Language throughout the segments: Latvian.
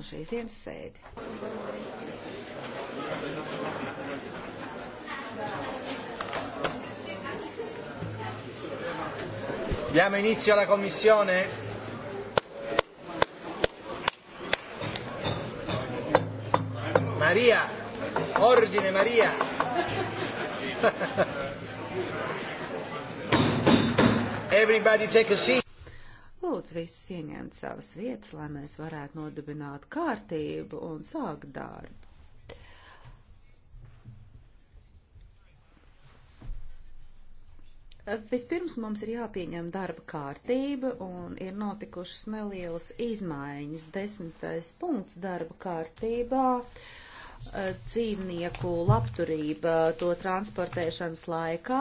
un šīs dienas sēdi. Diamo inizio alla commissione. Maria, ordine Maria. Everybody take a seat. Lūdzu, visus ieņemt savas vietas, lai mēs varētu nodibināt kārtību un sākt darbu. Vispirms mums ir jāpieņem darba kārtība un ir notikušas nelielas izmaiņas. Desmitais punkts darba kārtībā. Uh, Eh, dzīvnieku labturība to transportēšanas laikā.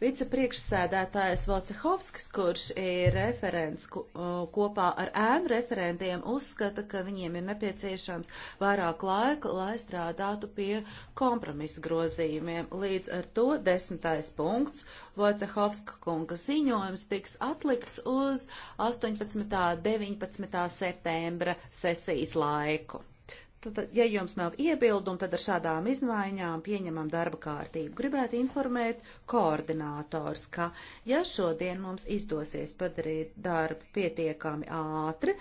Vicepriekšsēdētājs Vocehovskis, kurš ir referents eh, kopā ar ēnu referentiem, uzskata, ka viņiem ir nepieciešams vairāk laika, lai strādātu pie kompromisu grozījumiem. Līdz ar to desmitais punkts Vocehovska kunga ziņojums tiks atlikts uz 18. un 19. septembra sesijas laiku. Tad, ja jums nav iebildumu, tad ar šādām izmaiņām pieņemam darba kārtību. Gribētu informēt koordinators, ka ja šodien mums izdosies padarīt darbu pietiekami ātri,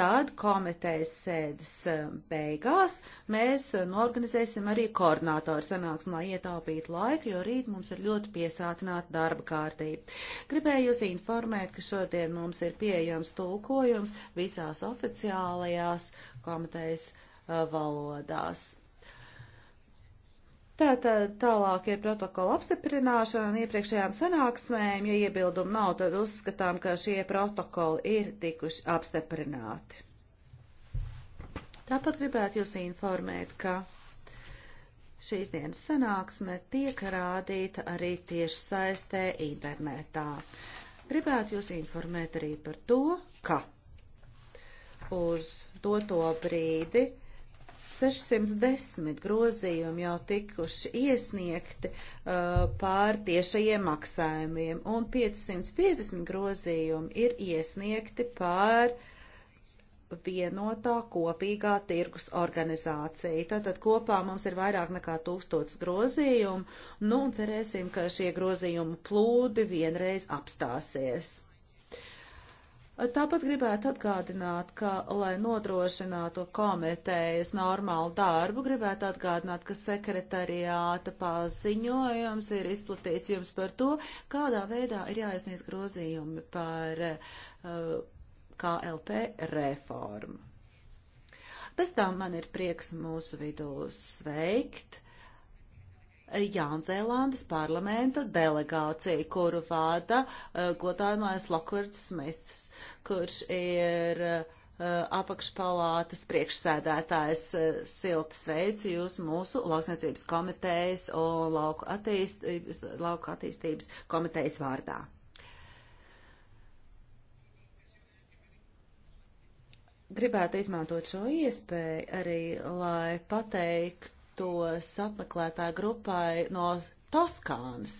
tad komitejas sēdes um, beigās mēs norganizēsim um, arī koordinātoru sanāksmu, lai ietaupītu laiku, jo rīt mums ir ļoti piesātināta darba kārtība. Gribēju jūs informēt, ka šodien mums ir pieejams tulkojums visās oficiālajās komitejas sēdēs Uh, valodās. Tātad tālāk ir protokola apstiprināšana iepriekšējām sanāksmēm. Ja iebildumu nav, tad uzskatām, ka šie protokoli ir tikuši apstiprināti. Tāpat gribētu jūs informēt, ka šīs dienas sanāksme tiek rādīta arī tieši saistē internetā. Gribētu jūs informēt arī par to, ka uz doto brīdi 610 grozījumi jau tikuši iesniegti uh, pār tiešajiem maksājumiem, un 550 grozījumi ir iesniegti pār vienotā kopīgā tirgus organizācija. Tātad kopā mums ir vairāk nekā tūkstots grozījumu, nu un cerēsim, ka šie grozījumu plūdi vienreiz apstāsies. Tāpat gribētu atgādināt, ka, lai nodrošinātu komitejas normālu darbu, gribētu atgādināt, ka sekretariāta paziņojums ir izplatīts jums par to, kādā veidā ir jāiesniedz grozījumi par uh, KLP reformu. Bez tam man ir prieks mūsu vidū sveikt Jaunzēlandes parlamenta delegācija, kuru vada uh, godājumais Lockwards Smiths, kurš ir uh, apakšpalātas priekšsēdētājs uh, silti sveicu jūs mūsu lauksniecības komitejas un lauku attīstības, lauku attīstības komitejas vārdā. Gribētu izmantot šo iespēju arī, lai pateiktu, tos apmeklētāju grupai no Toskānas.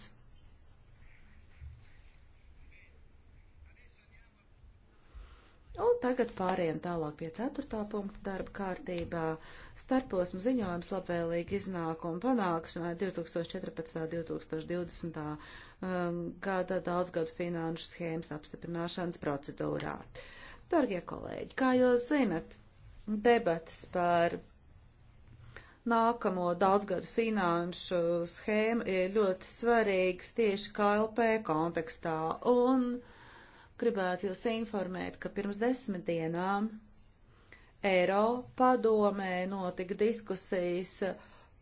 Un tagad pāriem tālāk pie ceturtā punkta darba kārtībā. Starposmu ziņojums labvēlīgi iznākuma panākšanai 2014.-2020. Um, gada daudzgadu finanšu schēmas apstiprināšanas procedūrā. Dargie kolēģi, kā jūs zinat, debatas par Nākamo daudzgadu finanšu schēma ir ļoti svarīgs tieši KLP kontekstā, un gribētu jūs informēt, ka pirms desmit dienām Eiro padomē notika diskusijas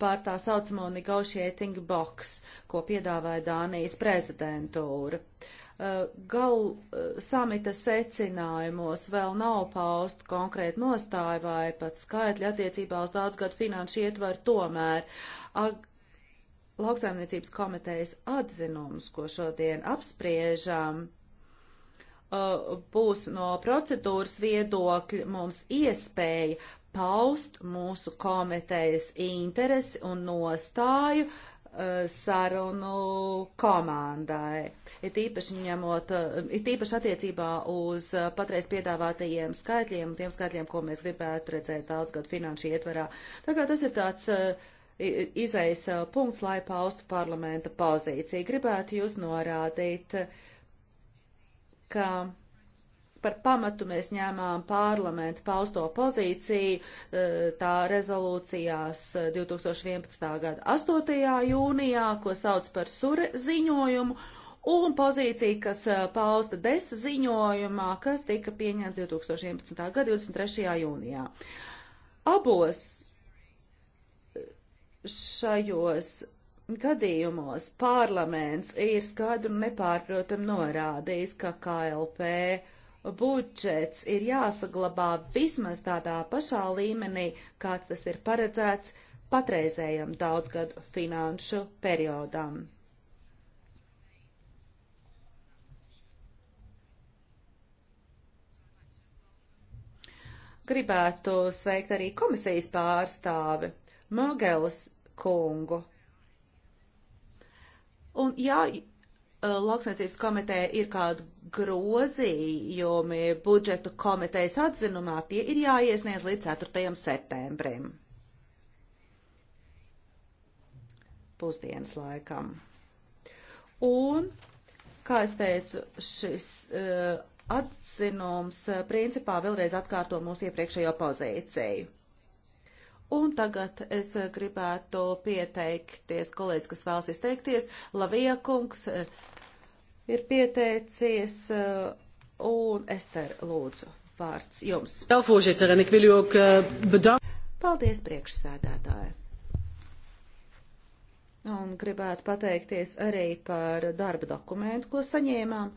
par tā saucamo negotiating box, ko piedāvāja Dānijas prezidentūra. Uh, Eh, gal eh, samita secinājumos vēl nav paust konkrēta nostāja vai pat skaitļi attiecībā uz daudzgadu finanšu ietvaru tomēr. Ag Lauksaimniecības komitejas atzinums, ko šodien apspriežam, eh, būs no procedūras viedokļa mums iespēja paust mūsu komitejas interesi un nostāju Eh, sarunu komandai. Ir īpaši, ņemot, eh, ir īpaši attiecībā uz eh, patreiz piedāvātajiem skaitļiem, tiem skaitļiem, ko mēs gribētu redzēt daudzgad finanšu ietverā. Tā kā tas ir tāds izējas punkts, lai paustu parlamenta pozīciju. Gribētu jūs norādīt, ka Par pamatu mēs ņēmām parlamentu pausto pozīciju e, tā rezolūcijās 2011. E, gada 8. jūnijā, ko sauc par sure ziņojumu, un pozīcija, kas e, pausta desa ziņojumā, kas tika pieņemta 2011. gada 23. jūnijā. Abos šajos gadījumos parlaments ir skaidru un nepārprotam norādījis, ka KLP budžets ir jāsaglabā vismaz tādā pašā līmenī, kāds tas ir paredzēts patreizējam daudzgadu finanšu periodam. Gribētu sveikt arī komisijas pārstāvi Mogels kungu. Un jā, Eh, Lauksaimniecības komiteja ir kādi grozījumi budžetu komitejas atzinumā, tie ir jāiesniedz līdz 4. septembrim. Pusdienas laikam. Un, kā es teicu, šis uh, atzinums uh, principā vēlreiz atkārto mūsu iepriekšējo pozīciju. Un tagad es gribētu pieteikties kolēģis, kas vēlas izteikties. Lavija kungs, uh, ir pieteicies, eh, un Ester, lūdzu, vārds jums. Eh, Paldies, priekšsēdētāji! Un gribētu pateikties arī par darba dokumentu, ko saņēmām.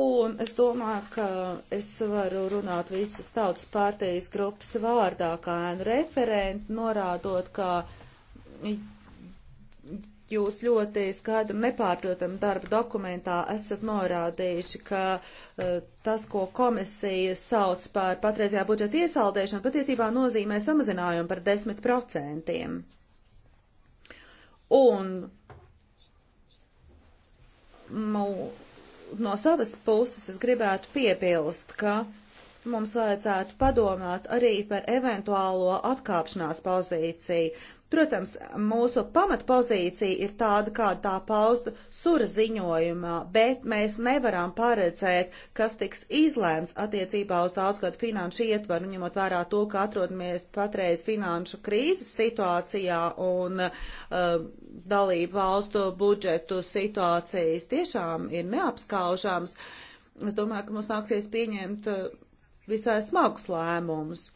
Un es domāju, ka es varu runāt visas tautas pārtejas grupas vārdā kā referenti, norādot, ka Jūs ļoti skaidri nepārprotam darba dokumentā esat norādījuši, ka uh, tas, ko komisija sauc par patreizējā budžeta iesaldēšanu, patiesībā nozīmē samazinājumu par 10%. Un mu, no savas puses es gribētu piebilst, ka mums vajadzētu padomāt arī par eventuālo atkāpšanās pozīciju. Protams, mūsu pamatpozīcija ir tāda, kāda tā pausta sura ziņojumā, bet mēs nevaram paredzēt, kas tiks izlēmts attiecībā uz daudzgadu finanšu ietvaru, ņemot vērā to, ka atrodamies patreiz finanšu krīzes situācijā un uh, dalību valstu budžetu situācijas tiešām ir neapskaužams. Es domāju, ka mums nāksies pieņemt uh, visai smagus lēmumus.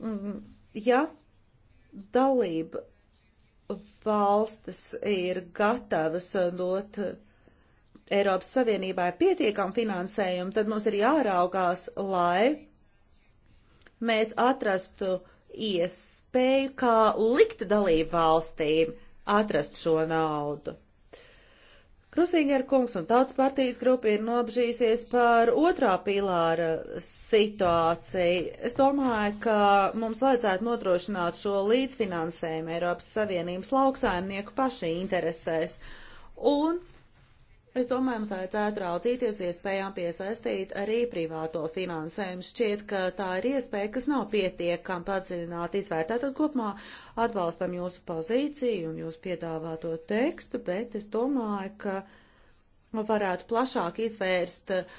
Mm, ja dalība valstis ir gatavas dot Eiropas Savienībai pietiekam finansējumu, tad mums ir jāraugās, lai mēs atrastu iespēju, kā likt dalību valstīm atrast šo naudu. Krusīger kungs un tautas partijas grupa ir nobežīsies par otrā pilāra situāciju. Es domāju, ka mums vajadzētu nodrošināt šo līdzfinansējumu Eiropas Savienības lauksaimnieku paši interesēs. Un Es domāju, mums vajadzētu raudzīties iespējām piesaistīt arī privāto finansējumu. Šķiet, ka tā ir iespēja, kas nav pietiekam padziļināti izvērtēt. Tad kopumā atbalstam jūsu pozīciju un jūsu piedāvāto tekstu, bet es domāju, ka varētu plašāk izvērst uh,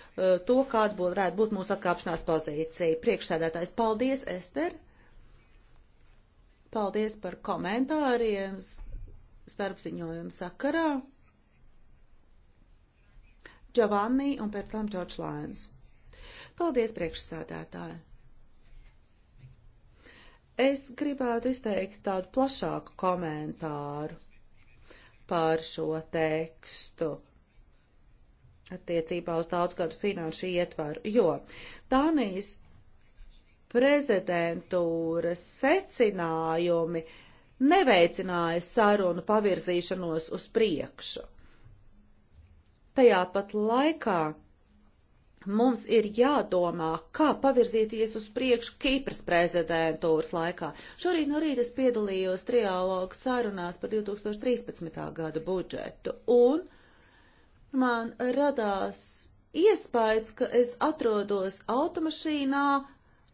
to, kāda būtu, varētu būt mūsu atkāpšanās pozīcija. Priekšsēdētājs, paldies, Ester! Paldies par komentāriem starpziņojumu sakarā! Giovanni un pēc tam Džordžs Lēns. Paldies, priekšsādētāji! Es gribētu izteikt tādu plašāku komentāru par šo tekstu attiecībā uz daudzgadu finanšu ietvaru, jo Dānijas prezidentūras secinājumi neveicināja sarunu pavirzīšanos uz priekšu. Tajā pat laikā mums ir jādomā, kā pavirzīties uz priekšu Kīpras prezidentūras laikā. Šorīt no rīta es piedalījos trialogu sarunās par 2013. gada budžetu, un man radās iespējas, ka es atrodos automašīnā,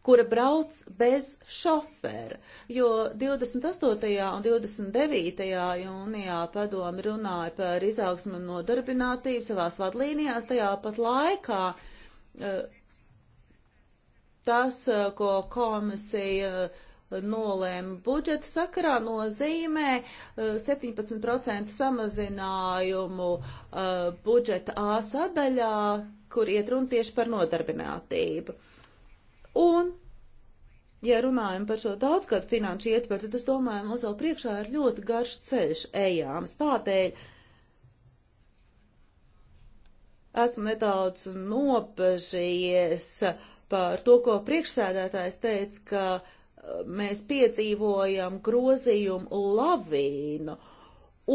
kura brauc bez šofera, jo 28. un 29. jūnijā padomi runāja par izaugsmu un nodarbinātību savās vadlīnijās, tajā pat laikā eh, tas, eh, ko komisija eh, nolēma budžeta sakarā nozīmē 17% samazinājumu budžeta A sadaļā, kur iet runa tieši par nodarbinātību. Un, ja runājam par šo daudzgadu finanšu ietveru, tad es domāju, mums vēl priekšā ir ļoti garš ceļš ejāms. Tādēļ esmu nedaudz nobežījies par to, ko priekšsēdētājs teica, ka uh, mēs piedzīvojam grozījumu lavīnu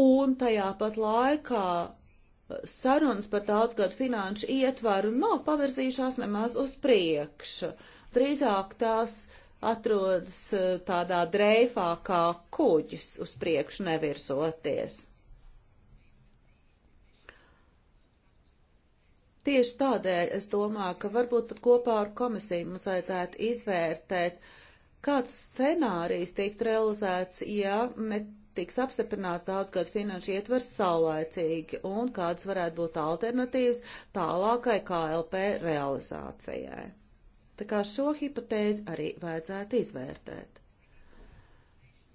un tajā pat laikā uh, sarunas par daudzgadu finanšu ietvaru nav pavirzījušās nemaz uz priekšu drīzāk tās atrodas eh, tādā dreifā kā kuģis uz priekšu nevirzoties. Tieši tādēļ es domāju, ka varbūt pat kopā ar komisiju mums vajadzētu izvērtēt, kāds scenārijs tiktu realizēts, ja netiks apstiprināts daudzgad finanšu ietvers saulēcīgi un kādas varētu būt alternatīvas tālākai KLP realizācijai. Tā kā šo hipotēzi arī vajadzētu izvērtēt.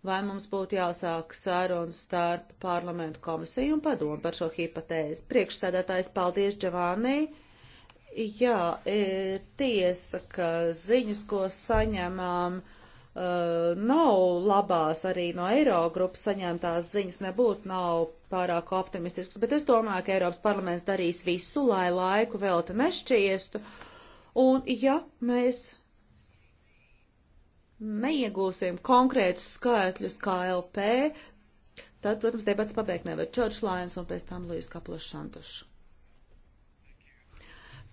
Vai mums būtu jāsāk sarunas starp parlamentu komisiju un padomu par šo hipotēzi? Priekšsēdētājs, paldies, Džavānī! Jā, ir e, tiesa, ka ziņas, ko saņemām, Uh, e, nav labās arī no Eirogrupas saņemtās ziņas, nebūtu nav pārāk optimistisks, bet es domāju, ka Eiropas parlaments darīs visu, lai laiku vēl te nešķiestu Un ja mēs neiegūsim konkrētus skaitļus kā LP, tad, protams, debats pabeigt nevar Čorčs Lains un pēc tam Lūjas Kaplos Šantušs.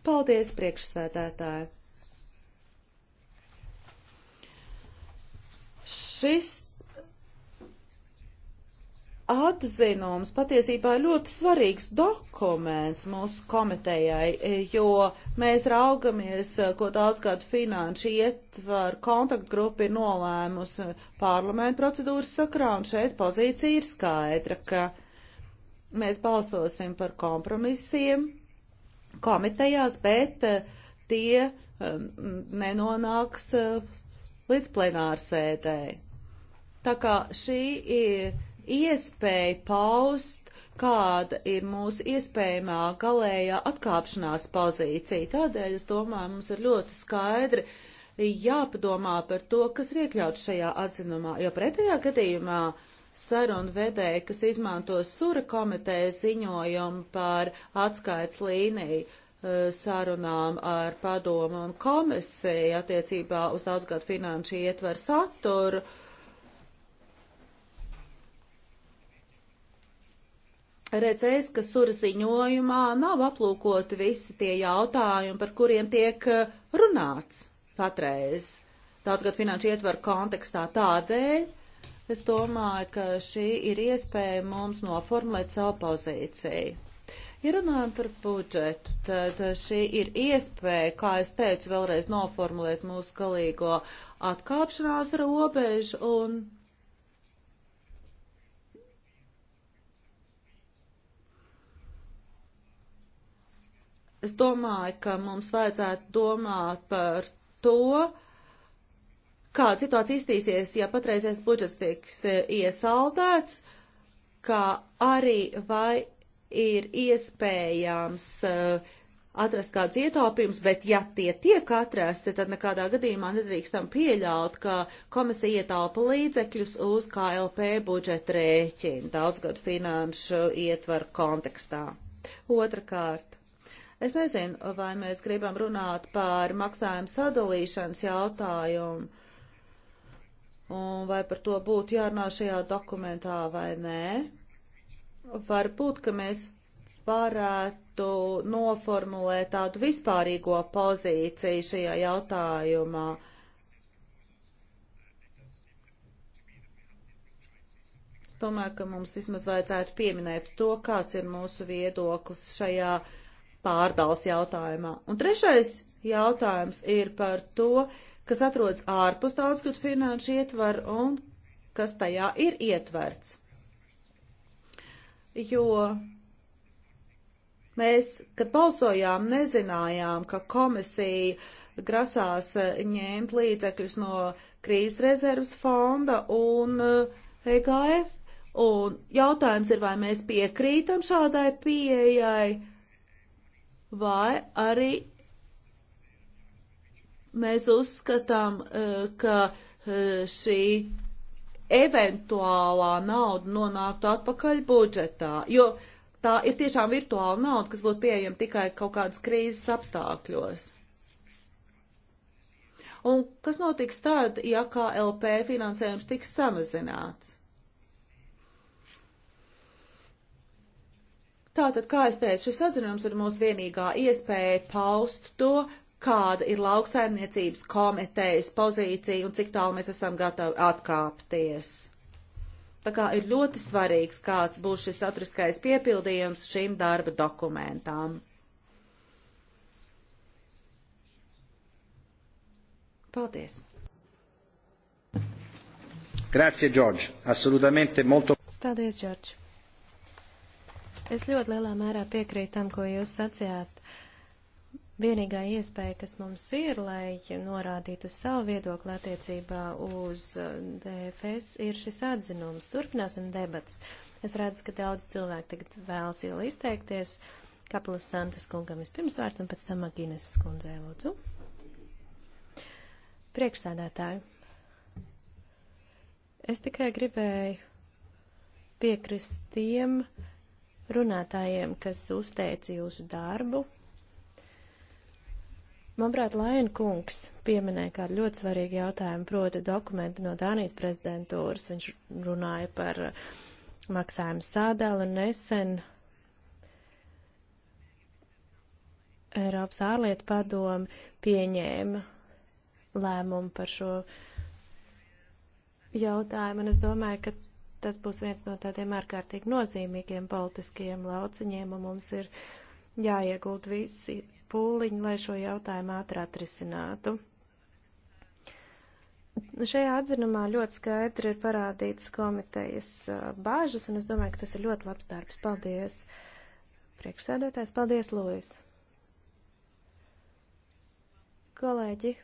Paldies, priekšsēdētāji! Šis atzinums patiesībā ir ļoti svarīgs dokuments mūsu komitejai, e, jo mēs raugamies, e, ko daudzgadu finanšu ietvaru kontaktgrupa ir nolēmusi parlamentu procedūras sakrā, un šeit pozīcija ir skaidra, ka mēs balsosim par kompromisiem komitejās, bet e, tie nenonāks līdz plenārsēdēji. Tā kā šī ir iespēja paust, kāda ir mūsu iespējamā galējā atkāpšanās pozīcija. Tādēļ, es domāju, mums ir ļoti skaidri jāpadomā par to, kas ir iekļauts šajā atzinumā, jo pretējā gadījumā sarunu vedēji, kas izmanto Sura komitejas ziņojumu par atskaits līniju eh, sarunām ar padomu un komisiju attiecībā uz daudzgadu finanšu ietver saturu, uh, redzēs, ka Sura ziņojumā nav aplūkoti visi tie jautājumi, par kuriem tiek eh, runāts patreiz daudzgad finanšu ietvaru kontekstā tādēļ. Es domāju, ka šī ir iespēja mums noformulēt savu pozīciju. Ja runājam par budžetu, tad šī ir iespēja, kā es teicu, vēlreiz noformulēt mūsu galīgo atkāpšanās robežu un Es domāju, ka mums vajadzētu domāt par to, kāda situācija iztīsies, ja patreizies budžets tiks eh, iesaldēts, kā arī vai ir iespējams uh, atrast kāds ietaupījums, bet ja tie tiek atrasti, tad nekādā gadījumā nedrīkstam pieļaut, ka komisija ietaupa līdzekļus uz KLP budžeta rēķinu daudzgadu finanšu ietvaru kontekstā. Otrakārt, Es nezinu, vai mēs gribam runāt par maksājumu sadalīšanas jautājumu, un vai par to būtu jārunā šajā dokumentā vai nē. Varbūt, ka mēs varētu noformulēt tādu vispārīgo pozīciju šajā jautājumā. Es domāju, ka mums vismaz vajadzētu pieminēt to, kāds ir mūsu viedoklis šajā jautājumā pārdals jautājumā. Un trešais jautājums ir par to, kas atrodas ārpus daudzgad finanšu ietvaru un kas tajā ir ietverts. Jo mēs, kad balsojām, nezinājām, ka komisija grasās ņemt līdzekļus no krīzes rezerves fonda un EGF. Eh, e un jautājums ir, vai mēs piekrītam šādai pieejai vai arī mēs uzskatām, eh, ka eh, šī eventuālā nauda nonāktu atpakaļ budžetā, jo tā ir tiešām virtuāla nauda, kas būtu pieejama tikai kaut kādas krīzes apstākļos. Un kas notiks tad, ja KLP finansējums tiks samazināts? Tātad, kā es teicu, šis atzinums ir mūsu vienīgā iespēja paust to, kāda ir lauksaimniecības komitejas pozīcija un cik tālu mēs esam gatavi atkāpties. Tā kā ir ļoti svarīgs, kāds būs šis saturiskais piepildījums šīm darba dokumentām. Paldies! Grazie, George. Assolutamente molto. Paldies, George. Es ļoti lielā mērā piekrītu tam, ko jūs sacījāt. Vienīgā iespēja, kas mums ir, lai norādītu savu viedokli attiecībā uz uh, DFS, ir šis atzinums. Turpināsim debats. Es redzu, ka daudz cilvēku tagad vēlas jau izteikties. Kapelas Santas kungam vispirms vārds un pēc tam Magīnes skundzē lūdzu. Priekšsādātāji, es tikai gribēju piekrist tiem, uh, runātājiem, kas uzteica jūsu darbu. Manuprāt, Laina kungs pieminēja kādu ļoti svarīgu jautājumu, proti dokumentu no Dānijas prezidentūras. Viņš runāja par maksājumu sādēlu un nesen Eiropas ārlietu padomu pieņēma lēmumu par šo jautājumu. Un es domāju, ka tas būs viens no tādiem ārkārtīgi nozīmīgiem politiskajiem lauciņiem, un mums ir jāiegūt visi pūliņi, lai šo jautājumu ātrāk atrisinātu. Šajā atzinumā ļoti skaidri ir parādīts komitejas bāžas, un es domāju, ka tas ir ļoti labs darbs. Paldies, priekšsēdētājs, paldies, Lūis. Kolēģi,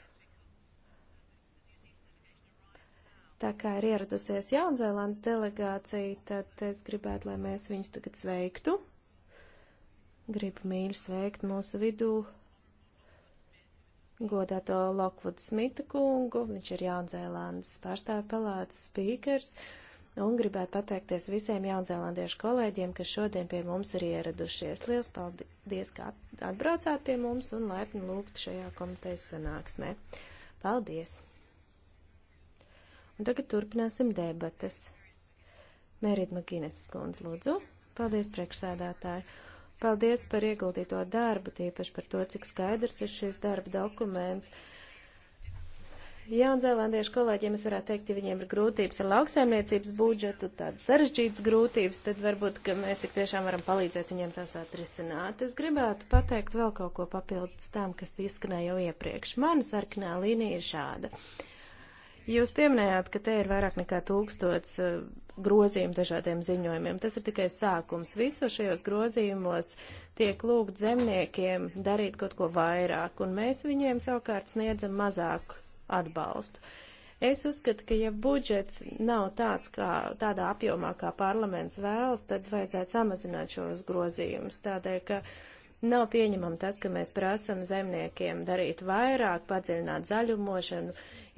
Tā kā ir ieradusies Jaunzēlandes delegācija, tad es gribētu, lai mēs viņus tagad sveiktu. Gribu mīļi sveikt mūsu vidū godāto Lokvudu Smita kungu, viņš ir Jaunzēlandes pārstāvju palātas spīkers, un gribētu pateikties visiem jaunzēlandiešu kolēģiem, kas šodien pie mums ir ieradušies. Liels paldies, ka atbraucāt pie mums un laipni lūgt šajā komitejas sanāksmē. Paldies! Un tagad turpināsim debatas. Mērīt Makīnes skundz, lūdzu. Paldies, priekšsēdātāji. Paldies par ieguldīto darbu, tīpaši par to, cik skaidrs ir šis darba dokuments. Jaunzēlandiešu kolēģiem es varētu teikt, ja viņiem ir grūtības ar lauksaimniecības budžetu, tādas sarežģītas grūtības, tad varbūt, ka mēs tik tiešām varam palīdzēt viņiem tās atrisināt. Es gribētu pateikt vēl kaut ko papildus tam, kas izskanēja jau iepriekš. Mana sarkanā līnija ir šāda. Uh, Jūs pieminējāt, ka te ir vairāk nekā tūkstots eh, grozījumu dažādiem ziņojumiem. Tas ir tikai sākums. Visos šajos grozījumos tiek lūgt zemniekiem darīt kaut ko vairāk, un mēs viņiem savukārt sniedzam mazāku atbalstu. Es uzskatu, ka ja budžets nav tāds, kā, tādā apjomā, kā parlaments vēlas, tad vajadzētu samazināt šos grozījumus, tādēļ, ka uh, Nav pieņemam tas, ka mēs prasam zemniekiem darīt vairāk, padziļināt zaļumošanu,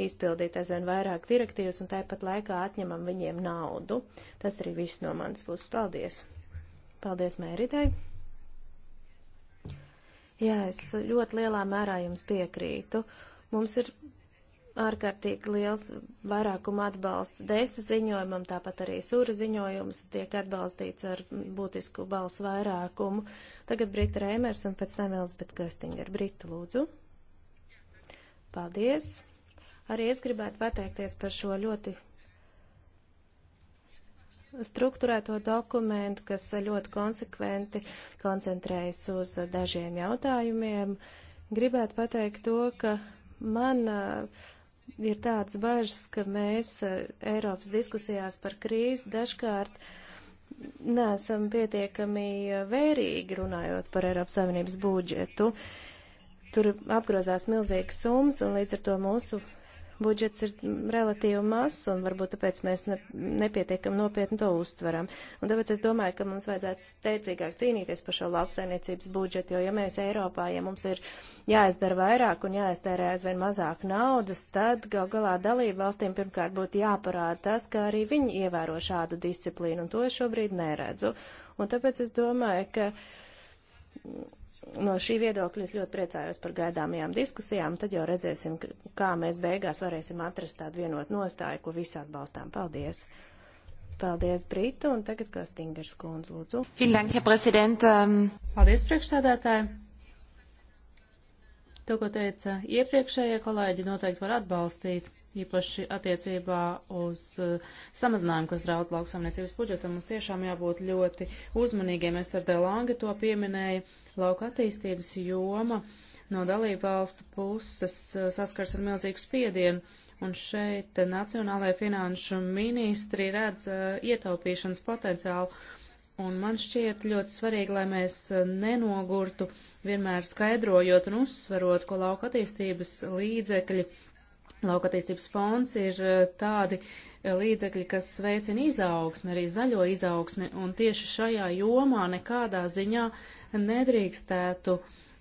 izpildīt aizvien vairāk direktīvas un tāpat laikā atņemam viņiem naudu. Tas arī viss no manas puses. Paldies! Paldies Mēridai! Jā, es ļoti lielā mērā jums piekrītu. Mums ir ārkārtīgi liels vairākuma atbalsts Deisa ziņojumam, tāpat arī Sūra ziņojums tiek atbalstīts ar būtisku balsu vairākumu. Tagad Brita Reimers un pēc tam Elisabet Köstinger. Brita, lūdzu. Paldies. Arī es gribētu pateikties par šo ļoti struktūrēto dokumentu, kas ļoti konsekventi koncentrējas uz dažiem jautājumiem. Gribētu pateikt to, ka man uh, ir tāds bažas, ka mēs eh, Eiropas diskusijās par krīzi dažkārt neesam pietiekami eh, vērīgi runājot par Eiropas Savienības budžetu. Tur apgrozās milzīgas summas, un līdz ar to mūsu budžets ir relatīvi mazs, un varbūt tāpēc mēs ne, nepietiekam nopietni to uztveram. Un tāpēc es domāju, ka mums vajadzētu steidzīgāk cīnīties par šo lauksainiecības budžetu, jo ja mēs Eiropā, ja mums ir jāizdara vairāk un jāiztērē aizvien mazāk naudas, tad gal galā dalību valstīm pirmkārt būtu jāparāda tas, ka arī viņi ievēro šādu disciplīnu, un to es šobrīd neredzu. Un tāpēc es domāju, ka no šī viedokļa es ļoti priecājos par gaidāmajām diskusijām, tad jau redzēsim, kā mēs beigās varēsim atrast tādu vienotu nostāju, ko visi atbalstām. Paldies! Paldies, Brita, un tagad kā Stingers kundze, lūdzu. Ähm, Paldies, priekšsēdētāji! To, ko teica iepriekšējie kolēģi, noteikti var atbalstīt īpaši attiecībā uz uh, samazinājumu, kas draud lauksaimniecības budžetam. Mums tiešām jābūt ļoti uzmanīgiem. Ester Delange to pieminēja. Lauka attīstības joma no dalību valstu puses uh, saskars ar milzīgu spiedienu. Un šeit uh, Nacionālajie finanšu ministri redz eh, ietaupīšanas potenciālu. Un man šķiet ļoti svarīgi, lai mēs nenogurtu, vienmēr skaidrojot un uzsverot, ko lauka attīstības līdzekļi uh, Laukatīstības fonds ir eh, tādi eh, līdzekļi, kas veicina izaugsmi, arī zaļo izaugsmi, un tieši šajā jomā nekādā ziņā nedrīkstētu eh,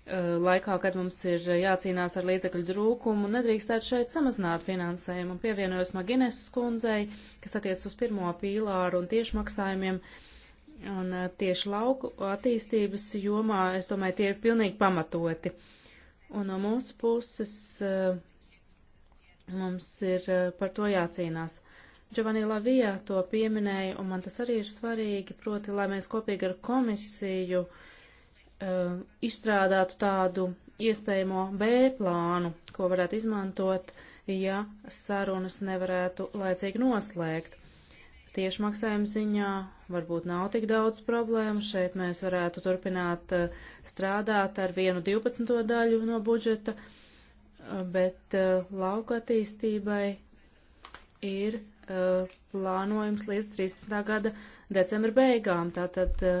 laikā, kad mums ir jācīnās ar līdzekļu trūkumu, nedrīkstētu šeit samazināt finansējumu. Pievienojos Magines skundzei, kas attiec uz pirmo pīlāru un tiešmaksājumiem. Un tieši lauku attīstības jomā, es domāju, tie ir pilnīgi pamatoti. Un no mūsu puses uh, Mums ir eh, par to jācīnās. Giovanni Lavija to pieminēja, un man tas arī ir svarīgi, proti, lai mēs kopīgi ar komisiju uh, izstrādātu tādu iespējamo B plānu, ko varētu izmantot, ja sarunas nevarētu laicīgi noslēgt. Tieši maksājuma ziņā varbūt nav tik daudz problēmu. Šeit mēs varētu turpināt eh, strādāt ar vienu 12. daļu no budžeta. Uh, bet uh, lauku attīstībai ir uh, plānojums līdz 13. gada decembra beigām. Tātad uh,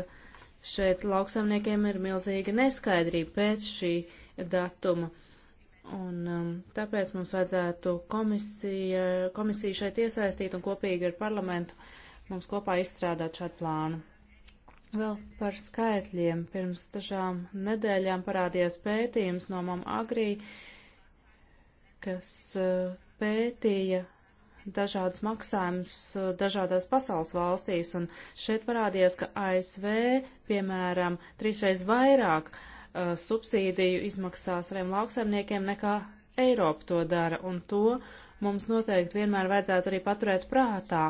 šeit lauksaimniekiem ir milzīga neskaidrība pēc šī datuma. Un um, tāpēc mums vajadzētu komisija, komisiju šeit iesaistīt un kopīgi ar parlamentu mums kopā izstrādāt šādu plānu. Vēl par skaitļiem. Pirms dažām nedēļām parādījās pētījums no mam agrī, uh, kas eh, pētīja dažādus maksājumus eh, dažādās pasaules valstīs, un šeit parādījās, ka ASV, piemēram, trīsreiz vairāk uh, subsīdiju izmaksā saviem lauksaimniekiem nekā Eiropa to dara, un to mums noteikti vienmēr vajadzētu arī paturēt prātā,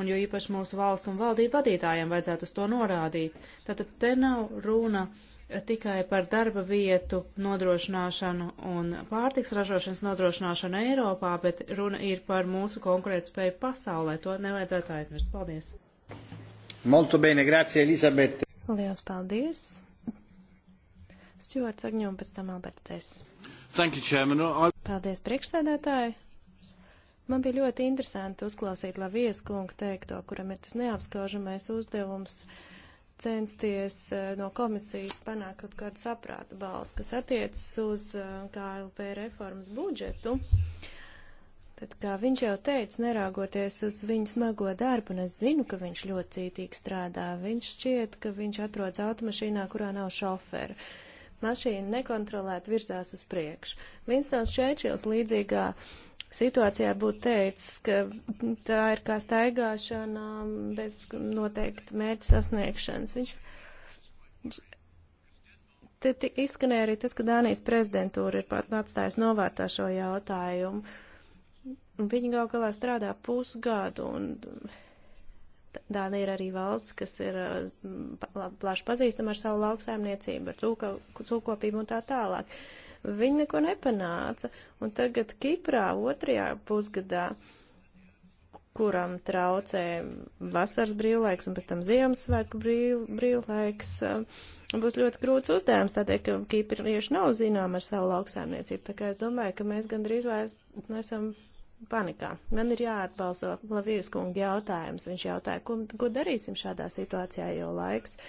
un jo īpaši mūsu valstu un valdību vadītājiem vajadzētu uz to norādīt. Tātad te nav runa tikai par darba vietu nodrošināšanu un pārtiks ražošanas nodrošināšanu Eiropā, bet runa ir par mūsu konkurētspēju pasaulē. To nevajadzētu aizmirst. Paldies! Molto bene, grazie, Elisabete! Liels paldies! Stuarts Agņo un pēc tam Albertes. Thank you, Chairman. I... Paldies, priekšsēdētāji! Man bija ļoti interesanti uzklausīt Lavijas kungu teikto, kuram ir tas neapskaužamais uzdevums. Uh, censties eh, no komisijas panākt kaut kādu saprāta balstu, kas attiecas uz eh, KLP reformas budžetu. Tad, kā viņš jau teica, neraugoties uz viņu smago darbu, un es zinu, ka viņš ļoti cītīgi strādā, viņš šķiet, ka viņš atrodas automašīnā, kurā nav šoferu. Mašīna nekontrolēt virzās uz priekšu. Vinstons Čēčils līdzīgā uh, situācijā būtu teicis, ka tā ir kā staigāšana bez noteikta mērķa sasniegšanas. Viņš te, te izskanēja arī tas, ka Dānijas prezidentūra ir atstājusi novārtā šo jautājumu. Viņi gal galā strādā pusgadu, un Dānija ir arī valsts, kas ir plaši pazīstama ar savu lauksaimniecību, ar cūkopību un tā tālāk. Viņi neko nepanāca. Un tagad Kiprā otrajā pusgadā kuram traucē vasaras brīvlaiks un pēc tam Ziemassvētku brīv, brīvlaiks, eh, būs ļoti grūts uzdevums, tādēļ, ka kīprieši nav zinām ar savu lauksēmniecību. Tā kā es domāju, ka mēs gandrīz vairs nesam panikā. Man ir jāatbalso Lavijas kunga jautājums. Viņš jautāja, ko, ko darīsim šādā situācijā, jo laiks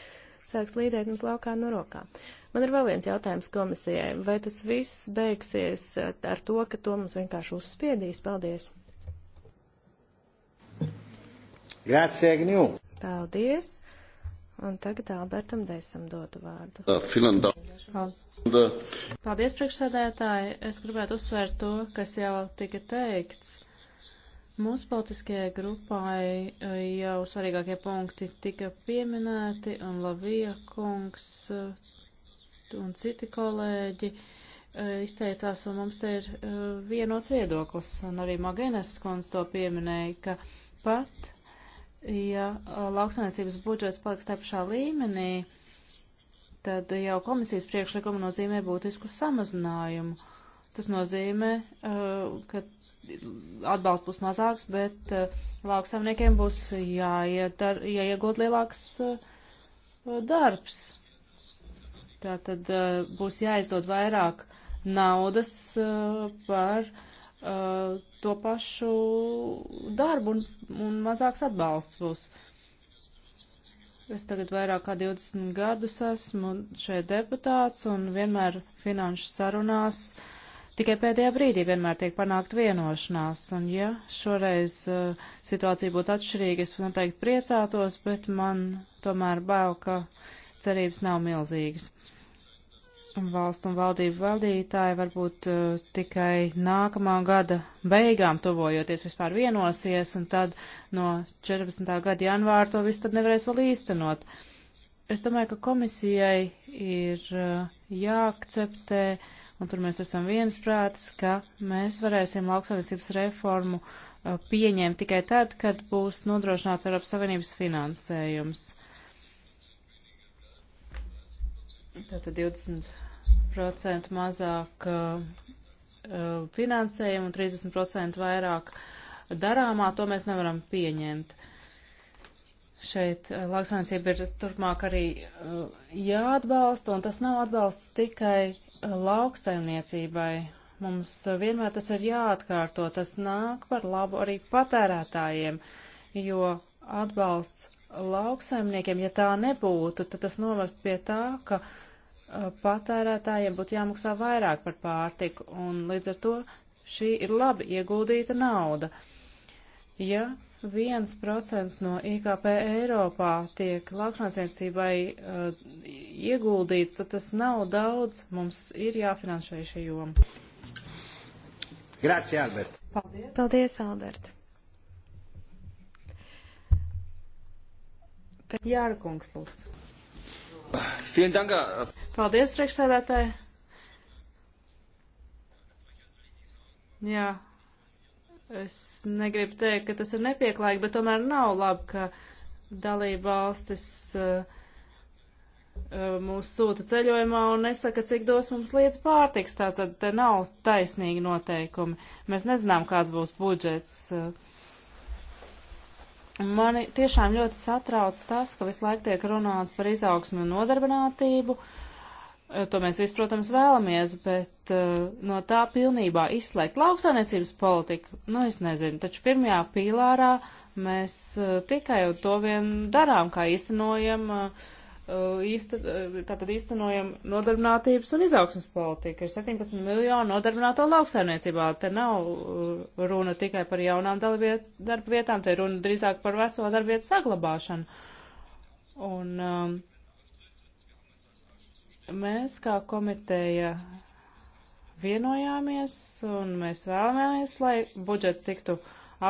sāks līdēt mums laukā no rokām. Uh, Man ir vēl viens jautājums komisijai. Vai tas viss beigsies eh, ar to, ka to mums vienkārši uzspiedīs? Paldies! Grazie, Agniu! Paldies! Un tagad Albertam Deisam dotu vārdu. Paldies, uh, Paldies priekšsēdētāji. Es gribētu uzsvērt to, kas jau tika teikts. Mūsu politiskajai grupai uh, jau svarīgākie punkti tika pieminēti, un Lavija kungs uh, un citi kolēģi e, izteicās, un mums te ir e, vienots viedoklis, un arī Magēnes skundze to pieminēja, ka pat, ja e, lauksaimniecības budžets paliks tā pašā līmenī, tad jau komisijas priekšlikuma nozīmē būtisku samazinājumu. Tas nozīmē, ka atbalsts būs mazāks, bet lauksaimniekiem būs jāiegūt lielāks darbs. Tā tad uh, eh, būs jāizdod vairāk naudas uh, par uh, to pašu darbu un, un mazāks atbalsts būs. Es tagad vairāk kā 20 gadus esmu šeit deputāts un vienmēr finanšu sarunās tikai pēdējā brīdī vienmēr tiek panākt vienošanās. Un ja šoreiz uh, situācija būtu atšķirīga, es noteikti priecātos, bet man tomēr bail, ka uh, cerības nav milzīgas. Valstu un valdību valdītāji varbūt uh, tikai nākamā gada beigām tuvojoties vispār vienosies, un tad no 14. gada janvāra to visu tad nevarēs vēl īstenot. Es domāju, ka komisijai ir uh, jāakceptē, un tur mēs esam viensprātis, ka mēs varēsim lauksaimniecības reformu uh, pieņemt tikai tad, kad būs nodrošināts Eiropas Savienības finansējums. Uh, tātad 20% mazāk uh, uh, finansējumu un 30% vairāk darāmā, to mēs nevaram pieņemt. Šeit uh, lauksaimniecība ir turpmāk arī uh, jāatbalsta, un tas nav atbalsts tikai uh, lauksaimniecībai. Mums vienmēr tas ir jāatkārto, tas nāk par labu arī patērētājiem, jo atbalsts lauksaimniekiem, ja tā nebūtu, tad tas novest pie tā, ka uh, patērētājiem būtu jāmaksā vairāk par pārtiku, un līdz ar to šī ir labi ieguldīta nauda. Ja viens procents no IKP Eiropā tiek lauksaimniecībai uh, ieguldīts, tad tas nav daudz, mums ir jāfinansē šī joma. Grācija, Albert. Paldies. Paldies, Albert. Jāra kungs, lūdzu. Paldies, priekšsēdētāji. Jā, es negribu teikt, ka tas ir nepieklājīgi, bet tomēr nav labi, ka dalība valstis uh, mūs sūta ceļojumā un nesaka, cik dos mums lietas pārtiks. Tātad te nav taisnīgi noteikumi. Mēs nezinām, kāds būs budžets. Uh, Mani tiešām ļoti satrauc tas, ka visu laiku tiek runāts par izaugsmu un nodarbinātību. Eh, to mēs visi, protams, vēlamies, bet uh, no tā pilnībā izslēgt lauksainiecības politiku, nu es nezinu, taču pirmajā pīlārā mēs uh, tikai to vien darām, kā īstenojam uh, Uh, īsta, uh, tātad īstenojam nodarbinātības un izaugsmas politiku. Ir 17 miljonu nodarbināto lauksaimniecībā. Te nav uh, runa tikai par jaunām darba vietām, te ir runa drīzāk par veco darba vietu saglabāšanu. Un um, mēs kā komiteja vienojāmies un mēs vēlamies, lai budžets tiktu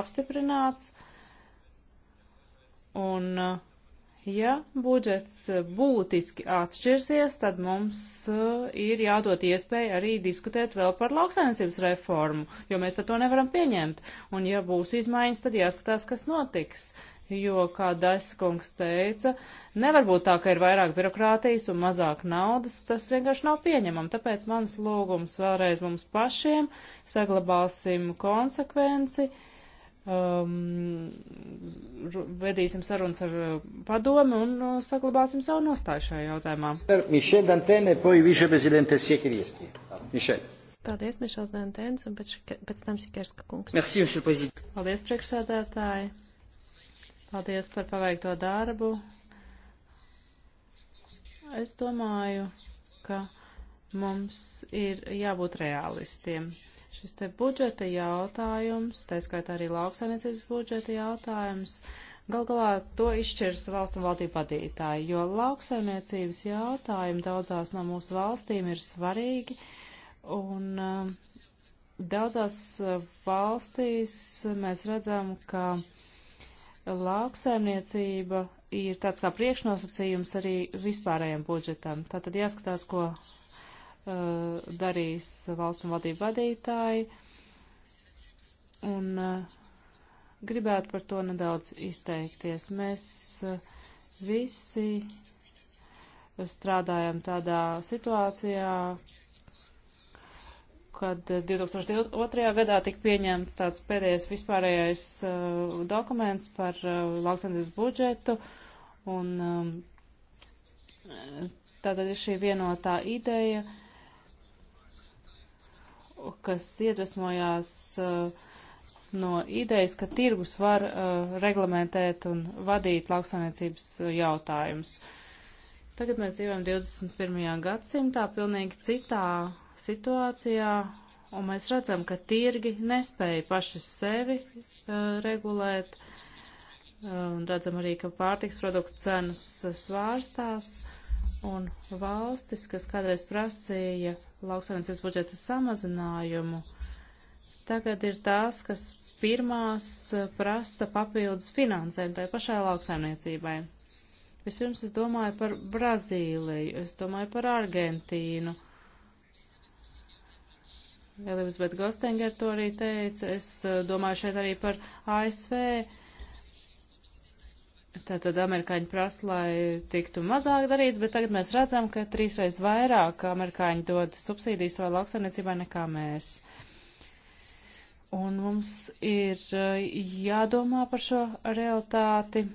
apstiprināts. Un uh, Ja budžets būtiski atšķirsies, tad mums eh, ir jādod iespēja arī diskutēt vēl par lauksainicības reformu, jo mēs tad to nevaram pieņemt. Un ja būs izmaiņas, tad jāskatās, kas notiks. Jo, kā Daiskungs teica, nevar būt tā, ka ir vairāk birokrātijas un mazāk naudas, tas vienkārši nav pieņemam. Tāpēc mans lūgums vēlreiz mums pašiem saglabāsim konsekvenci. Uh, um, vedīsim sarunas ar uh, padomi un uh, saglabāsim savu nostāju šajā jautājumā. Mišel Dantene, poi viceprezidente Siekirieski. Mišel. Paldies, Mišels Dantens, un pēc, pēc tam Sikerska kungs. Merci, monsieur prezident. Paldies, priekšsēdētāji. Paldies par paveikto darbu. Es domāju, ka mums ir jābūt realistiem. Uh, Šis te budžeta jautājums, tā skaitā arī lauksainiecības budžeta jautājums, gal galā to izšķirs valstu un valdību vadītāji, jo lauksainiecības jautājumi daudzās no mūsu valstīm ir svarīgi un um, uh, daudzās valstīs mēs redzam, ka lauksaimniecība ir tāds kā priekšnosacījums arī vispārējiem budžetam. Tātad jāskatās, ko Uh, darīs valsts un valdību vadītāji. Un uh, gribētu par to nedaudz izteikties. Mēs uh, visi strādājam tādā situācijā, kad 2002. gadā tika pieņemts tāds pēdējais vispārējais uh, dokuments par uh, lauksaimniecības budžetu, un um, tātad ir šī vienotā ideja, uh, kas iedvesmojās uh, no idejas, ka tirgus var uh, reglamentēt un vadīt lauksaimniecības uh, jautājumus. Tagad mēs dzīvojam 21. gadsimtā, pilnīgi citā situācijā, un mēs redzam, ka tirgi nespēja paši sevi uh, regulēt, uh, un uh, redzam arī, ka pārtiks produktu cenas uh, svārstās. Uh, Un valstis, kas kādreiz prasīja lauksaimniecības budžeta samazinājumu, tagad ir tās, kas pirmās eh, prasa papildus finansējumu tai pašai lauksaimniecībai. Vispirms es domāju par Brazīliju, es domāju par Argentīnu. Elizabeth Gostenger to arī teica, es eh, domāju šeit arī par ASV Tātad amerikāņi prasa, lai tiktu mazāk darīts, bet tagad mēs redzam, ka trīsreiz vairāk amerikāņi dod subsīdijas savai lauksaimniecībai nekā mēs. Un mums ir eh, jādomā par šo realitāti.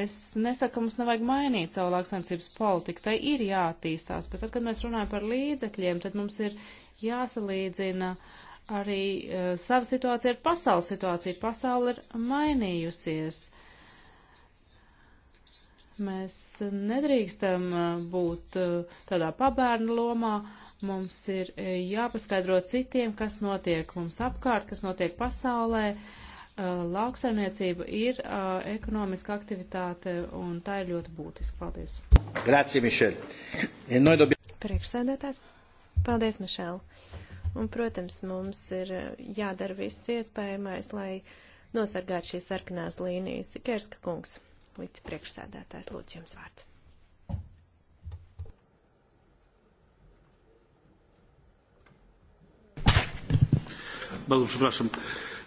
Es nesaku, ka mums nevajag mainīt savu lauksaimniecības politiku, tai ir jātīstās, bet tad, kad mēs runājam par līdzekļiem, tad mums ir jāsalīdzina uh, arī uh, sava situācija ar pasaules situāciju. Pasaule ir mainījusies. Mēs nedrīkstam uh, būt uh, tādā pabērnu lomā. Mums ir uh, jāpaskaidro citiem, kas notiek mums apkārt, kas notiek pasaulē. Uh, lauksaimniecība ir uh, ekonomiska aktivitāte un tā ir ļoti būtiska. Paldies. Grazie, Mišel. Priekšsēdētājs. Paldies, Mišel. Un, protams, mums ir eh, jādara viss iespējamais, lai nosargātu šīs sarkanās līnijas. Kerska kungs, vicepriekšsēdētājs, lūdzu jums vārds. Bardzo przepraszam.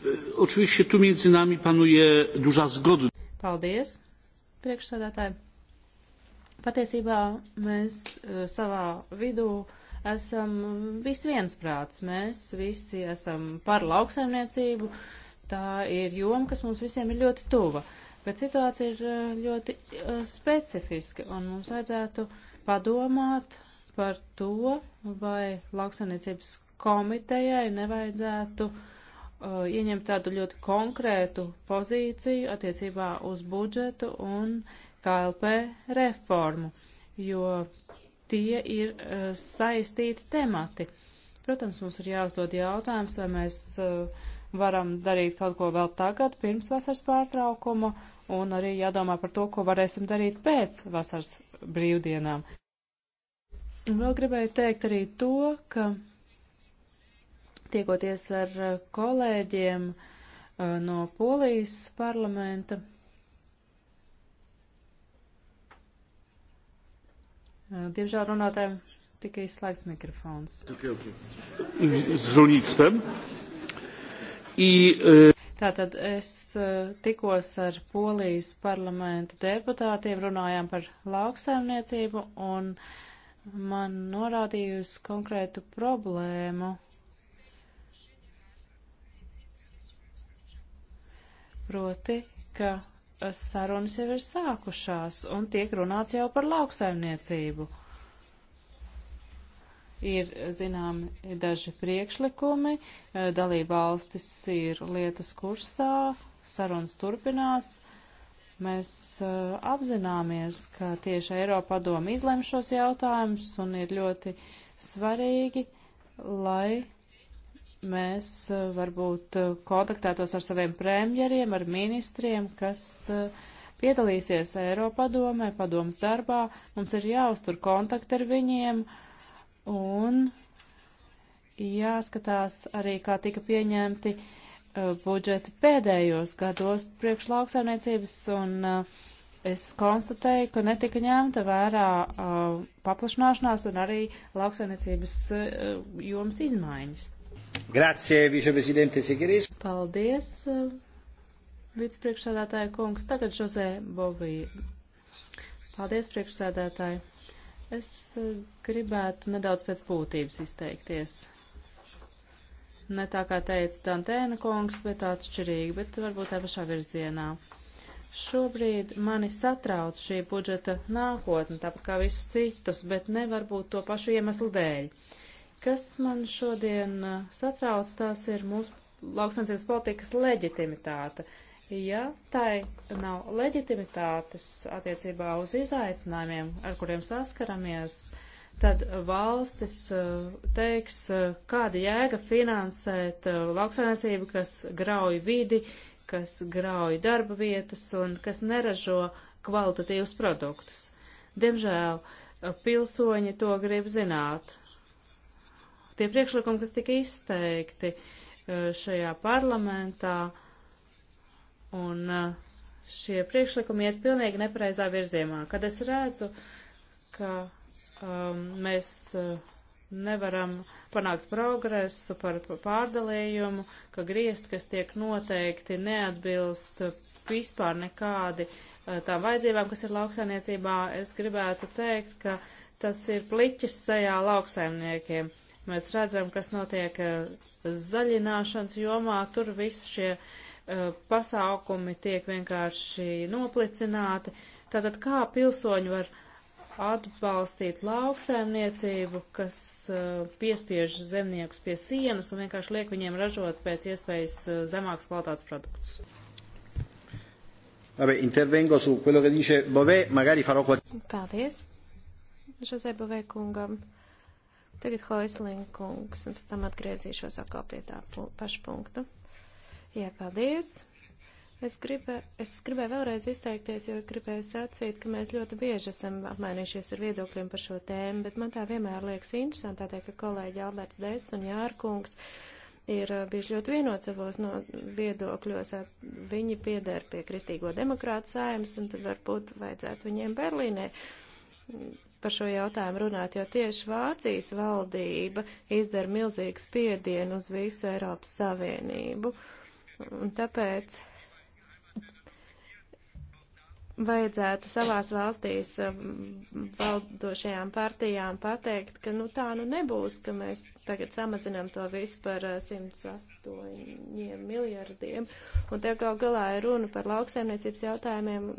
E, oczywiście tu między nami panuje duża zgoda. Paldies, priekšsēdētāji. Patiesībā mēs e, savā vidū uh, esam visi viensprāts. Mēs visi esam par lauksaimniecību. Tā ir joma, kas mums visiem ir ļoti tuva. Bet situācija ir eh, ļoti eh, specifiska, un mums vajadzētu padomāt par to, vai lauksaimniecības komitejai nevajadzētu uh, ieņemt tādu ļoti konkrētu pozīciju attiecībā uz budžetu un KLP reformu, jo tie ir uh, saistīti temati. Protams, mums ir jāuzdod jautājums, vai mēs uh, varam darīt kaut ko vēl tagad, pirms vasaras pārtraukuma, un arī jādomā par to, ko varēsim darīt pēc vasaras brīvdienām. Un vēl gribēju teikt arī to, ka tiekoties ar eh, kolēģiem uh, no Polijas parlamenta, Diemžēl runātājiem tika izslēgts mikrofons. Okay, okay. Zunīcpēm. I, uh... Tātad es e, tikos ar Polijas parlamenta deputātiem, runājām par lauksaimniecību, un man norādījusi konkrētu problēmu. Proti, ka sarunas jau ir sākušās un tiek runāts jau par lauksaimniecību. Ir, zinām, daži priekšlikumi, eh, dalībvalstis ir lietas kursā, sarunas turpinās. Mēs uh, apzināmies, ka tieši Eiropa padoma izlem šos jautājumus un ir ļoti svarīgi, lai mēs eh, varbūt eh, kontaktētos ar saviem premjeriem, ar ministriem, kas eh, piedalīsies Eiropadomē, padomas darbā. Mums ir jāuztur kontakti ar viņiem un jāskatās arī, kā tika pieņemti budžeti pēdējos gados priekš lauksaimniecības un uh, es konstatēju, ka netika ņemta vērā uh, paplašināšanās un arī lauksaimniecības uh, jomas izmaiņas. Grazie, viceprezidente Sigirīs. Paldies, vicepriekšsēdētāja kungs. Tagad Žozē Bovī. Paldies, priekšsēdētāji. Es eh, gribētu nedaudz pēc būtības izteikties ne tā kā teica Dantēna kungs, bet atšķirīgi, bet varbūt tā pašā virzienā. Šobrīd mani satrauc šī budžeta nākotne, tāpat kā visus citus, bet nevar būt to pašu iemeslu dēļ. Kas man šodien uh, satrauc, tas ir mūsu lauksansības politikas leģitimitāte. Ja tai nav leģitimitātes attiecībā uz izaicinājumiem, ar kuriem saskaramies, tad valstis uh, teiks, uh, kāda jēga finansēt lauksaimniecību, kas grauj vidi, kas grauj darba vietas un kas neražo kvalitatīvus produktus. Diemžēl pilsoņi to grib zināt, tie priekšlikumi, kas tika izteikti e, šajā parlamentā, un e, šie priekšlikumi iet pilnīgi nepareizā virzienā. Kad es redzu, ka um, mēs e, nevaram panākt progresu par pārdalījumu, ka griezt, kas tiek noteikti, neatbilst vispār nekādi tām vajadzībām, kas ir lauksainiecībā. Es gribētu teikt, ka tas ir pliķis sejā lauksaimniekiem. Uh, Mēs redzam, kas notiek eh, zaļināšanas jomā, tur visi šie eh, pasākumi tiek vienkārši noplicināti. Tātad kā pilsoņi var atbalstīt lauksēmniecību, kas eh, piespiež zemniekus pie sienas un vienkārši liek viņiem ražot pēc iespējas zemākas kvalitātes produktus? Vabbè, intervengo su quello che dice Bovē, magari farò qualche... Paldies. José Bovē kungam. Uh, Tagad Hoislinkungs, un pēc tam atgriezīšos atkal pie tā paša punkta. Jā, paldies! Es, gribē, es gribēju vēlreiz izteikties, jo gribēju sacīt, ka mēs ļoti bieži esam apmainījušies ar viedokļiem par šo tēmu, bet man tā vienmēr liekas interesanti, tādēļ, ka kolēģi Alberts Des un Jārkungs ir uh, bijuši ļoti vienot savos no viedokļos. Viņi pieder pie Kristīgo demokrātu saimas, un tad varbūt vajadzētu viņiem Berlīnē par šo jautājumu runāt, jo tieši Vācijas valdība izdara milzīgu spiedienu uz visu Eiropas Savienību. Un tāpēc vajadzētu savās valstīs eh, valdošajām partijām pateikt, ka nu tā nu nebūs, ka mēs tagad samazinām to visu par 108 eh, miljardiem. Un te kaut galā ir runa par lauksaimniecības jautājumiem,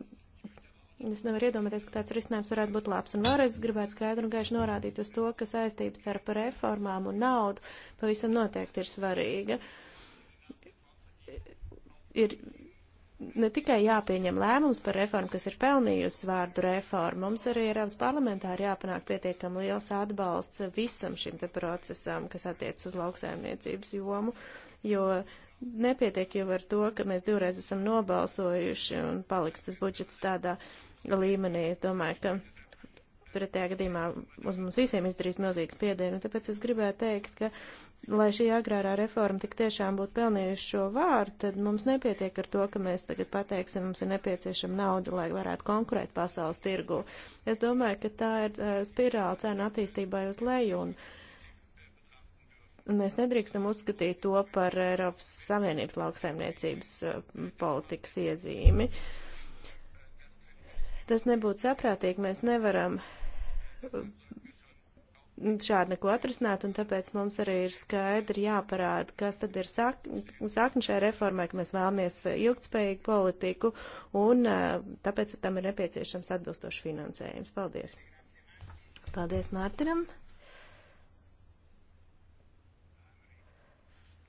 Es nevaru iedomāties, ka tāds risinājums varētu būt labs. Un vēlreiz es gribētu skaidru un gaišu norādīt uz to, ka saistības starp reformām un naudu pavisam noteikti ir svarīga. Ir ne tikai jāpieņem lēmums par reformu, kas ir pelnījusi vārdu reformu, mums arī Eiropas parlamentā ir jāpanāk pietiekam liels atbalsts visam šim te procesam, kas attiec uz lauksaimniecības jomu, jo nepietiek jau ar to, ka mēs divreiz esam nobalsojuši un paliks tas budžets tādā līmenī. Es domāju, ka pretējā gadījumā uz mums visiem izdarīs milzīgs piedienu. Tāpēc es gribēju teikt, ka, lai šī agrārā reforma tik tiešām būtu pelnījusi šo vārdu, tad mums nepietiek ar to, ka mēs tagad pateiksim, mums ir nepieciešama nauda, lai varētu konkurēt pasaules tirgu. Es domāju, ka tā ir uh, spirāla cena attīstībai uz leju. Un, mēs nedrīkstam uzskatīt to par Eiropas Savienības lauksaimniecības politikas iezīmi. Uh, Tas nebūtu saprātīgi, mēs nevaram mm, šādi neko atrisināt, un tāpēc mums arī ir skaidri jāparāda, kas tad ir sak sakni šai reformai, ka mēs vēlamies ilgtspējīgu politiku, un eh, tāpēc tam ir nepieciešams atbilstošs finansējums. Paldies! Paldies Mārtiņam!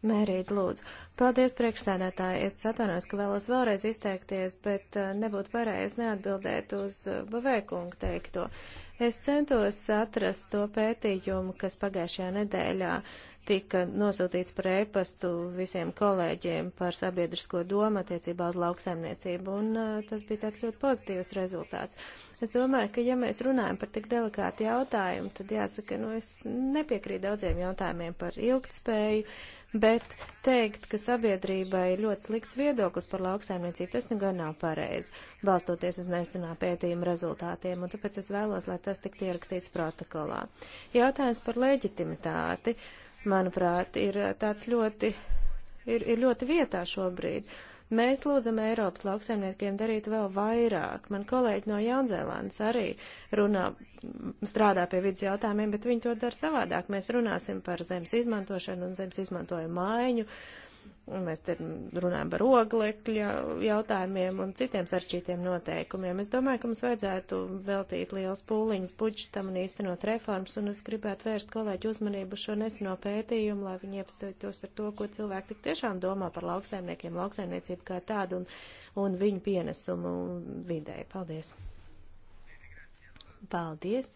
Mērīt, lūdzu. Paldies, priekšsēdētāji. Es atvainojos, ka vēlos vēlreiz izteikties, bet uh, nebūtu pareizi neatbildēt uz uh, Bavēkungu teikto. Es centos atrast to pētījumu, kas pagājušajā nedēļā tika nosūtīts par ēpastu visiem kolēģiem par sabiedrisko domu attiecībā uz lauksaimniecību, un uh, tas bija tāds ļoti pozitīvs rezultāts. Es domāju, ka ja mēs runājam par tik delikātu jautājumu, tad jāsaka, nu es nepiekrītu daudziem jautājumiem par ilgtspēju, uh, bet teikt, ka sabiedrībai ir ļoti slikts viedoklis par lauksaimniecību, tas nu gan nav pareizi, balstoties uz nesenā pētījuma rezultātiem, un tāpēc es vēlos, lai tas tiktu ierakstīts protokolā. Jautājums par leģitimitāti, manuprāt, ir tāds ļoti, ir, ir ļoti vietā šobrīd. Uh, Mēs lūdzam Eiropas lauksaimniekiem darīt vēl vairāk. Man kolēģi no Jaunzēlandes arī runā, strādā pie vidas jautājumiem, bet viņi to dara savādāk. Mēs runāsim par zemes izmantošanu un zemes izmantojumu maiņu. Uh, Mēs te runājam par oglekļa jautājumiem un citiem sarčītiem noteikumiem. Es domāju, ka mums vajadzētu veltīt liels pūliņas budžetam un īstenot reformas, un es gribētu vērst kolēģi uzmanību šo neseno pētījumu, lai viņi iepazītos ar to, ko cilvēki tik tiešām domā par lauksaimniekiem, lauksaimniecību kā tādu un, un viņu pienesumu vidē. Paldies! Paldies!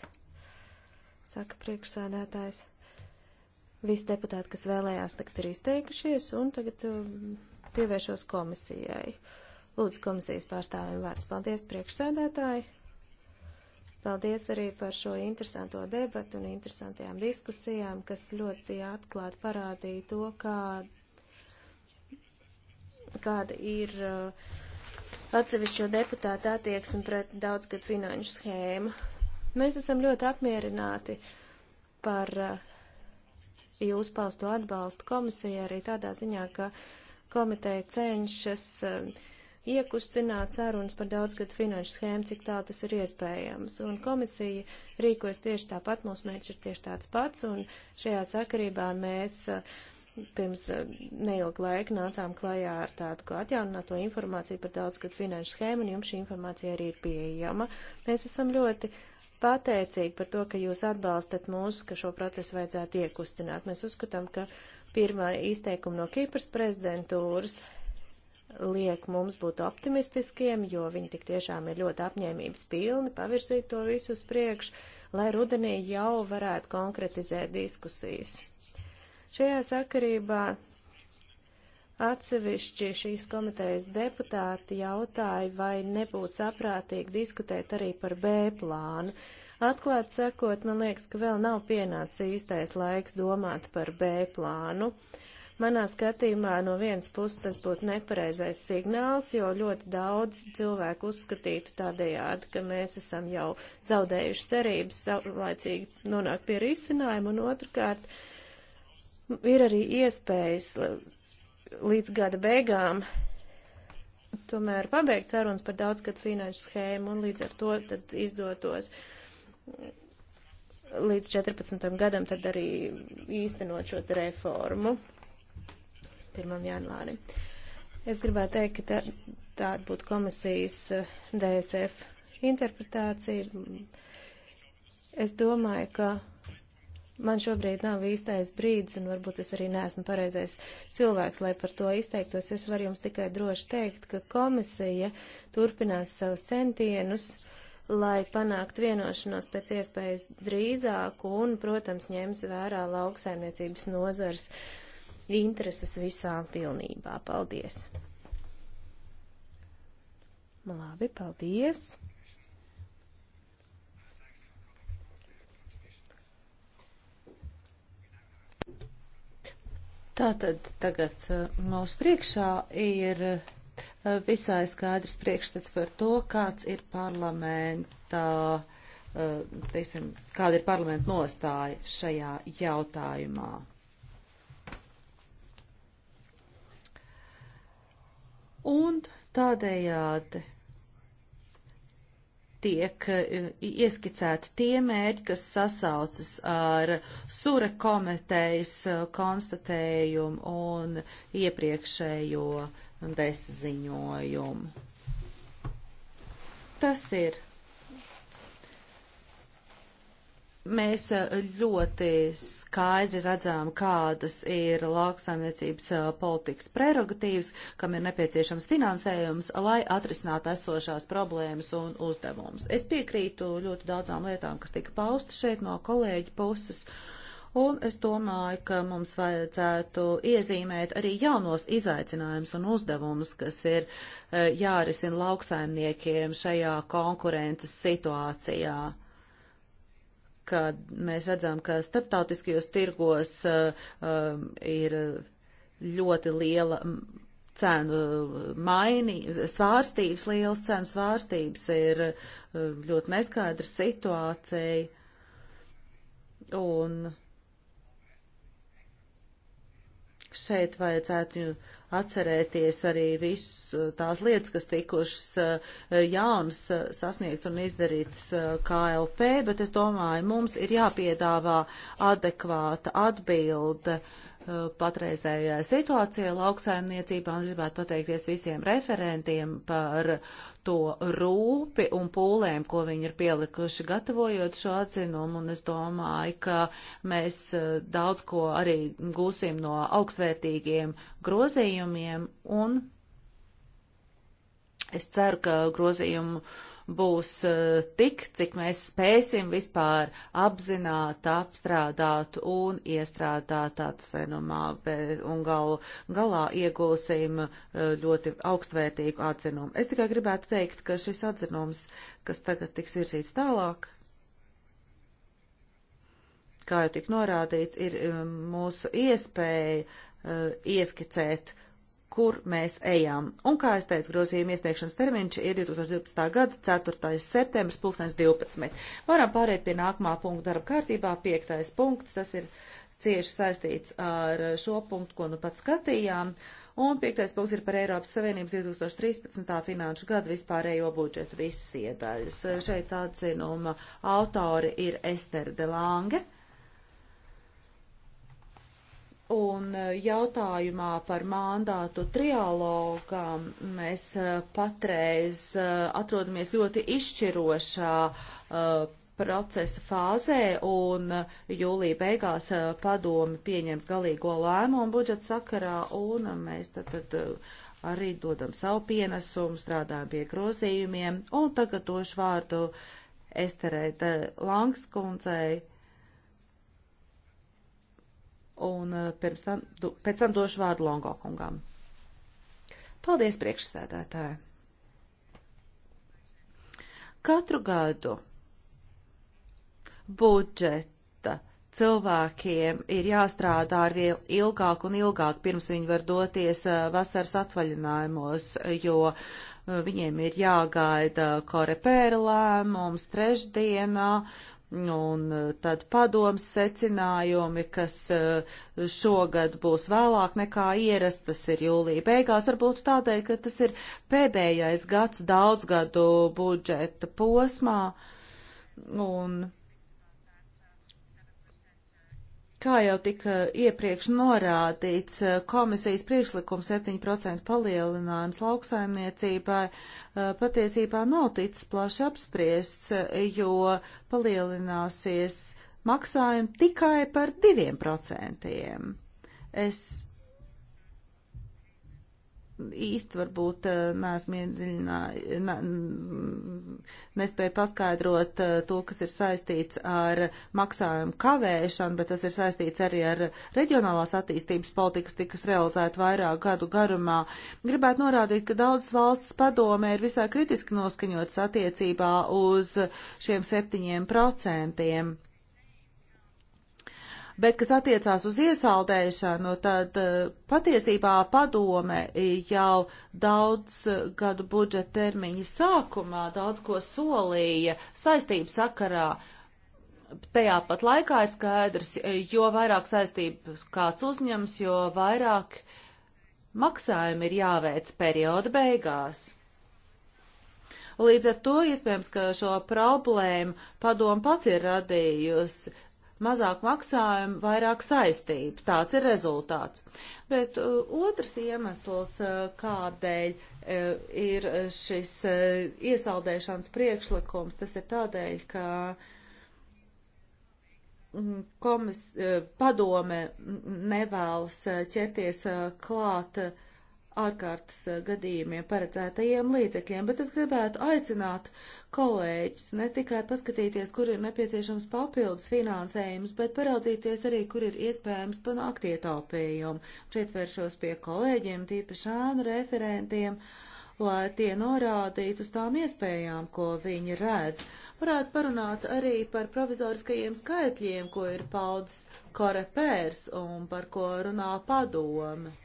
Saka priekšsēdētājs. Visi deputāti, kas vēlējās, tagad ir izteikušies, un tagad uh, pievēršos komisijai. Lūdzu, komisijas pārstāvjiem vārds. Paldies, priekšsēdētāji! Paldies arī par šo interesanto debatu un interesantajām diskusijām, kas ļoti atklāti parādīja to, kā, kāda ir uh, atsevišķo deputātu attieksme pret daudzgad finanšu schēmu. Mēs esam ļoti apmierināti par uh, jūs paustu atbalstu komisijai arī tādā ziņā, ka komiteja cenšas um, iekustināt sarunas par daudzgadu finanšu schēmu, cik tālu tas ir iespējams. Un komisija rīkojas tieši tāpat, mūsu mērķis ir tieši tāds pats, un šajā sakarībā mēs uh, pirms uh, neilga laika nācām klajā ar tādu kā atjaunināto informāciju par daudzgadu finanšu schēmu, un jums šī informācija arī ir pieejama. Mēs esam ļoti pateicīgi par to, ka jūs atbalstat mūs, ka šo procesu vajadzētu iekustināt. Mēs uzskatām, ka pirmā izteikuma no Kīpras prezidentūras liek mums būt optimistiskiem, jo viņi tik tiešām ir ļoti apņēmības pilni pavirzīt to visu uz priekšu, lai rudenī jau varētu konkretizēt diskusijas. Šajā sakarībā Atsevišķi šīs komitejas deputāti jautāja, vai nebūtu saprātīgi diskutēt arī par B plānu. Atklāt sakot, man liekas, ka vēl nav pienācis īstais laiks domāt par B plānu. Manā skatījumā no vienas puses tas būtu nepareizais signāls, jo ļoti daudz cilvēku uzskatītu tādējādi, ka mēs esam jau zaudējuši cerības, laicīgi nonāk pie risinājuma, un otrkārt ir arī iespējas līdz gada beigām tomēr pabeigt sarunas par daudzgad finanšu schēmu un līdz ar to tad izdotos līdz 14. gadam tad arī īstenot šo reformu 1. janvāri. Es gribētu teikt, ka tā, tāda būtu komisijas eh, DSF interpretācija. Es domāju, ka Man šobrīd nav īstais brīdis, un varbūt es arī neesmu pareizais cilvēks, lai par to izteiktos. Es varu jums tikai droši teikt, ka komisija turpinās savus centienus, lai panāktu vienošanos pēc iespējas drīzāk un, protams, ņems vērā lauksaimniecības nozars intereses visā pilnībā. Paldies! Nu labi, paldies! Tātad tagad uh, mūsu priekšā ir uh, visai skaidrs priekšstats par to, kāds ir parlamentā, uh, teiksim, kāda ir parlamenta nostāja šajā jautājumā. Un tādējādi tiek e, ieskicēti tie mērķi, kas sasaucas ar Sura komitejas e, konstatējumu un iepriekšējo desa ziņojumu. Tas ir Mēs e, ļoti skaidri redzām, kādas ir lauksaimniecības e, politikas prerogatīvas, kam ir nepieciešams finansējums, lai atrisinātu esošās problēmas un uzdevumus. Es piekrītu ļoti daudzām lietām, kas tika paustas šeit no kolēģa puses. Un es domāju, ka mums vajadzētu iezīmēt arī jaunos izaicinājumus un uzdevumus, kas ir e, jārisina lauksaimniekiem šajā konkurences situācijā kad mēs redzam, ka starptautiskajos tirgos uh, um, ir ļoti liela cenu maini, svārstības, liels cenu svārstības ir uh, ļoti neskaidra situācija. Un šeit vajadzētu. Uh, atcerēties arī visu tās lietas, kas tikušas eh, jaunas eh, sasniegts un izdarītas eh, KLP, bet es domāju, mums ir jāpiedāvā adekvāta atbilde patreizējai situācijai lauksaimniecībā un gribētu pateikties visiem referentiem par to rūpi un pūlēm, ko viņi ir pielikuši gatavojot šo atzinumu, un es domāju, ka mēs eh, daudz ko arī gūsim no augstvērtīgiem grozījumiem, un es ceru, ka grozījumu būs eh, tik, cik mēs spēsim vispār apzināt, apstrādāt un iestrādāt atcenumā, un gal, galā iegūsim eh, ļoti augstvērtīgu atzinumu. Es tikai gribētu teikt, ka šis atzinums, kas tagad tiks virzīts tālāk, kā jau tik norādīts, ir eh, mūsu iespēja uh, ieskicēt kur mēs ejam. Un, kā es teicu, grozījuma iesniegšanas termiņš ir 2012. gada 4. septembris, 2012. Varam pāriet pie nākamā punkta darba kārtībā, 5. punkts, tas ir cieši saistīts ar šo punktu, ko nu pat skatījām. Un 5. punkts ir par Eiropas Savienības 2013. finanšu gadu vispārējo budžetu visas iedaļas. Šeit atzinuma autori ir Ester Delange. Un eh, jautājumā par mandātu trialogām mēs eh, patreiz eh, atrodamies ļoti izšķirošā procesa fāzē un jūlija beigās padomi pieņems galīgo lēmumu budžeta sakarā un mēs tad, tad arī dodam savu pienesumu, strādājam pie grozījumiem un tagad došu vārdu Esterēta Langskundzei un eh, pirms tam, do, pēc tam došu vārdu Longo kungam. Paldies, priekšsēdētāji! Katru gadu budžeta cilvēkiem ir jāstrādā ar vien ilgāk un ilgāk, pirms viņi var doties eh, vasaras atvaļinājumos, jo eh, viņiem ir jāgaida korepēra lēmums trešdienā, un e, tad padoms secinājumi, kas e, šogad būs vēlāk nekā ierasts, tas ir jūlija beigās, varbūt tādēļ, ka tas ir pēdējais gads daudzgadu budžeta posmā. Un Kā jau tika iepriekš norādīts, eh, komisijas priekšlikums 7% palielinājums lauksaimniecībai eh, patiesībā nav ticis plaši apspriests, jo palielināsies maksājumi tikai par 2%. Es īsti varbūt eh, neesmu iedziļinājusi, nespēju paskaidrot eh, to, kas ir saistīts ar maksājumu kavēšanu, bet tas ir saistīts arī ar reģionālās attīstības politikas, tikas realizēta vairāk gadu garumā. Gribētu norādīt, ka daudzas valsts padomē ir visai kritiski noskaņotas attiecībā uz šiem septiņiem procentiem. Bet, kas attiecās uz iesaldēšanu, tad eh, patiesībā padome jau daudz eh, gadu budžeta termiņa sākumā daudz ko solīja saistību sakarā tajā pat laikā ir skaidrs, eh, jo vairāk saistību kāds uzņems, jo vairāk maksājumi ir jāveic perioda beigās. Līdz ar to iespējams, ka šo problēmu padomu pat ir radījusi, mazāk maksājumu, vairāk saistību. Tāds ir rezultāts. Bet uh, otrs iemesls, uh, kādēļ uh, ir šis uh, iesaldēšanas priekšlikums, tas ir tādēļ, ka mm, komis, uh, padome nevēlas uh, ķerties uh, klāt uh, ārkārtas eh, gadījumiem paredzētajiem līdzekļiem, bet es gribētu aicināt kolēģis ne tikai paskatīties, kur ir nepieciešams papildus finansējums, bet paraudzīties arī, kur ir iespējams panākt ietaupījumu. Šeit vēršos pie kolēģiem, tīpaši ānu referentiem, lai tie norādītu uz tām iespējām, ko viņi redz. Varētu parunāt arī par provizoriskajiem skaitļiem, ko ir paudis korepērs un par ko runā padome.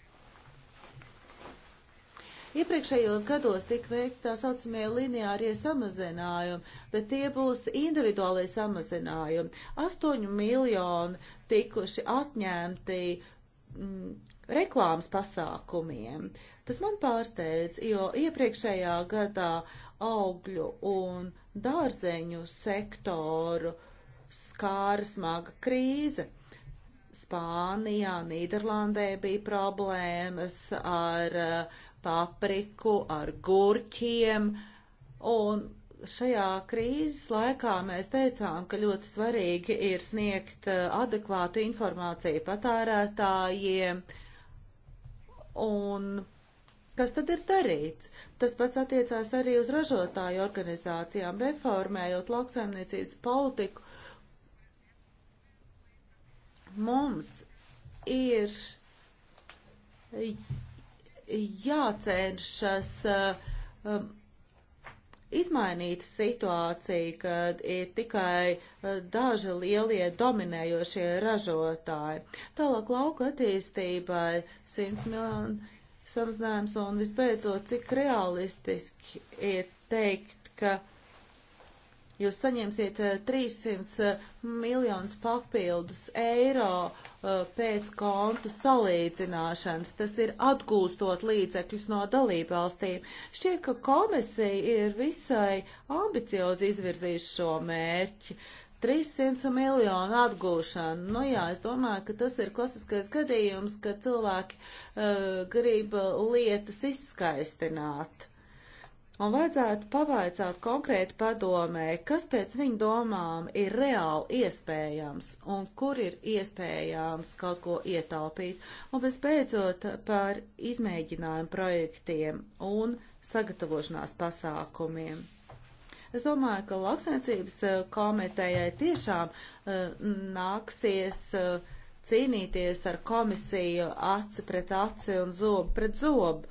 Iepriekšējos gados tika veikti tā saucamie lineārie samazinājumi, bet tie būs individuālie samazinājumi. 8 miljoni tikuši atņemti mm, reklāmas pasākumiem. Tas man pārsteidz, jo iepriekšējā gadā augļu un dārzeņu sektoru skāra smaga krīze. Spānijā, Nīderlandē bija problēmas ar uh, papriku, ar gurķiem. Un šajā krīzes laikā mēs teicām, ka ļoti svarīgi ir sniegt eh, adekvātu informāciju patērētājiem. Un kas tad ir darīts? Tas pats attiecās arī uz ražotāju organizācijām, reformējot lauksaimniecības politiku. Mums ir jācenšas eh, um, izmainīt situāciju, kad ir tikai eh, daži lielie dominējošie ražotāji. Tālāk lauka attīstībai 100 miljonu samazinājums un visbeidzot, cik realistiski ir teikt, ka uh, jūs saņemsiet 300 eh, eh, miljonus papildus eiro eh, pēc kontu salīdzināšanas. Tas ir atgūstot līdzekļus no dalībvalstīm. Šķiet, ka komisija ir visai ambiciozi izvirzījusi šo mērķi. 300 miljonu atgūšana. Nu jā, es domāju, ka tas ir klasiskais gadījums, ka cilvēki uh, grib lietas izskaistināt un vajadzētu pavaicāt konkrēti padomē, kas pēc viņu domām ir reāli iespējams un kur ir iespējams kaut ko ietaupīt, un visbeidzot par izmēģinājumu projektiem un sagatavošanās pasākumiem. Es domāju, ka lauksaimniecības eh, komitejai tiešām uh, nāksies uh, cīnīties ar komisiju aci pret aci un zobu pret zobu,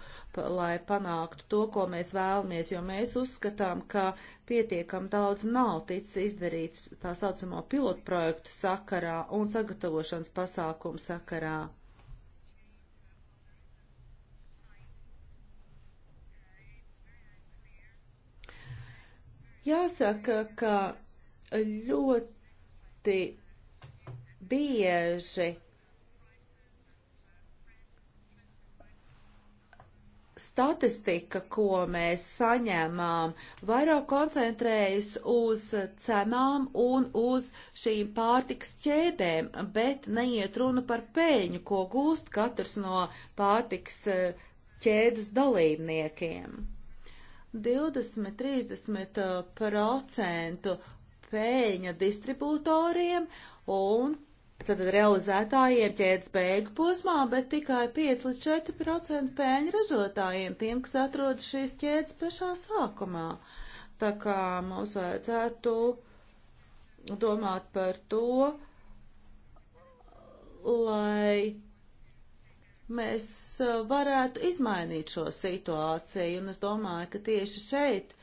lai panāktu to, ko mēs vēlamies, jo mēs uzskatām, ka pietiekam daudz nav ticis izdarīts tā saucamo pilotprojektu sakarā un sagatavošanas pasākumu sakarā. Jāsaka, ka ļoti bieži statistika, ko mēs saņēmām, vairāk koncentrējas uz cenām un uz šīm pārtikas ķēdēm, bet neiet runa par pēļņu, ko gūst katrs no pārtikas eh, ķēdes dalībniekiem. 20-30% pēļņa distribūtoriem un tātad realizētājiem ķēdes beigu posmā, bet tikai 5 līdz 4% pēļņu ražotājiem, tiem, kas atrodas šīs ķēdes pašā sākumā. Tā kā mums vajadzētu domāt par to, lai mēs varētu izmainīt šo situāciju, un es domāju, ka tieši šeit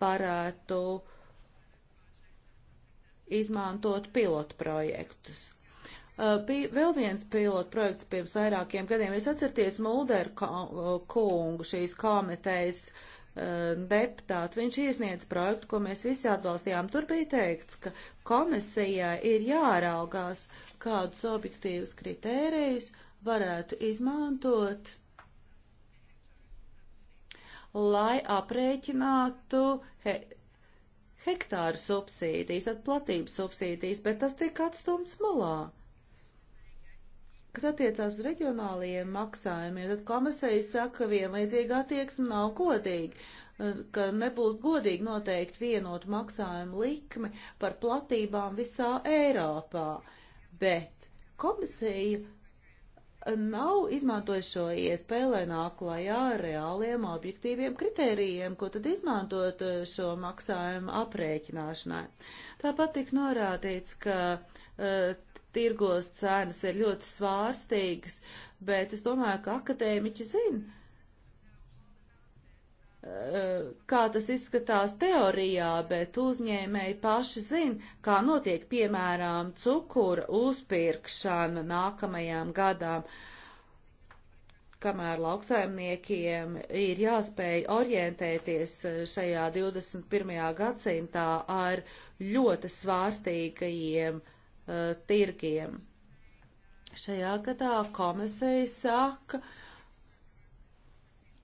varētu izmantot pilotu projektus. Uh, vēl viens pilota projekts pirms vairākiem gadiem. Jūs atcerieties Mulder uh, kungu šīs komitejas uh, deputātu. Viņš iesniedz projektu, ko mēs visi atbalstījām. Tur bija teikts, ka komisijai ir jāraugās, kādus objektīvus kritērijus varētu izmantot, lai aprēķinātu he hektāru subsīdijas, tad platības subsīdijas, bet tas tika atstumts malā. Kas attiecās uz reģionālajiem maksājumiem, tad komisija saka, ka vienlīdzīga attieksme nav godīga, eh, ka nebūtu godīgi noteikt vienotu maksājumu likmi par platībām visā Eiropā. Bet komisija eh, nav izmantojis šo iespēju, lai nāk klajā ar reāliem objektīviem kritērijiem, ko tad izmantot eh, šo maksājumu aprēķināšanai. Tāpat tika norādīts, ka uh, tirgos cenas ir ļoti svārstīgas, bet es domāju, ka akadēmiķi zina, eh, kā tas izskatās teorijā, bet uzņēmēji paši zina, kā notiek piemēram cukura uzpirkšana nākamajām gadām kamēr lauksaimniekiem ir jāspēj orientēties eh, šajā 21. gadsimtā ar ļoti svārstīgajiem uh, Eh, tirgiem. Šajā gadā komisija saka,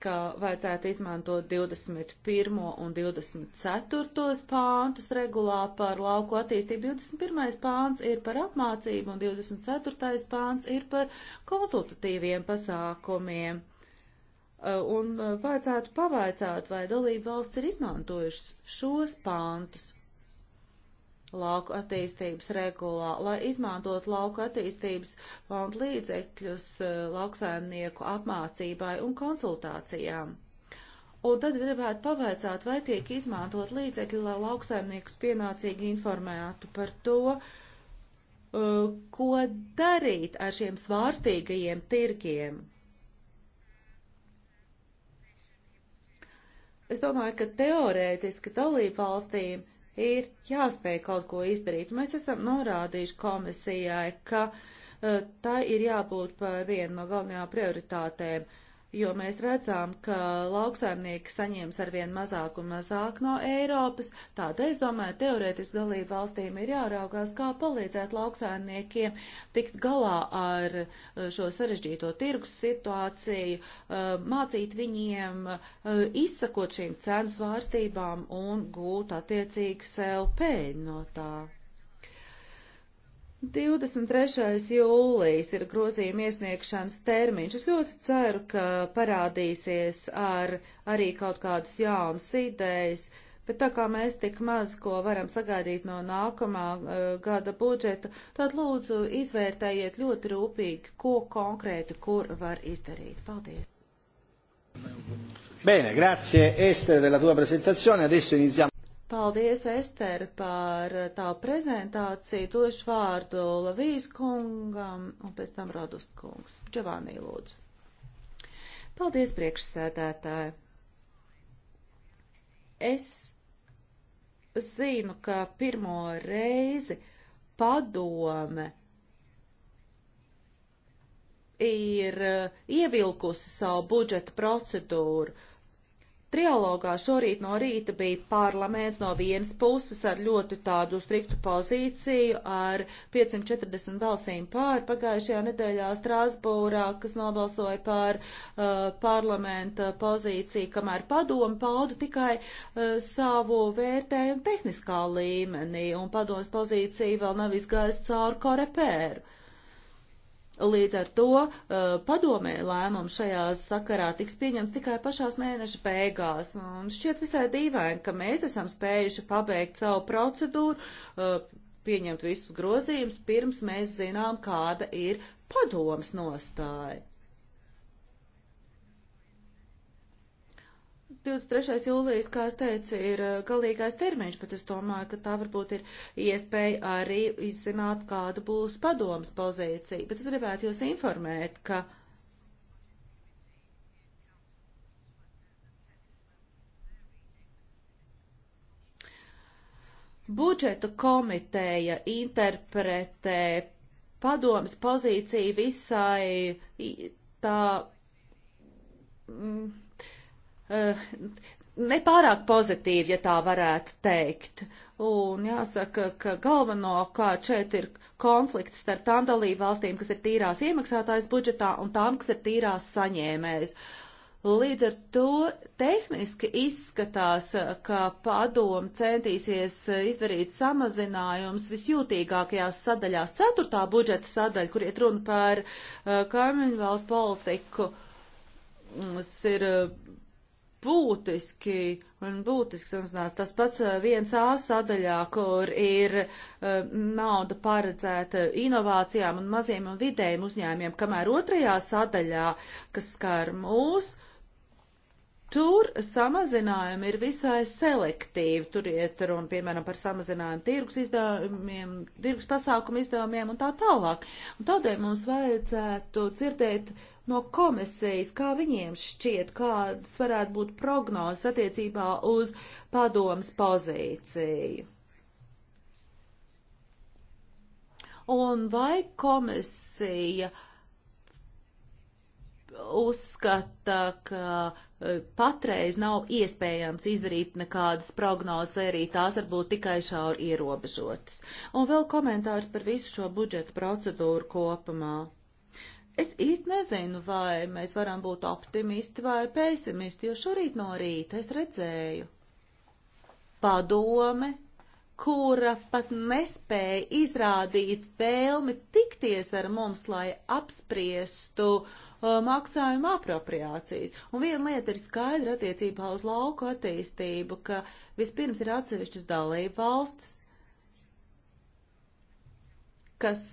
ka vajadzētu izmantot 21. un 24. pāntus regulā par lauku attīstību. 21. pāns ir par apmācību un 24. pāns ir par konsultatīviem pasākumiem. Eh, un eh, vajadzētu pavaicāt, vai dalība valsts ir izmantojušas šos pāntus lauku attīstības regulā, lai izmantot lauku attīstības fondu līdzekļus eh, lauksaimnieku apmācībai un konsultācijām. Un tad gribētu pavaicāt, vai tiek izmantot līdzekļi, lai lauksaimniekus pienācīgi informētu par to, eh, ko darīt ar šiem svārstīgajiem tirgiem. Es domāju, ka teorētiski dalību valstīm ir jāspēj kaut ko izdarīt. Mēs esam norādījuši komisijai, ka uh, eh, tā ir jābūt par vienu no galvenajām prioritātēm. Uh, jo mēs redzam, ka lauksaimnieki saņems arvien mazāk un mazāk no Eiropas. Tādēļ, es domāju, teorētiski dalību valstīm ir jāraugās, kā palīdzēt lauksaimniekiem tikt galā ar eh, šo sarežģīto tirgus situāciju, eh, mācīt viņiem eh, izsakot šīm cenu svārstībām un gūt attiecīgi sev pēļņu no tā. 23. jūlijas ir grozījuma iesniegšanas termiņš. Es ļoti ceru, ka parādīsies ar, arī kaut kādas jaunas idejas, bet tā kā mēs tik maz ko varam sagaidīt no nākamā uh, gada budžeta, tad lūdzu izvērtējiet ļoti rūpīgi, ko konkrēti kur var izdarīt. Paldies! Bene, grazie Ester della tua presentazione. Adesso iniziamo. Paldies, Ester, par tavu prezentāciju. Došu vārdu Lavijas kungam un pēc tam Rodust kungs. Džavānī, lūdzu. Paldies, priekšsēdētāji. Es zinu, ka pirmo reizi padome ir ievilkusi savu budžeta procedūru Trialogā šorīt no rīta bija parlaments no vienas puses ar ļoti tādu striktu pozīciju ar 540 balsīm pār pagājušajā nedēļā Strasbūrā, kas nobalsoja par uh, parlamenta pozīciju, kamēr padomu pauda tikai uh, savu vērtējumu tehniskā līmenī un padomas pozīcija vēl nav izgājusi cauri korepēru. Līdz ar to uh, padomē lēmums šajā sakarā tiks pieņems tikai pašās mēneša beigās. Un šķiet visai dīvaini, ka mēs esam spējuši pabeigt savu procedūru, uh, pieņemt visus grozījumus, pirms mēs zinām, kāda ir padomas nostāja. 23. jūlijas, kā es teicu, ir uh, galīgais termiņš, bet es domāju, ka tā varbūt ir iespēja arī izzināt, kāda būs padomas pozīcija. Bet es gribētu jūs informēt, ka. Budžeta komiteja interpretē padomas pozīciju visai tā. Mm, Eh, nepārāk pozitīvi, ja tā varētu teikt. Un jāsaka, ka galvenokārt šeit ir konflikts starp tām dalību valstīm, kas ir tīrās iemaksātājs budžetā un tām, kas ir tīrās saņēmējs. Līdz ar to tehniski izskatās, ka padomu centīsies izdarīt samazinājums visjūtīgākajās sadaļās, ceturtā budžeta sadaļa, kur iet runa par eh, kaimiņu valsts politiku. Mm, tas ir eh, būtiski un būtiski samazinās. Tas pats eh, viens A sadaļā, kur ir uh, nauda paredzēta inovācijām un maziem un vidējiem uzņēmiem, kamēr otrajā sadaļā, kas skar mūs, tur samazinājumi ir visai selektīvi. Tur iet runa, piemēram, par samazinājumu tirgus izdevumiem, tirgus pasākumu izdevumiem un tā tālāk. Un tādēļ mums vajadzētu dzirdēt uh, no komisijas, kā viņiem šķiet, kādas varētu būt prognozes attiecībā uz padomas pozīciju. Un vai komisija uzskata, ka e, patreiz nav iespējams izdarīt nekādas prognozes, arī tās varbūt tikai šauri ierobežotas. Un vēl komentārs par visu šo budžeta procedūru kopumā. Es īsti nezinu, vai mēs varam būt optimisti vai pesimisti, jo šorīt no rīta es redzēju padome, kura pat nespēja izrādīt vēlmi tikties ar mums, lai apspriestu uh, maksājumu apropriācijas. Un viena lieta ir skaidra attiecībā uz lauku attīstību, ka vispirms ir atsevišķas dalība valstis, kas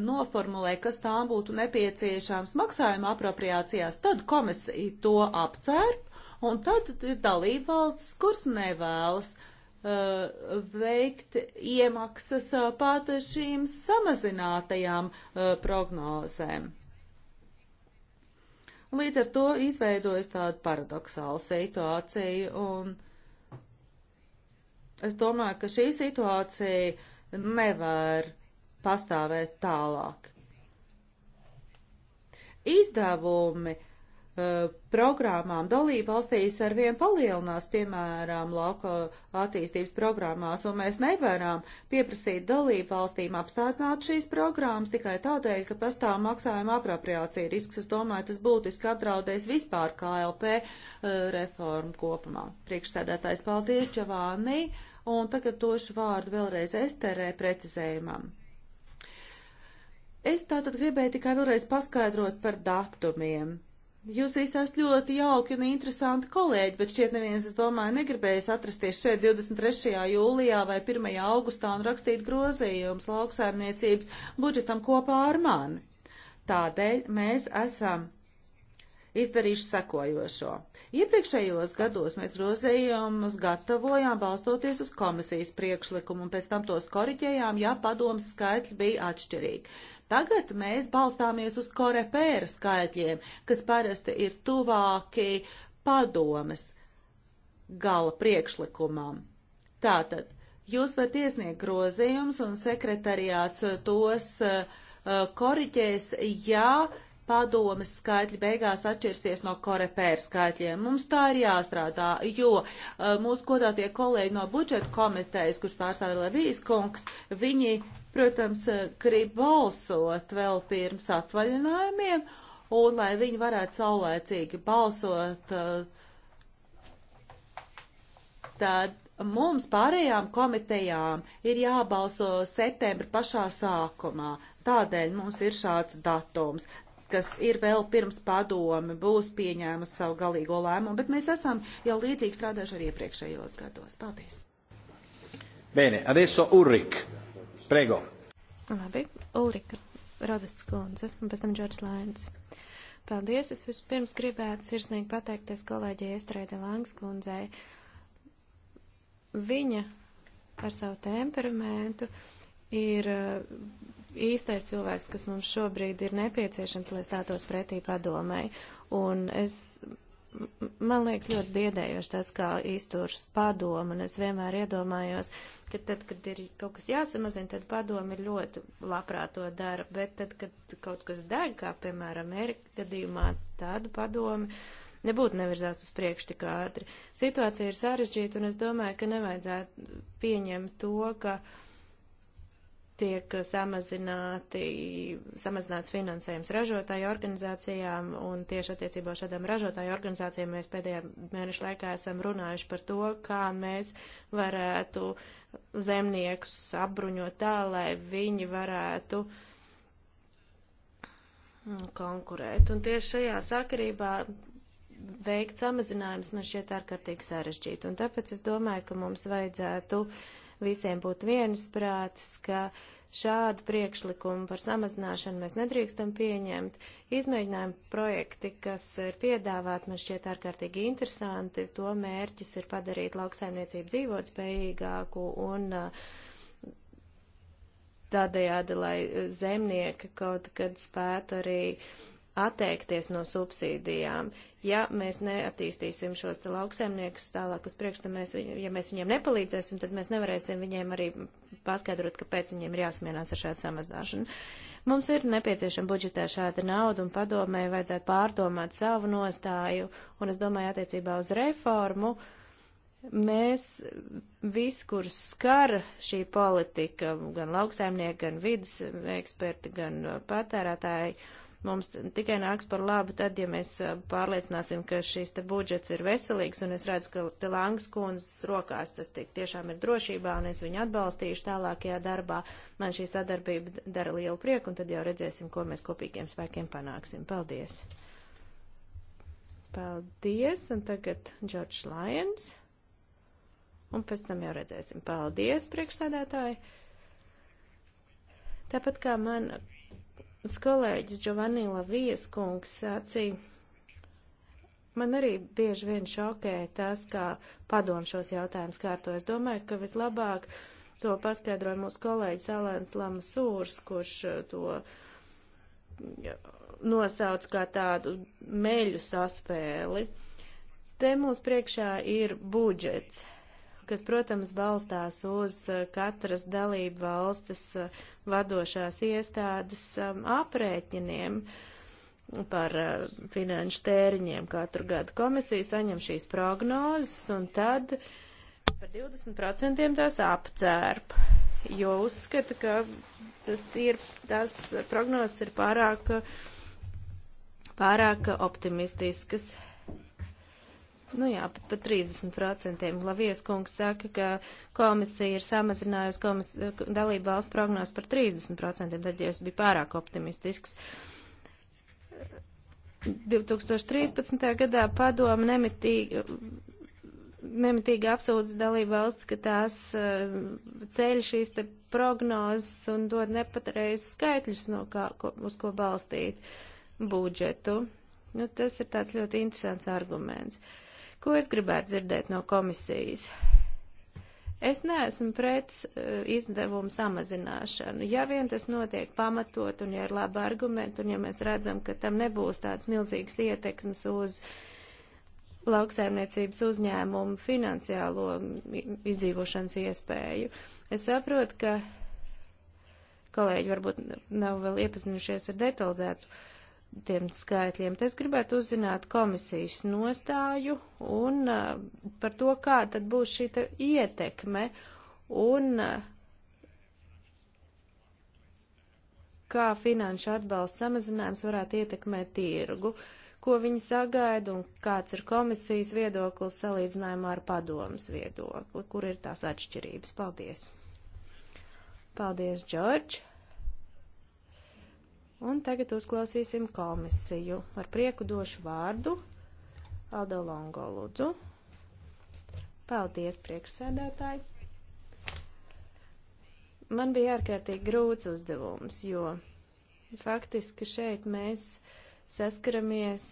noformulē, kas tām būtu nepieciešams maksājuma apropriācijās, tad komisija to apcērp, un tad ir dalība valstis, kuras nevēlas uh, veikt iemaksas uh, pat šīm samazinātajām uh, prognozēm. Līdz ar to izveidojas tāda paradoxāla situācija, un es domāju, ka šī situācija nevar uh, pastāvēt tālāk. Izdevumi eh, programmām dalībvalstīs ar vien palielinās, piemēram, lauka attīstības programmās, un mēs nevaram pieprasīt dalībvalstīm apstādināt šīs programmas tikai tādēļ, ka pastāv maksājuma apropriācija risks. Es domāju, tas būtiski apdraudēs vispār KLP uh, eh, reformu kopumā. Priekšsēdētājs, paldies, Čavānī, un tagad došu vārdu vēlreiz Esterē precizējumam. Es tātad gribēju tikai vēlreiz paskaidrot par datumiem. Jūs visi esat ļoti jauki un interesanti kolēģi, bet šķiet neviens, es domāju, negribēs atrasties šeit 23. jūlijā vai 1. augustā un rakstīt grozījums lauksaimniecības budžetam kopā ar mani. Tādēļ mēs esam izdarījuši sekojošo. Iepriekšējos gados mēs grozījumus gatavojām balstoties uz komisijas priekšlikumu un pēc tam tos koriģējām, ja padomas skaitļi bija atšķirīgi. Tagad mēs balstāmies uz korepēra skaitļiem, kas parasti ir tuvāki padomes gala priekšlikumam. Tātad, jūs varat iesniegt grozījumus un sekretariāts tos uh, koriģēs, ja uh, padomes skaitļi beigās atšķirsies no korepēra skaitļiem. Mums tā ir jāstrādā, jo uh, mūsu godātie kolēģi no budžeta komitejas, kurš pārstāvja Levijas kungs, viņi, protams, uh, grib balsot vēl pirms atvaļinājumiem, un lai viņi varētu saulēcīgi balsot, uh, tad mums pārējām komitejām ir jābalso septembra pašā sākumā. Tādēļ mums ir šāds datums kas ir vēl pirms padome būs pieņēmusi savu galīgo lēmumu, bet mēs esam jau līdzīgi strādājuši arī iepriekšējos gados. Paldies! Bene, adesso Ulrik, prego. Labi, Ulrika, Rodas skundze, un pēc tam Džordžs Lains. Paldies, es vispirms gribētu sirsnīgi pateikties kolēģei Estrēde Langskundzei. Viņa ar savu temperamentu ir īstais cilvēks, kas mums šobrīd ir nepieciešams, lai stātos pretī padomai. Un es, man liekas, ļoti biedējoši tas, kā izturs padomu, un es vienmēr iedomājos, ka tad, kad ir kaut kas jāsamazina, tad padomu ir ļoti labprāt to dara, bet tad, kad kaut kas deg, kā piemēram Erika gadījumā, tādu padomu nebūtu nevirzās uz priekšu tik ātri. Situācija ir sarežģīta, un es domāju, ka nevajadzētu pieņemt to, ka. Uh, tiek samazināti, samazināts finansējums ražotāju organizācijām, un tieši attiecībā šādām ražotāju organizācijām mēs pēdējā mēneša laikā esam runājuši par to, kā mēs varētu zemniekus apbruņot tā, lai viņi varētu konkurēt. Un tieši šajā sakarībā veikt samazinājums man šķiet ārkārtīgi sarežģīti, un tāpēc es domāju, ka mums vajadzētu uh, visiem būtu viensprātis, ka šādu priekšlikumu par samazināšanu mēs nedrīkstam pieņemt. Izmēģinājumu projekti, kas ir piedāvāti, man šķiet ārkārtīgi interesanti. To mērķis ir padarīt lauksaimniecību dzīvotspējīgāku un uh, tādējādi, lai uh, zemnieki kaut kad spētu arī atteikties no subsīdijām. Ja mēs neattīstīsim šos te lauksaimniekus tālāk uz priekšu, tad mēs, ja mēs viņiem nepalīdzēsim, tad mēs nevarēsim viņiem arī paskaidrot, kāpēc viņiem ir jāsmienās ar šādu samazināšanu. Mums ir nepieciešama budžetē šāda nauda un padomē vajadzētu pārdomāt savu nostāju, un es domāju attiecībā uz reformu. Mēs visi, kurus skar šī politika, gan lauksaimnieki, gan vidas eksperti, gan patērētāji, uh, mums tikai nāks par labu tad, ja mēs eh, pārliecināsim, ka šīs te budžets ir veselīgs, un es redzu, ka te Langas kundzes rokās tas tik tiešām ir drošībā, un es viņu atbalstīšu tālākajā darbā. Man šī sadarbība dara lielu prieku, un tad jau redzēsim, ko mēs kopīgiem spēkiem panāksim. Paldies! Paldies, un tagad Džordžs Lajens. Un pēc tam jau redzēsim. Paldies, priekšsēdētāji. Tāpat kā mana Mans kolēģis Giovanni Lavijas kungs sacīja, man arī bieži vien šokē tas, kā padom šos jautājumus kārto. Es domāju, ka vislabāk to paskaidroja mūsu kolēģis Alēns Lamasūrs, kurš uh, to nosauc kā tādu meļu saspēli. Te mūs priekšā ir budžets, kas, protams, balstās uz eh, katras dalību valstis eh, vadošās iestādes eh, aprēķiniem par finanšu tēriņiem katru gadu. Komisija saņem šīs prognozes un tad par 20% tās apcērp, jo uzskata, ka tas ir, tās prognozes ir pārāk, pārāk optimistiskas. Nu jā, pat par 30%. Lavijas kungs saka, ka komisija ir samazinājusi komis, dalību valsts prognozi par 30%, tad jūs bija pārāk optimistisks. 2013. gadā padoma nemitīgi, nemitīgi apsūdz dalību valsts, ka tās eh, ceļ šīs te prognozes un dod nepatreizu skaitļus, no kā, ko, uz ko balstīt budžetu. Nu, tas ir tāds ļoti interesants arguments. Uh, Ko es gribētu dzirdēt no komisijas? Es neesmu pret eh, izdevumu samazināšanu. Ja vien tas notiek pamatot un ja ir labi argumenti un ja mēs redzam, ka tam nebūs tāds milzīgs ietekmes uz lauksaimniecības uzņēmumu finansiālo izdzīvošanas iespēju. Es saprotu, ka kolēģi varbūt nav vēl iepazinušies ar detalizētu uh, tiem skaitļiem. Es gribētu uzzināt komisijas nostāju un uh, par to, kā tad būs šī ietekme un uh, kā finanšu atbalsts samazinājums varētu ietekmēt tirgu, ko viņi sagaida un kāds ir komisijas viedoklis salīdzinājumā ar padomas viedokli, kur ir tās atšķirības. Paldies! Paldies, Džordž! Un tagad uzklausīsim komisiju. Ar prieku došu vārdu Aldo Longo lūdzu. Paldies, priekšsēdētāji. Man bija ārkārtīgi grūts uzdevums, jo faktiski šeit mēs saskaramies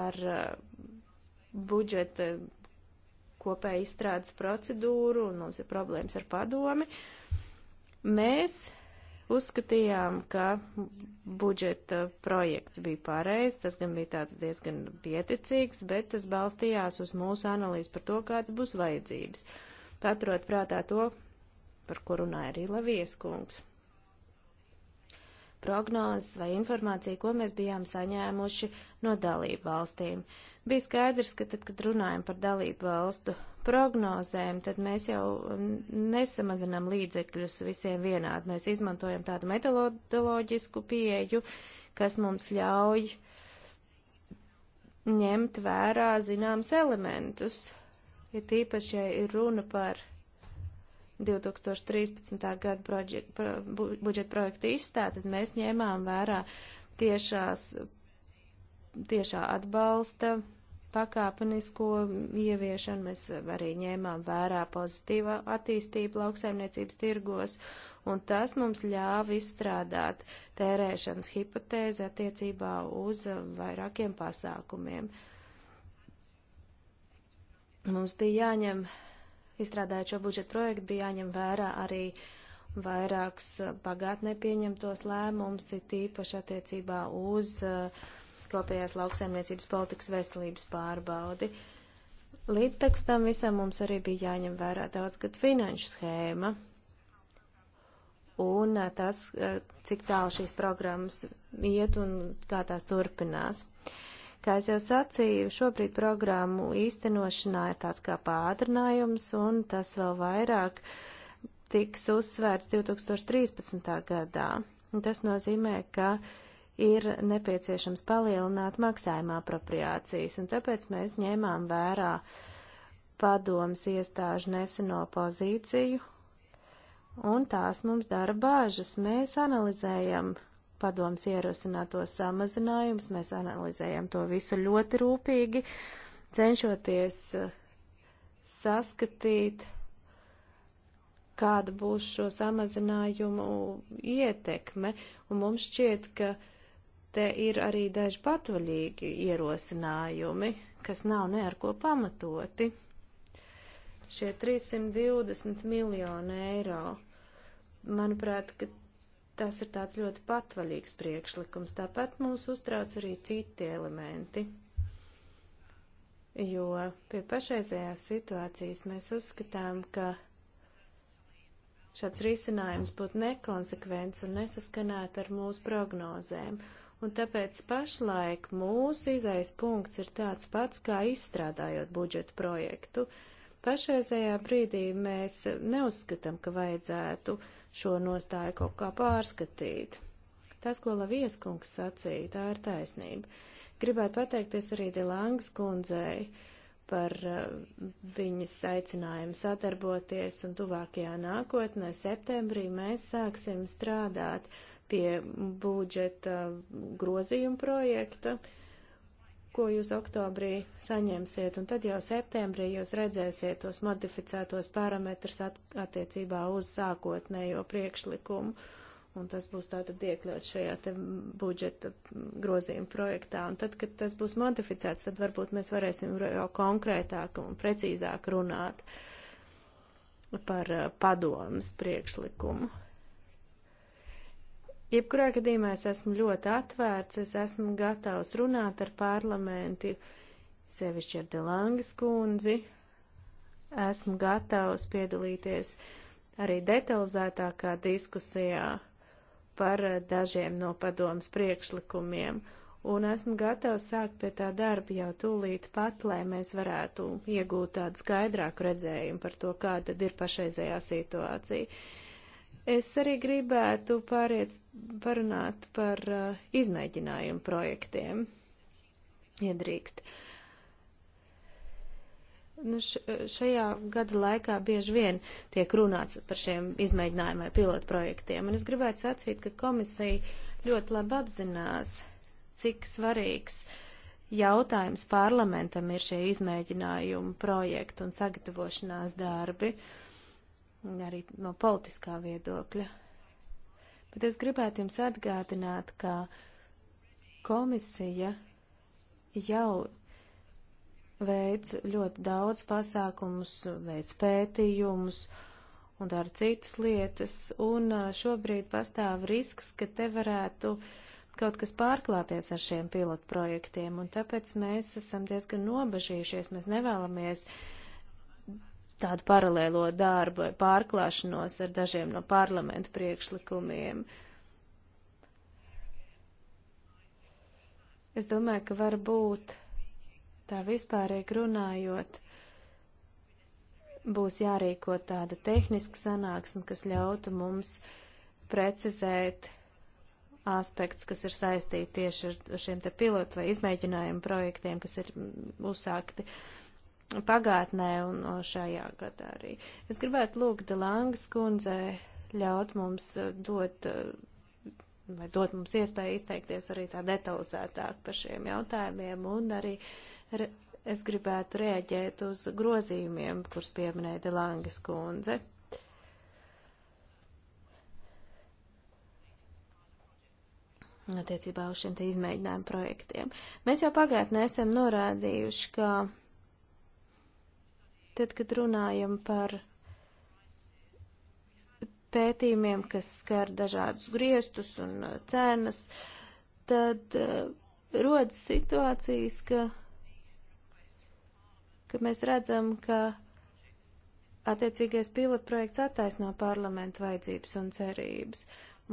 ar uh, budžeta kopēja izstrādes procedūru un mums ir problēmas ar padomi. Mēs Uzskatījām, ka budžeta projekts bija pareizs, tas gan bija tāds diezgan pieticīgs, bet tas balstījās uz mūsu analīzi par to, kāds būs vajadzības. Paturot prātā to, par ko runāja arī Lavieskungs prognozes vai informāciju, ko mēs bijām saņēmuši no dalību valstīm. Bija skaidrs, ka tad, kad runājam par dalību valstu prognozēm, tad mēs jau nesamazinām līdzekļus visiem vienādi. Mēs izmantojam tādu metodoloģisku pieeju, kas mums ļauj uh, ņemt vērā zināms elementus, ja tīpaši, ja ir runa par 2013. gada budžeta budžet projekta izstādi, tad mēs ņēmām vērā tiešās, tiešā atbalsta pakāpenisko ieviešanu. Mēs arī ņēmām vērā pozitīvā attīstība lauksaimniecības tirgos, un tas mums ļāva izstrādāt tērēšanas hipotēzi attiecībā uz vairākiem pasākumiem. Mums bija jāņem izstrādājot šo budžetu projektu, bija jāņem vērā arī vairākus eh, pagātnē pieņemtos lēmumus, ir tīpaši attiecībā uz eh, kopējās lauksaimniecības politikas veselības pārbaudi. Līdz tekstam visam mums arī bija jāņem vērā daudzgad finanšu schēma un eh, tas, cik tālu šīs programmas iet un kā tās turpinās. Uh, Kā es jau sacīju, šobrīd programmu īstenošanā ir tāds kā pātrinājums, un tas vēl vairāk tiks uzsvērts 2013. gadā. Un tas nozīmē, ka ir nepieciešams palielināt maksājuma apropriācijas, un tāpēc mēs ņēmām vērā padomas iestāžu neseno pozīciju, un tās mums dara bāžas. Mēs analizējam padomas ierosināto samazinājumus. Mēs analizējam to visu ļoti rūpīgi, cenšoties eh, saskatīt, kāda būs šo samazinājumu ietekme, un mums šķiet, ka te ir arī daži patvaļīgi ierosinājumi, kas nav ne ar ko pamatoti. Šie 320 miljoni eiro, manuprāt, ka tas ir tāds ļoti patvaļīgs priekšlikums. Tāpat mūs uztrauc arī citi elementi, jo pie pašreizējās situācijas mēs uzskatām, ka šāds risinājums būtu nekonsekvents un nesaskanēt ar mūsu prognozēm. Un tāpēc pašlaik mūsu izais punkts ir tāds pats, kā izstrādājot budžetu projektu. Pašreizējā brīdī mēs neuzskatām, ka vajadzētu uh, šo nostāju kaut kā pārskatīt. Tas, ko Lavijas kungs sacīja, tā ir taisnība. Gribētu pateikties arī Dilangas kundzei par uh, viņas aicinājumu sadarboties, un tuvākajā nākotnē, septembrī, mēs sāksim strādāt pie budžeta uh, grozījuma projekta. Uh, ko jūs oktobrī saņemsiet, un tad jau septembrī jūs redzēsiet tos modificētos parametrus at attiecībā uz sākotnējo priekšlikumu, un tas būs tātad iekļaut šajā te budžeta grozījuma projektā, un tad, kad tas būs modificēts, tad varbūt mēs varēsim jau konkrētāk un precīzāk runāt par eh, padomas priekšlikumu. Jebkurā gadījumā es esmu ļoti atvērts, es esmu gatavs runāt ar parlamentu, sevišķi ar Delangas kundzi. Esmu gatavs piedalīties arī detalizētākā diskusijā par eh, dažiem no padomas priekšlikumiem, un esmu gatavs sākt pie tā darba jau tūlīt pat, lai mēs varētu iegūt tādu skaidrāku redzējumu par to, kāda ir pašreizējā situācija. Uh, Es arī gribētu pāriet, parunāt par uh, izmēģinājumu projektiem, iedrīkst. Nu, šajā gada laikā bieži vien tiek runāts par šiem izmēģinājumiem, pilotu projektiem, un es gribētu sacīt, ka komisija ļoti labi apzinās, cik svarīgs jautājums parlamentam ir šie izmēģinājumu projekti un sagatavošanās darbi. Uh, arī no politiskā viedokļa. Bet es gribētu jums atgādināt, ka komisija jau veids ļoti daudz pasākumus, veids pētījumus un dara citas lietas, un šobrīd pastāv risks, ka te varētu kaut kas pārklāties ar šiem pilotprojektiem, un tāpēc mēs esam diezgan nobežījušies, mēs nevēlamies uh, tādu paralēlo darbu vai pārklāšanos ar dažiem no parlamenta priekšlikumiem. Es domāju, ka varbūt tā vispārīgi runājot, būs jārīko tāda tehniska sanāksme, kas ļautu mums precizēt aspektus, kas ir saistīti tieši ar šiem te pilotu vai izmēģinājumu projektiem, kas ir uzsākti uh, pagātnē un šajā gadā arī. Es gribētu lūgt Langas kundzē ļaut mums eh, dot, eh, vai dot mums iespēju izteikties arī tā detalizētāk par šiem jautājumiem un arī re, es gribētu rēģēt uz grozījumiem, kurus pieminēja Langas kundze. Attiecībā uz šiem te izmēģinājumu projektiem. Mēs jau pagātnē esam norādījuši, ka Tad, kad runājam par pētījumiem, kas skar dažādus griestus un uh, cenas, tad uh, rodas situācijas, ka, ka mēs redzam, ka attiecīgais pilotprojekts attaisno parlamentu vajadzības un cerības.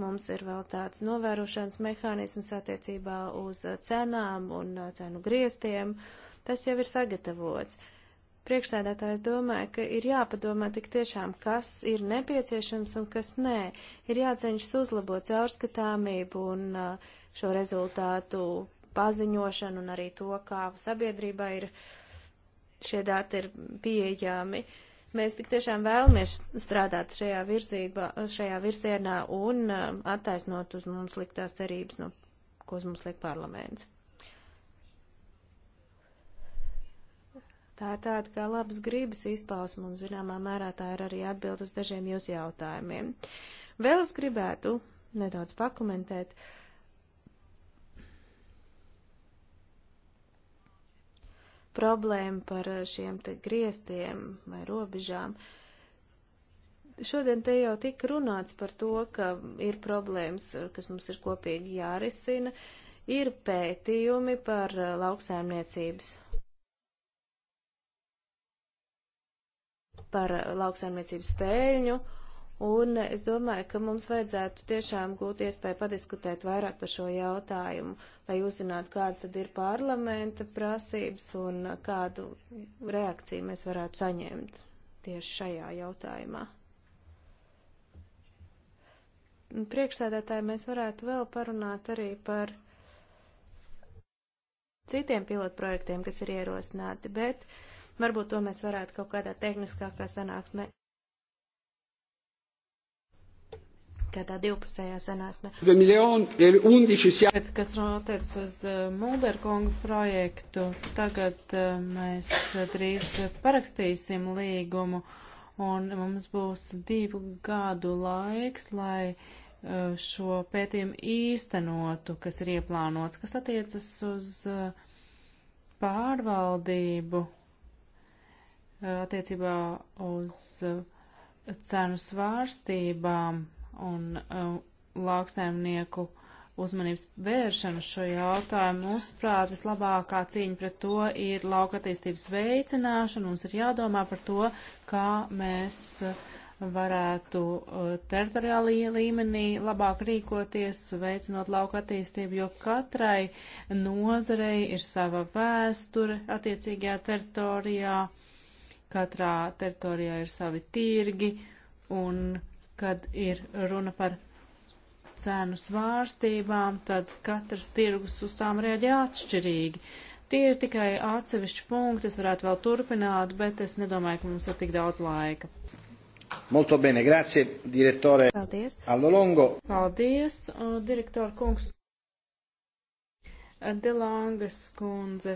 Mums ir vēl tāds novērošanas mehānisms attiecībā uz uh, cenām un uh, cenu griestiem. Tas jau ir sagatavots. Uh, Priekšsēdētājs domāja, ka ir jāpadomā tik tiešām, kas ir nepieciešams un kas nē. Ir jāceņšas uzlabot caurskatāmību un uh, šo rezultātu paziņošanu un arī to, kā sabiedrībā ir šie dati ir pieejami. Mēs tik tiešām vēlamies strādāt šajā, virzība, šajā virzienā un uh, attaisnot uz mums liktās cerības, no, ko uz mums liek parlaments. Tā ir tāda kā labas gribas izpausme, un zināmā mērā tā ir arī atbild uz dažiem jūsu jautājumiem. Vēl es gribētu nedaudz pakomentēt. Problēma par šiem te griestiem vai robežām. Šodien te jau tika runāts par to, ka ir problēmas, kas mums ir kopīgi jārisina. Ir pētījumi par lauksaimniecības par lauksaimniecības pēļņu, un es domāju, ka mums vajadzētu tiešām gūt iespēju padiskutēt vairāk par šo jautājumu, lai uzzinātu, kādas tad ir parlamenta prasības un kādu reakciju mēs varētu saņemt tieši šajā jautājumā. Priekšsēdētāji, mēs varētu vēl parunāt arī par citiem pilotprojektiem, kas ir ierosināti, bet uh, Varbūt to mēs varētu kaut kādā tehniskākā sanāksmē. Kādā divpusējā sanāksmē. Tagad, kas attiec uz eh, Mulderkongu projektu, tagad eh, mēs eh, drīz parakstīsim līgumu un mums būs divu gadu laiks, lai šo pētījumu īstenotu, kas ir ieplānots, kas attiecas uz pārvaldību attiecībā uz eh, cenu svārstībām un eh, lauksaimnieku uzmanības vēršanu šo jautājumu. Mūsuprāt, vislabākā cīņa pret to ir lauka attīstības veicināšana. Mums ir jādomā par to, kā mēs eh, varētu teritoriālī līmenī labāk rīkoties, veicinot lauka attīstību, jo katrai nozarei ir sava vēsture attiecīgajā teritorijā. Uh, katrā teritorijā ir savi tirgi, un kad ir runa par cenu svārstībām, tad katrs tirgus uz tām rēģē atšķirīgi. Tie ir tikai atsevišķi punkti, es varētu vēl turpināt, bet es nedomāju, ka mums ir tik daudz laika. Molto bene, grazie, direttore. Paldies. Allolongo. Paldies, uh, direktor kungs. Delangas kundze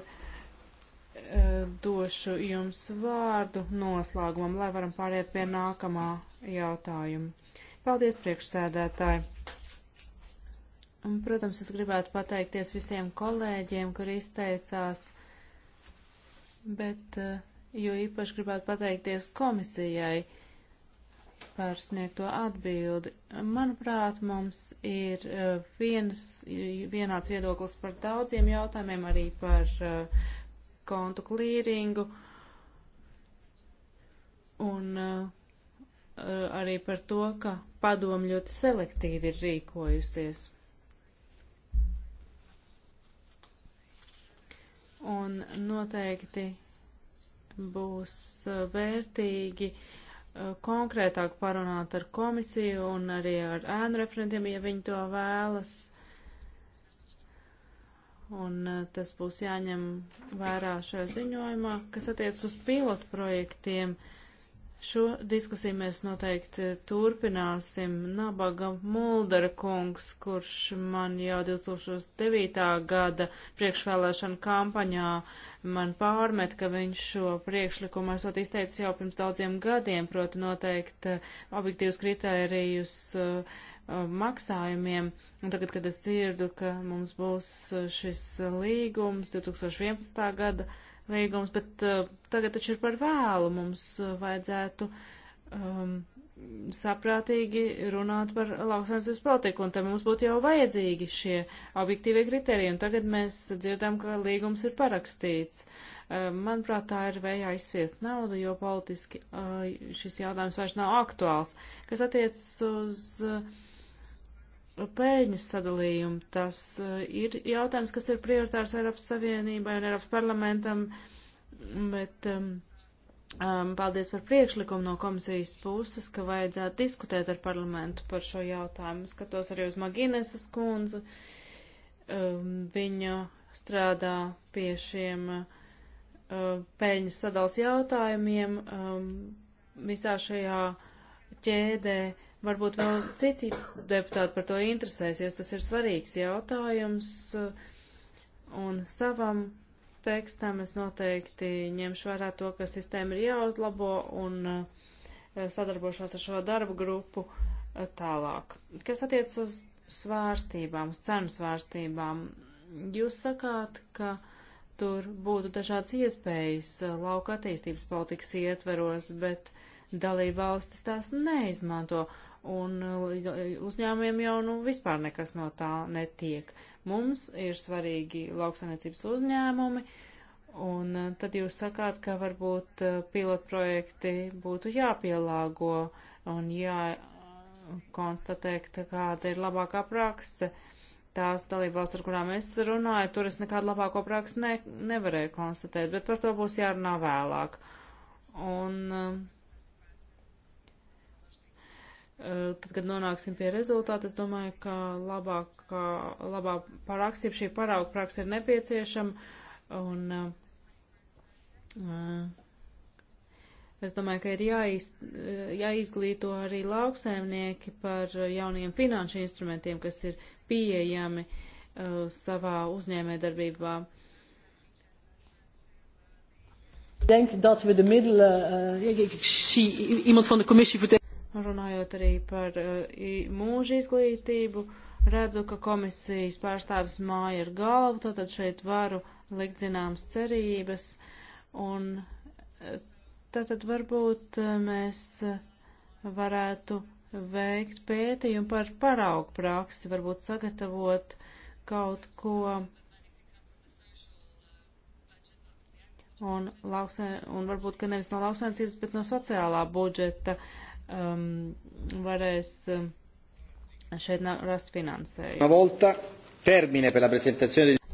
došu jums vārdu noslēgumam, lai varam pāriet pie nākamā jautājuma. Paldies, priekšsēdētāji! Un, protams, es gribētu pateikties visiem kolēģiem, kur izteicās, bet jo īpaši gribētu pateikties komisijai par sniegto atbildi. Manuprāt, mums ir viens, vienāds viedoklis par daudziem jautājumiem, arī par uh, kontu klīringu un uh, arī par to, ka padomu ļoti selektīvi ir rīkojusies. Un noteikti būs eh, vērtīgi eh, konkrētāk parunāt ar komisiju un arī ar ēnu referentiem, ja viņi to vēlas un eh, tas būs jāņem vērā šajā ziņojumā, kas attiec uz pilotu projektiem. Šo diskusiju mēs noteikti turpināsim. Nabaga Muldera kungs, kurš man jau 2009. gada priekšvēlēšana kampaņā man pārmet, ka viņš šo priekšlikumu esot izteicis jau pirms daudziem gadiem, proti noteikti eh, objektīvus kritērijus uh, Uh, maksājumiem. Un tagad, kad es dzirdu, ka mums būs uh, šis līgums, 2011. gada līgums, bet uh, tagad taču ir par vēlu. Mums uh, vajadzētu um, saprātīgi runāt par lauksaimniecības politiku, un te mums būtu jau vajadzīgi šie objektīvie kriteriji. Un tagad mēs dzirdam, ka līgums ir parakstīts. Uh, manuprāt, tā ir vējā izsviest naudu, jo politiski uh, šis jautājums vairs nav aktuāls. Kas attiecas uz uh, pēļņas sadalījumu. Tas eh, ir jautājums, kas ir prioritārs Eiropas Savienībai un Eiropas parlamentam, bet um, um, paldies par priekšlikumu no komisijas puses, ka vajadzētu diskutēt ar parlamentu par šo jautājumu. Skatos arī uz Maginesas kundzu. Um, ehm, viņa strādā pie šiem uh, eh, peļņas sadals jautājumiem um, visā šajā ķēdē. Uh, Varbūt vēl citi deputāti par to interesēsies. Tas ir svarīgs jautājums. Uh, un savam tekstam es noteikti ņemšu vērā to, ka sistēma ir jāuzlabo un uh, sadarbošos ar šo darbu grupu uh, tālāk. Kas attiec uz svārstībām, uz cenu svārstībām, jūs sakāt, ka tur būtu dažādas iespējas lauka attīstības politikas ietveros, bet uh, dalība valstis tās neizmanto, un uh, uzņēmumiem jau nu, vispār nekas no tā netiek. Mums ir svarīgi lauksainiecības uzņēmumi, un uh, tad jūs sakāt, ka varbūt uh, pilotprojekti būtu jāpielāgo un jākonstatē, kāda ir labākā prakse. Tās dalībās, ar kurām es runāju, tur es nekādu labāko praksi ne, nevarēju konstatēt, bet par to būs jārunā vēlāk. Un uh, Eh, tad, kad nonāksim pie rezultāta, es domāju, ka labākā, labā paraks, jeb šī parauga praksa ir nepieciešama. Un, uh, es domāju, ka ir jāiz, jāizglīto arī lauksēmnieki par jauniem finanšu instrumentiem, kas ir pieejami uh, savā uzņēmē darbībā. Ik denk dat we de middelen. Uh, ik, ik zie iemand van de commissie vertellen runājot arī par uh, mūža izglītību, redzu, ka komisijas pārstāvis māja ir galva, tātad šeit varu likt zināmas cerības, un uh, tātad varbūt uh, mēs varētu veikt pētījumu par paraugu praksi, varbūt sagatavot kaut ko. Un, lauksē, un varbūt, ka nevis no lauksaimniecības, bet no sociālā budžeta uh, um, varēs um, šeit rast finansējumu.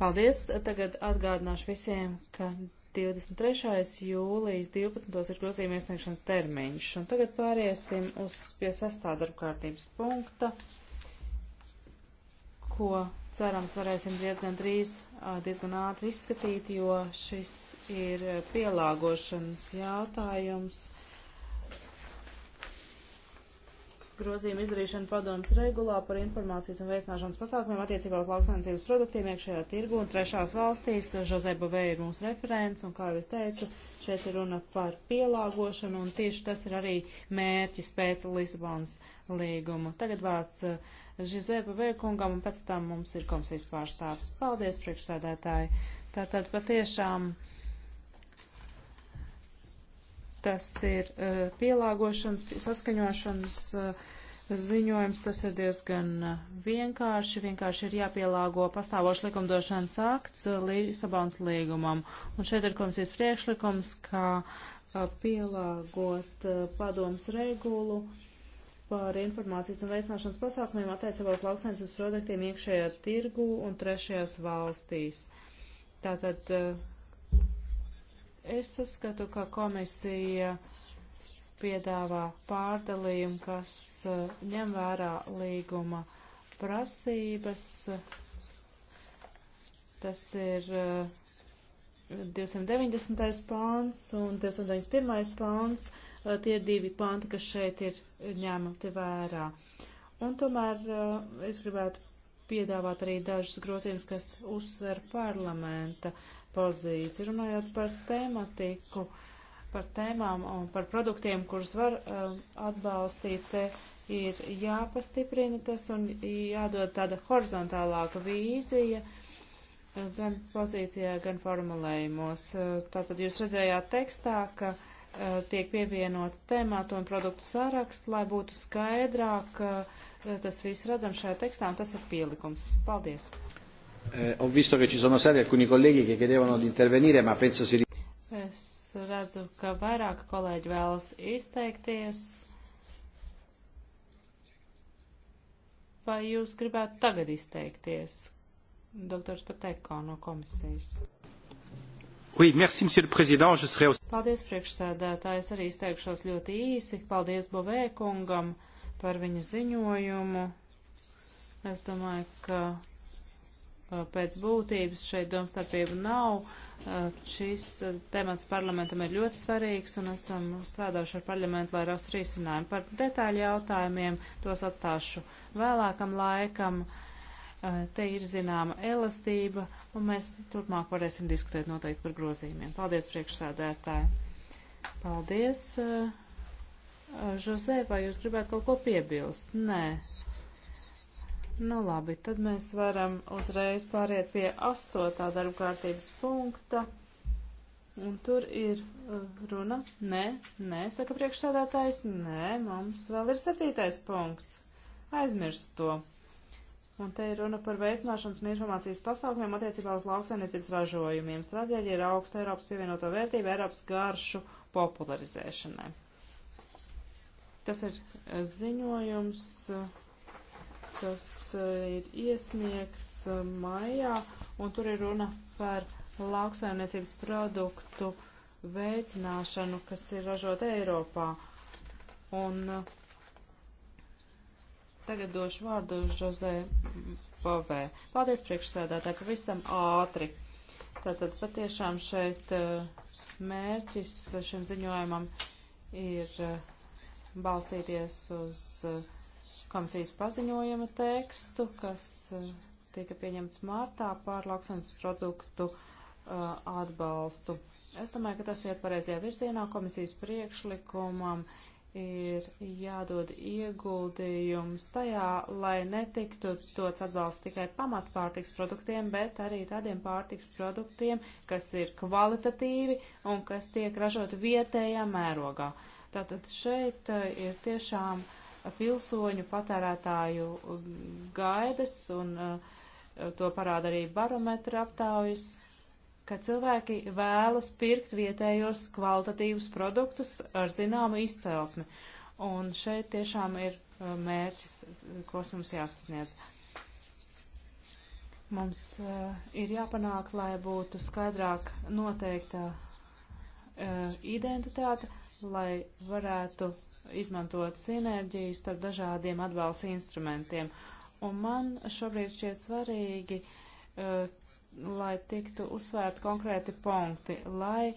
Paldies! Tagad atgādināšu visiem, ka 23. jūlijas 12. ir grozījuma iesniegšanas termiņš. Un tagad pāriesim uz pie sestā darbkārtības punkta, ko cerams varēsim diezgan drīz, diezgan ātri izskatīt, jo šis ir pielāgošanas jautājums grozījuma izdarīšana padomas regulā par informācijas un veicināšanas pasākumiem attiecībā uz lauksaimniecības produktiem iekšējā tirgu un trešās valstīs. Žozē Bavē ir mūsu referents, un kā jau es teicu, šeit ir runa par pielāgošanu, un tieši tas ir arī mērķis pēc Lisabonas līguma. Tagad vārds Žozē eh, Bavē kungam, un pēc tam mums ir komisijas pārstāvs. Paldies, priekšsēdētāji! Tātad patiešām tas ir uh, pielāgošanas, saskaņošanas uh, ziņojums. Tas ir diezgan uh, vienkārši. Vienkārši ir jāpielāgo pastāvošs likumdošanas akts uh, Lisabonas līgumam. Un šeit ir komisijas priekšlikums, kā uh, pielāgot padomus regulu par informācijas un veicināšanas pasākumiem attiecībās lauksainicības produktiem iekšējā tirgu un trešajās valstīs. Tātad es uzskatu, ka komisija uh, piedāvā pārdalījumu, kas eh, ņem vērā līguma prasības. Tas ir 290. Eh, pāns un 291. pāns. Eh, tie ir divi panti, kas šeit ir ņemti vērā. Un tomēr es gribētu piedāvāt arī dažus grozījumus, kas uzsver parlamenta pozīciju, runājot par tematiku. Uh, par tēmām un par produktiem, kurus var uh, atbalstīt, ir jāpastiprina tas un jādod tāda horizontālāka vīzija eh, gan pozīcijā, gan formulējumos. Eh, tātad jūs redzējāt tekstā, ka uh, tiek pievienots tēmātu un produktu saraksts, lai būtu skaidrāk uh, tas viss redzam šajā tekstā, un tas ir pielikums. Paldies! Eh, ho visto che ci sono stati alcuni colleghi che chiedevano di intervenire, ma penso si... Es redzu, ka vairāk kolēģi vēlas izteikties. Vai jūs gribētu tagad izteikties? Doktors Pateko no komisijas. Oui, merci, monsieur le président. Je serai... Paldies, priekšsēdētājs. Arī izteikšos ļoti īsi. Paldies Bovēkungam par viņa ziņojumu. Es domāju, ka uh, pēc būtības šeit domstarpība nav. Šis temats parlamentam ir ļoti svarīgs un esam strādājuši ar parlamentu, lai rastu risinājumu. Par detaļu jautājumiem tos atstāšu vēlākam laikam. Te ir zināma elastība un mēs turpmāk varēsim diskutēt noteikti par grozījumiem. Paldies priekšsādētāji. Paldies. Žozē, vai jūs gribētu kaut ko piebilst? Nē. Nu labi, tad mēs varam uzreiz pāriet pie astotā darba kārtības punkta. Un tur ir uh, runa. Nē, nē, saka priekšsādātājs. Nē, mums vēl ir septītais punkts. Aizmirst to. Un te ir runa par veicināšanas un informācijas pasākumiem attiecībā uz lauksainiecības ražojumiem. Stratēģija ir augsta Eiropas pievienoto vērtību Eiropas garšu popularizēšanai. Tas ir uh, ziņojums, uh, kas eh, ir iesniegts eh, maijā, un tur ir runa par lauksaimniecības produktu veicināšanu, kas ir ražot Eiropā. Un eh, tagad došu vārdu Žozē Bovē. Paldies priekšsēdētāji, pavisam ātri. Tātad patiešām šeit mērķis šim ziņojumam ir balstīties uz uh, komisijas paziņojuma tekstu, kas eh, tika pieņemts martā pār lauksaimnes produktu eh, atbalstu. Es domāju, ka tas iet pareizajā virzienā. Komisijas priekšlikumam ir jādod ieguldījums tajā, lai netiktu dots atbalsts tikai pamatpārtiks produktiem, bet arī tādiem pārtiks produktiem, kas ir kvalitatīvi un kas tiek ražot vietējā mērogā. Tātad šeit eh, ir tiešām uh, pilsoņu patērētāju um, gaidas, un uh, to parāda arī barometra aptaujas, ka cilvēki vēlas pirkt vietējos kvalitatīvus produktus ar zināmu izcelsmi. Un šeit tiešām ir uh, mērķis, uh, kos mums jāsasniedz. Mums uh, ir jāpanāk, lai būtu skaidrāk noteikta uh, identitāte, lai varētu izmantot sinerģiju starp dažādiem atbalsta instrumentiem. Un man šobrīd šķiet svarīgi, uh, lai tiktu uzsvērti konkrēti punkti, lai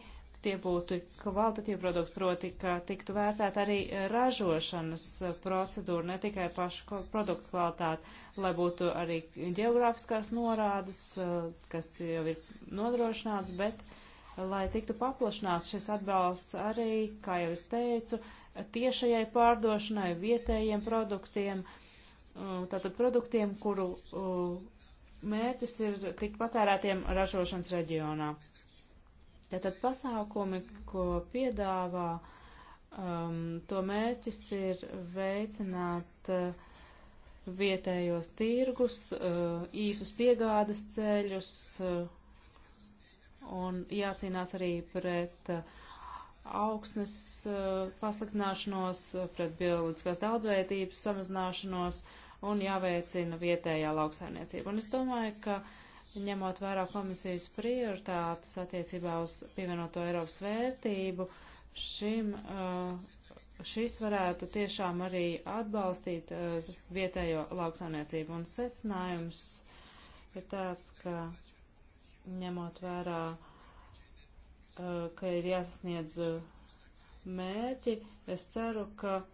tie būtu kvalitatīvi produkti, proti, ka tiktu vērtēta arī ražošanas eh, procedūra, ne tikai pašu produktu kvalitāte, lai būtu arī geogrāfiskās norādes, eh, kas jau ir nodrošināts, bet lai tiktu paplašināts šis atbalsts arī, kā jau es teicu, tiešajai pārdošanai, vietējiem produktiem, uh, tātad produktiem, kuru uh, mērķis ir tikt patērētiem ražošanas reģionā. Tātad pasākumi, ko piedāvā, um, to mērķis ir veicināt uh, vietējos tirgus, uh, īsus piegādes ceļus uh, un jācīnās arī pret uh, augsnes eh, pasliktināšanos, eh, pret bioloģiskās daudzveidības samazināšanos un jāveicina vietējā lauksaimniecība. Un es domāju, ka ņemot vērā komisijas prioritātes attiecībā uz pievienoto Eiropas vērtību, šim, eh, šis varētu tiešām arī atbalstīt vietējo lauksaimniecību. Un secinājums ir tāds, ka ņemot vērā uh, Uh, ka ir jāsasniedz uh, mērķi. Es ceru, ka uh,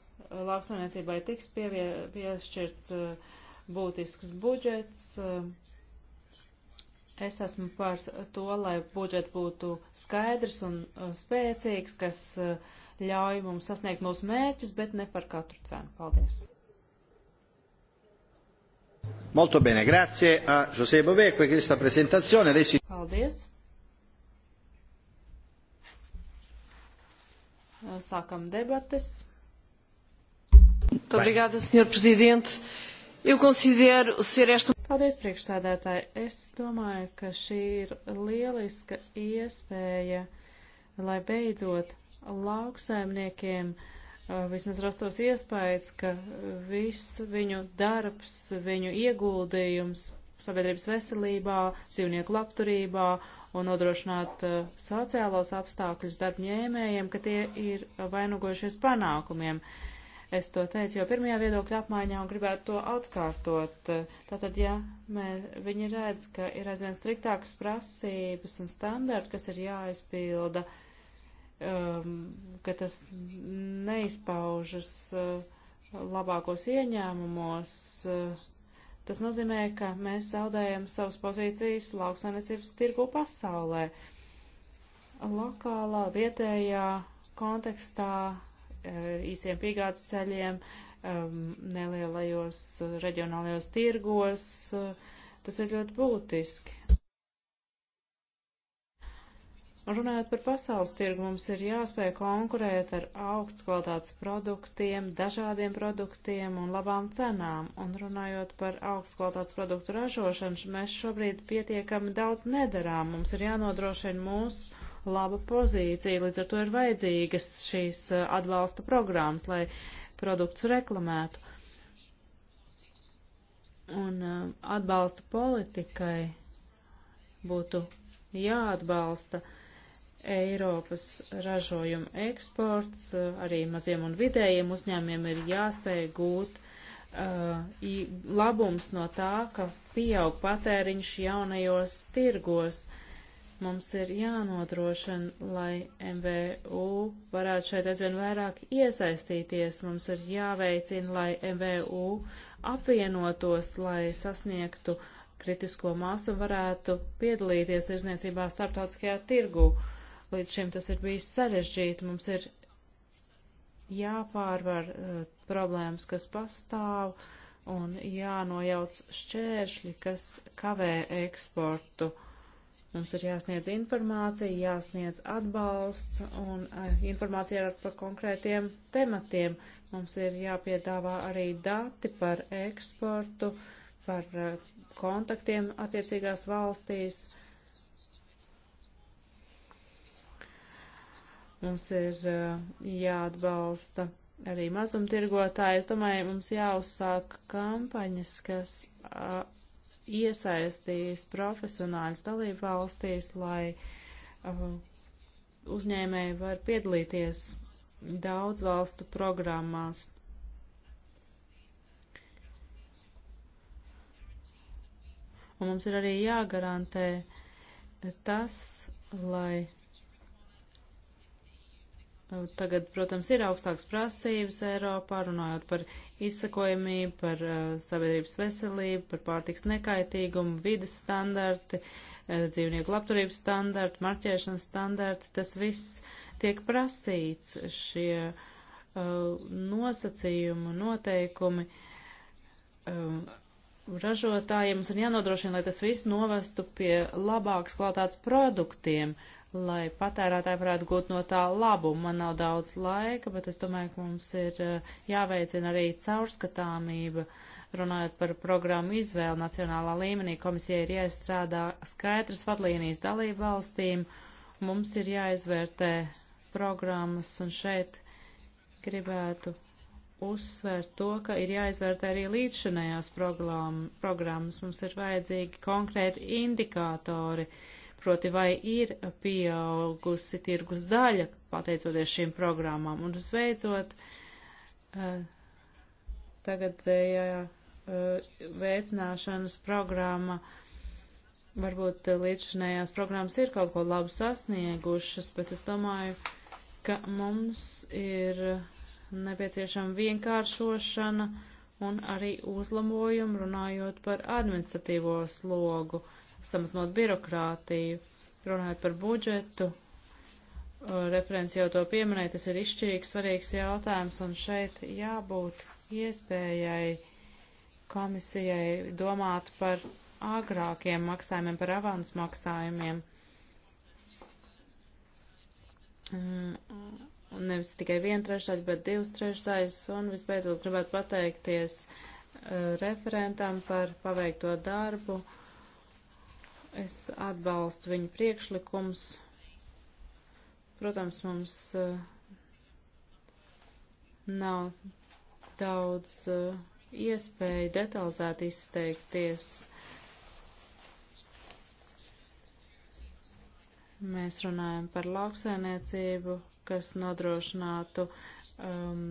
lauksaimniecībai tiks pievie, piešķirts būtisks budžets. Es esmu par to, lai budžets būtu skaidrs un spēcīgs, kas ļauj mums sasniegt mūsu mērķus, bet ne par katru cenu. Paldies! Molto bene, grazie a Giuseppe Bove per questa presentazione. Adesso... Paldies! Sākam debates. Obrigada, Sr. Presidente. Eu considero ser esta. Paldies, priekšsēdētāji. Es domāju, ka šī ir lieliska iespēja, lai beidzot lauksaimniekiem uh, vismaz rastos iespējas, ka viss viņu darbs, viņu ieguldījums sabiedrības veselībā, dzīvnieku labturībā un nodrošināt uh, sociālos apstākļus darbņēmējiem, ka tie ir vainagojušies panākumiem. Es to teicu jau pirmajā viedokļa apmaiņā un gribētu to atkārtot. Uh, tātad, ja mē, viņi redz, ka ir aizvien striktākas prasības un standarti, kas ir jāizpilda, um, ka tas neizpaužas uh, labākos ieņēmumos, uh, Tas nozīmē, ka mēs zaudējam savas pozīcijas lauksainiecības tirgu pasaulē. Lokālā, vietējā kontekstā, e, īsiem piegādes ceļiem, um, nelielajos reģionālajos tirgos, e, tas ir ļoti būtiski. Runājot par pasaules tirgu, mums ir jāspēj konkurēt ar augsts kvalitātes produktiem, dažādiem produktiem un labām cenām. Un runājot par augsts kvalitātes produktu ražošanu, mēs šobrīd pietiekami daudz nedarām. Mums ir jānodrošina mūsu laba pozīcija, līdz ar to ir vajadzīgas šīs eh, atbalsta programmas, lai produktus reklamētu. Un eh, atbalstu politikai būtu jāatbalsta. Uh, Eiropas ražojuma eksports, eh, arī maziem un vidējiem uzņēmiem ir jāspēj gūt uh, labums no tā, ka pieaug patēriņš jaunajos tirgos. Mums ir jānodrošina, lai MVU varētu šeit aizvien vairāk iesaistīties. Mums ir jāveicina, lai MVU apvienotos, lai sasniegtu kritisko māsu un varētu piedalīties tirzniecībā starptautiskajā tirgū. Uh, Līdz šim tas ir bijis sarežģīti. Mums ir jāpārvar uh, problēmas, kas pastāv, un jānojauc šķēršļi, kas kavē eksportu. Mums ir jāsniedz informācija, jāsniedz atbalsts un uh, informācija par konkrētiem tematiem. Mums ir jāpiedāvā arī dati par eksportu, par uh, kontaktiem attiecīgās valstīs. Mums ir uh, jāatbalsta arī mazumtirgotāji. Es domāju, mums jāuzsāk kampaņas, kas uh, iesaistīs profesionāļus dalību valstīs, lai uh, uzņēmēji var piedalīties daudz valstu programmās. Un mums ir arī jāgarantē tas, lai Tagad, protams, ir augstāks prasības Eiropā, runājot par izsakojamību, par uh, sabiedrības veselību, par pārtiks nekaitīgumu, vides standarti, uh, dzīvnieku labturības standarti, marķēšanas standarti. Tas viss tiek prasīts, šie uh, nosacījumi, noteikumi uh, ražotājiem. Mums ir jānodrošina, lai tas viss novestu pie labākas kvalitātes produktiem lai patērētāji varētu gūt no tā labumu. Man nav daudz laika, bet es domāju, ka mums ir eh, jāveicina arī caurskatāmība. Runājot par programmu izvēli nacionālā līmenī, komisija ir jāizstrādā skaidras vadlīnijas dalību valstīm. Mums ir jāizvērtē programmas un šeit gribētu uzsver to, ka ir jāizvērtē arī līdzšanējās programmas. Mums ir vajadzīgi konkrēti indikātori, proti vai ir pieaugusi tirgus daļa pateicoties šīm programmām. Un visbeidzot, eh, tagad ja, eh, veicināšanas programma, varbūt eh, līdzšanējās programmas ir kaut ko labu sasniegušas, bet es domāju, ka mums ir nepieciešama vienkāršošana un arī uzlabojumi runājot par administratīvo slogu. Uh, samaznot birokrātiju. Runājot par budžetu, uh, referents jau to pieminēja, tas ir izšķirīgs, svarīgs jautājums, un šeit jābūt iespējai komisijai domāt par agrākiem maksājumiem, par avans maksājumiem. Un mm, nevis tikai viena trešdaļa, bet divas trešdaļas. Un visbeidzot gribētu pateikties uh, referentam par paveikto darbu. Uh, Es atbalstu viņa priekšlikums. Protams, mums eh, nav daudz eh, iespēju detalizēt izteikties. Mēs runājam par lauksainiecību, kas nodrošinātu um,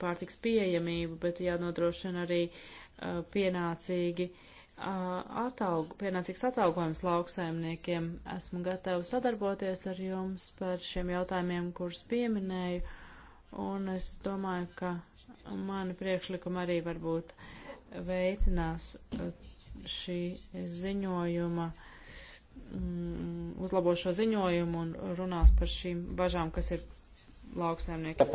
pārtiks pieejamību, bet jānodrošina arī uh, pienācīgi uh, atalgu, pienācīgs atalgojums lauksaimniekiem. Esmu gatava sadarboties ar jums par šiem jautājumiem, kurus pieminēju, un es domāju, ka mani priekšlikumi arī varbūt veicinās šī ziņojuma, mm, uzlabo šo ziņojumu un runās par šīm bažām, kas ir lauksaimniekiem.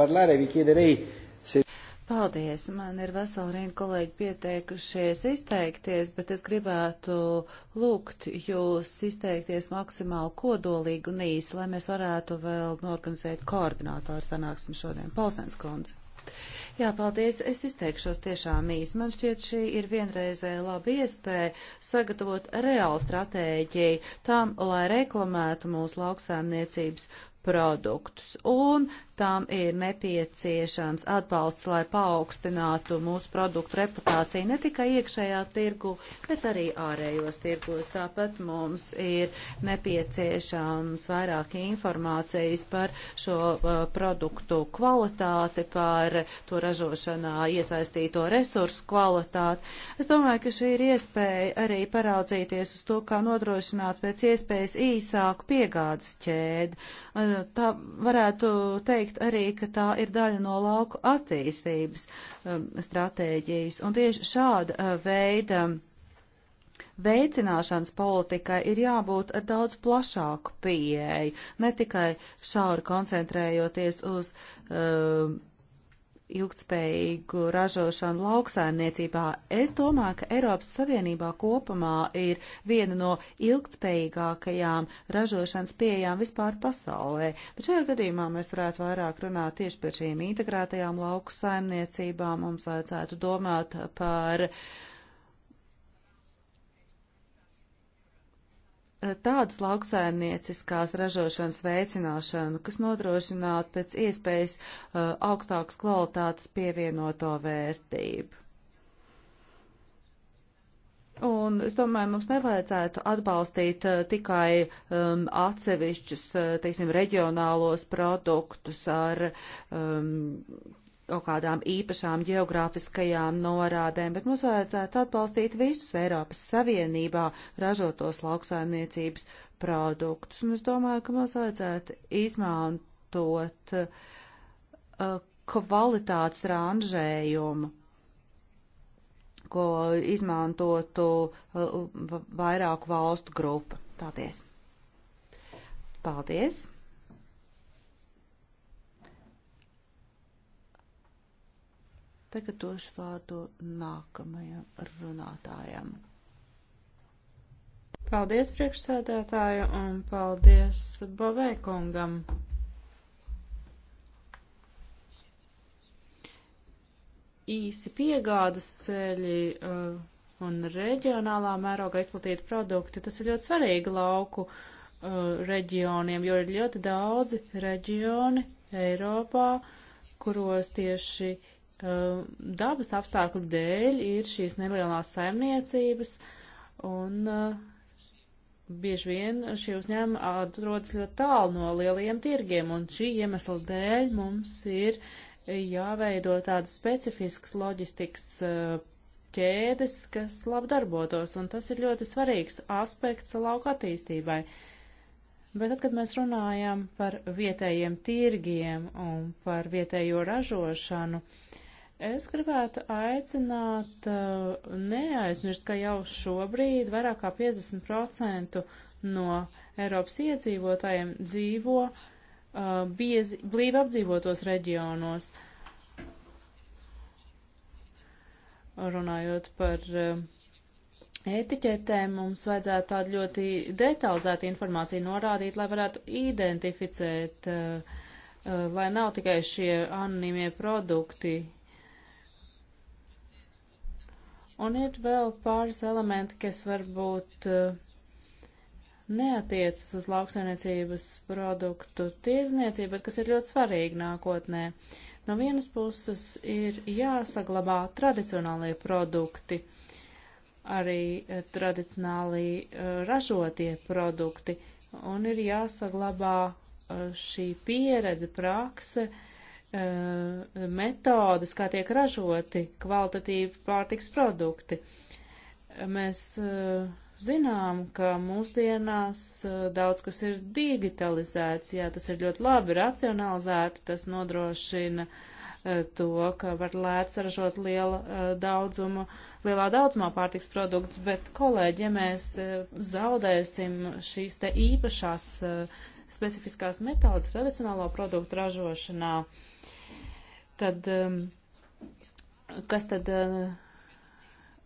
Paldies! Man ir veseli rinda kolēģi pieteikušies izteikties, bet es gribētu lūgt jūs izteikties maksimāli kodolīgi un īsi, lai mēs varētu vēl norganizēt koordinātoru sanāksmi šodien. Pausens kundze. Jā, paldies. Es izteikšos tiešām īsi. Man šķiet, šī ir vienreizēja laba iespēja sagatavot reālu stratēģiju tam, lai reklamētu mūsu lauksēmniecības produktus. Un Tām ir nepieciešams atbalsts, lai paaugstinātu mūsu produktu reputāciju ne tikai iekšējā tirgu, bet arī ārējos tirgos. Tāpat mums ir nepieciešams vairāk informācijas par šo uh, produktu kvalitāti, par to ražošanā iesaistīto resursu kvalitāti. Es domāju, ka šī ir iespēja arī paraudzīties uz to, kā nodrošināt pēc iespējas īsāku piegādes ķēdi. Uh, tā varētu teikt, teikt arī, ka tā ir daļa no lauku attīstības um, stratēģijas. Un tieši šāda uh, veida um, veicināšanas politikai ir jābūt ar daudz plašāku pieeju, ne tikai šauri koncentrējoties uz uh, um, ilgspējīgu ražošanu lauksaimniecībā. Es domāju, ka Eiropas Savienībā kopumā ir viena no ilgspējīgākajām ražošanas pieejām vispār pasaulē. Bet šajā gadījumā mēs varētu vairāk runāt tieši par šīm integrētajām lauksaimniecībām. Mums vajadzētu domāt par uh, tādas lauksaimnieciskās ražošanas veicināšanu, kas nodrošinātu pēc iespējas uh, augstākas kvalitātes pievienoto vērtību. Un es domāju, mums nevajadzētu atbalstīt uh, tikai um, atsevišķus, uh, teiksim, reģionālos produktus ar um, kaut kādām īpašām geogrāfiskajām norādēm, bet mums vajadzētu atbalstīt visus Eiropas Savienībā ražotos lauksaimniecības produktus. Un es domāju, ka mums vajadzētu izmantot uh, kvalitātes ranžējumu ko izmantotu uh, vairāku valstu grupa. Paldies! Paldies! Tagad došu vārdu nākamajam runātājam. Paldies priekšsēdētāju un paldies Bovēkungam. Īsi piegādas ceļi uh, un reģionālā mērogā izplatīti produkti, tas ir ļoti svarīgi lauku uh, reģioniem, jo ir ļoti daudzi reģioni Eiropā, kuros tieši uh, dabas apstākļu dēļ ir šīs nelielās saimniecības, un uh, bieži vien šie uzņēmumi atrodas ļoti tālu no lielajiem tirgiem, un šī iemesla dēļ mums ir jāveido tādas specifiskas loģistikas uh, ķēdes, kas labi darbotos, un tas ir ļoti svarīgs aspekts lauka attīstībai. Bet tad, kad mēs runājam par vietējiem tirgiem un par vietējo ražošanu, uh, Es gribētu aicināt uh, neaizmirst, ka jau šobrīd vairāk kā 50% no Eiropas iedzīvotājiem dzīvo uh, biezi, blīvi apdzīvotos reģionos. Runājot par uh, etiķetēm, mums vajadzētu tādu ļoti detalizētu informāciju norādīt, lai varētu identificēt, uh, uh lai nav tikai šie anonīmie produkti Un ir vēl pāris elementi, kas varbūt eh, neatiecas uz lauksainiecības produktu tirdzniecību, bet kas ir ļoti svarīgi nākotnē. No vienas puses ir jāsaglabā tradicionālie produkti, arī eh, tradicionāli eh, ražotie produkti, un ir jāsaglabā šī pieredze, prakse, uh, Uh, metodas, kā tiek ražoti kvalitatīvi pārtiks produkti. Mēs uh, zinām, ka mūsdienās uh, daudz kas ir digitalizēts, jā, tas ir ļoti labi racionalizēti, tas nodrošina to, ka var lēt saražot liela daudzuma, lielā daudzumā pārtiks produktus, bet, kolēģi, ja mēs zaudēsim šīs te īpašās uh, specifiskās metodas tradicionālo produktu ražošanā, tad um, kas tad, uh,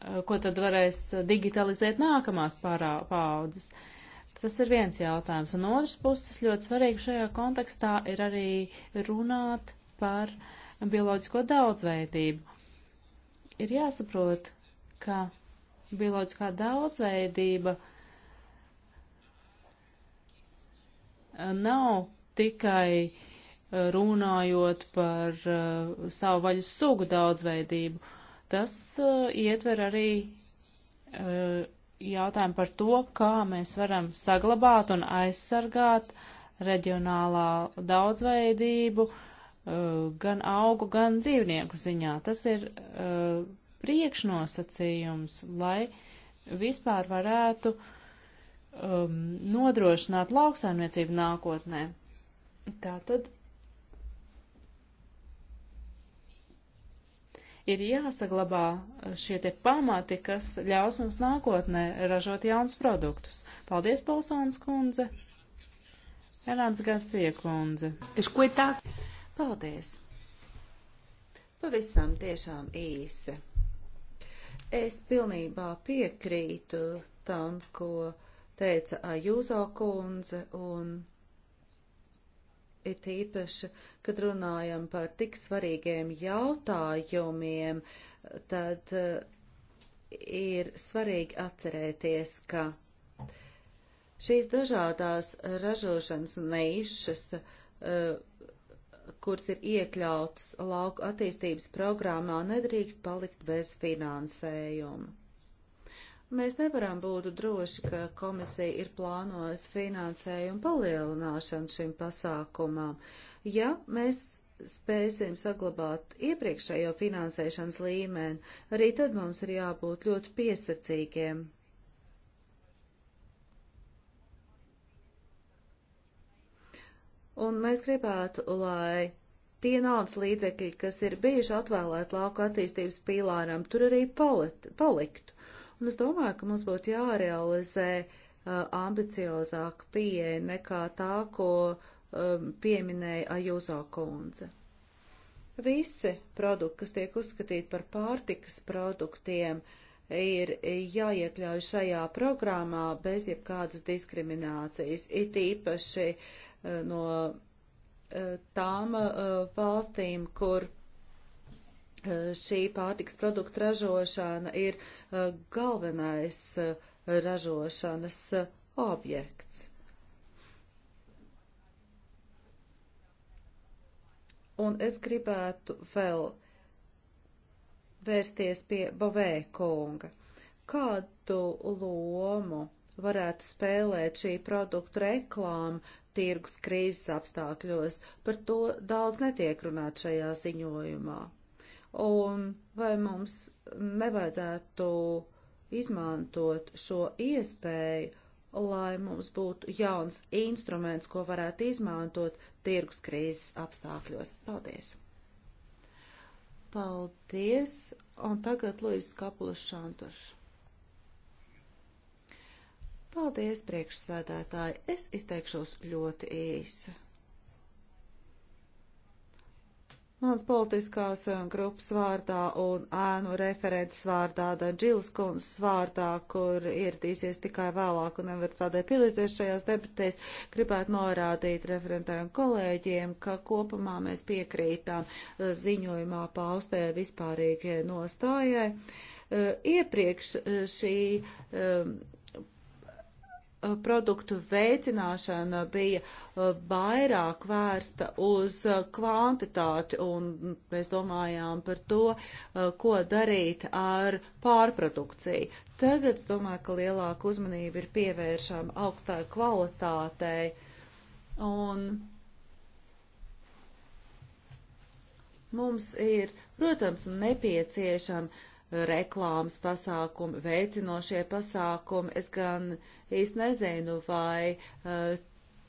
uh, ko tad varēs digitalizēt nākamās pārā, paaudzes? Tas ir viens jautājums. Un otrs puses ļoti svarīgi šajā kontekstā ir arī runāt par bioloģisko daudzveidību. Ir jāsaprot, ka bioloģiskā daudzveidība uh, nav tikai eh, runājot par uh, savu vaļas sugu daudzveidību. Tas uh, ietver arī uh, jautājumu par to, kā mēs varam saglabāt un aizsargāt reģionālā daudzveidību gan augu, gan dzīvnieku ziņā. Tas ir priekšnosacījums, lai vispār varētu uh, um, nodrošināt lauksaimniecību nākotnē. Tātad ir jāsaglabā šie te pamati, kas ļaus mums nākotnē ražot jaunus produktus. Paldies, Polsons kundze! Renāts Garsie kundze. Es ko tā? Paldies! Pavisam tiešām īsi. Es pilnībā piekrītu tam, ko teica Ajūzo kundze, un ir tīpaši, kad runājam par tik svarīgiem jautājumiem, tad eh, ir svarīgi atcerēties, ka šīs dažādās ražošanas neišas, eh, kuras ir iekļautas lauku attīstības programmā, nedrīkst palikt bez finansējuma. Mēs nevaram būt droši, ka komisija ir plānojusi finansējumu palielināšanu šim pasākumam. Ja mēs spēsim saglabāt iepriekšējo finansēšanas līmeni, arī tad mums ir jābūt ļoti piesardzīgiem. Un mēs gribētu, lai tie naudas līdzekļi, kas ir bijuši atvēlēti lauka attīstības pīlāram, tur arī paliktu Un es domāju, ka mums būtu jārealizē uh, ambiciozāka pieeja nekā tā, ko um, pieminēja Ajūzo kundze. Visi produkti, kas tiek uzskatīti par pārtikas produktiem, ir jāiekļauj šajā programmā bez jebkādas diskriminācijas, it īpaši uh, no uh, tām valstīm, kur Eh, šī pārtiks produktu ražošana ir eh, galvenais eh, ražošanas objekts. Un es gribētu vēl vērsties pie Bavē kunga. Kādu lomu varētu spēlēt šī produktu reklāma tirgus krīzes apstākļos? Par to daudz netiek runāt šajā ziņojumā un vai mums nevajadzētu izmantot šo iespēju, lai mums būtu jauns instruments, ko varētu izmantot tirgus krīzes apstākļos. Paldies! Paldies! Un tagad Luisa Kapulas Šantuša. Paldies, priekšsēdētāji! Es izteikšos ļoti īsi. Mans politiskās eh, grupas vārdā un ēnu referentes vārdā, da Džils kundzes vārdā, kur ieradīsies tikai vēlāk un nevar tādēļ piedalīties šajās debatēs, gribētu norādīt referentēm kolēģiem, ka kopumā mēs piekrītām eh, ziņojumā paustē vispārīgie nostājai. Eh, Iepriekš šī Eh, produktu veicināšana bija eh, vairāk vērsta uz eh, kvantitāti, un mēs domājām par to, ko darīt ar pārprodukciju. Tagad es domāju, ka lielāka uzmanība ir pievēršama augstai kvalitātei. Un mums ir, protams, nepieciešama reklāmas pasākumi, veicinošie pasākumi. Es gan īsti nezinu, vai eh,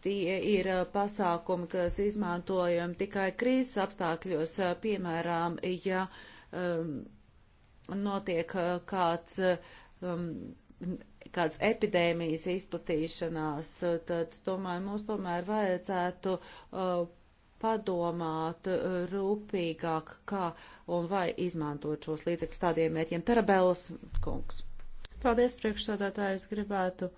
tie ir eh, pasākumi, kas izmantojami tikai krīzes apstākļos, eh, piemēram, ja um, notiek kāds, um, kāds epidēmijas izplatīšanās, tad, domāju, mums tomēr vajadzētu uh, padomāt uh, rūpīgāk, kā un vai izmantot šos līdzekļus tādiem mērķiem. Tarabellas kungs. Paldies, priekšsādātāji. Es gribētu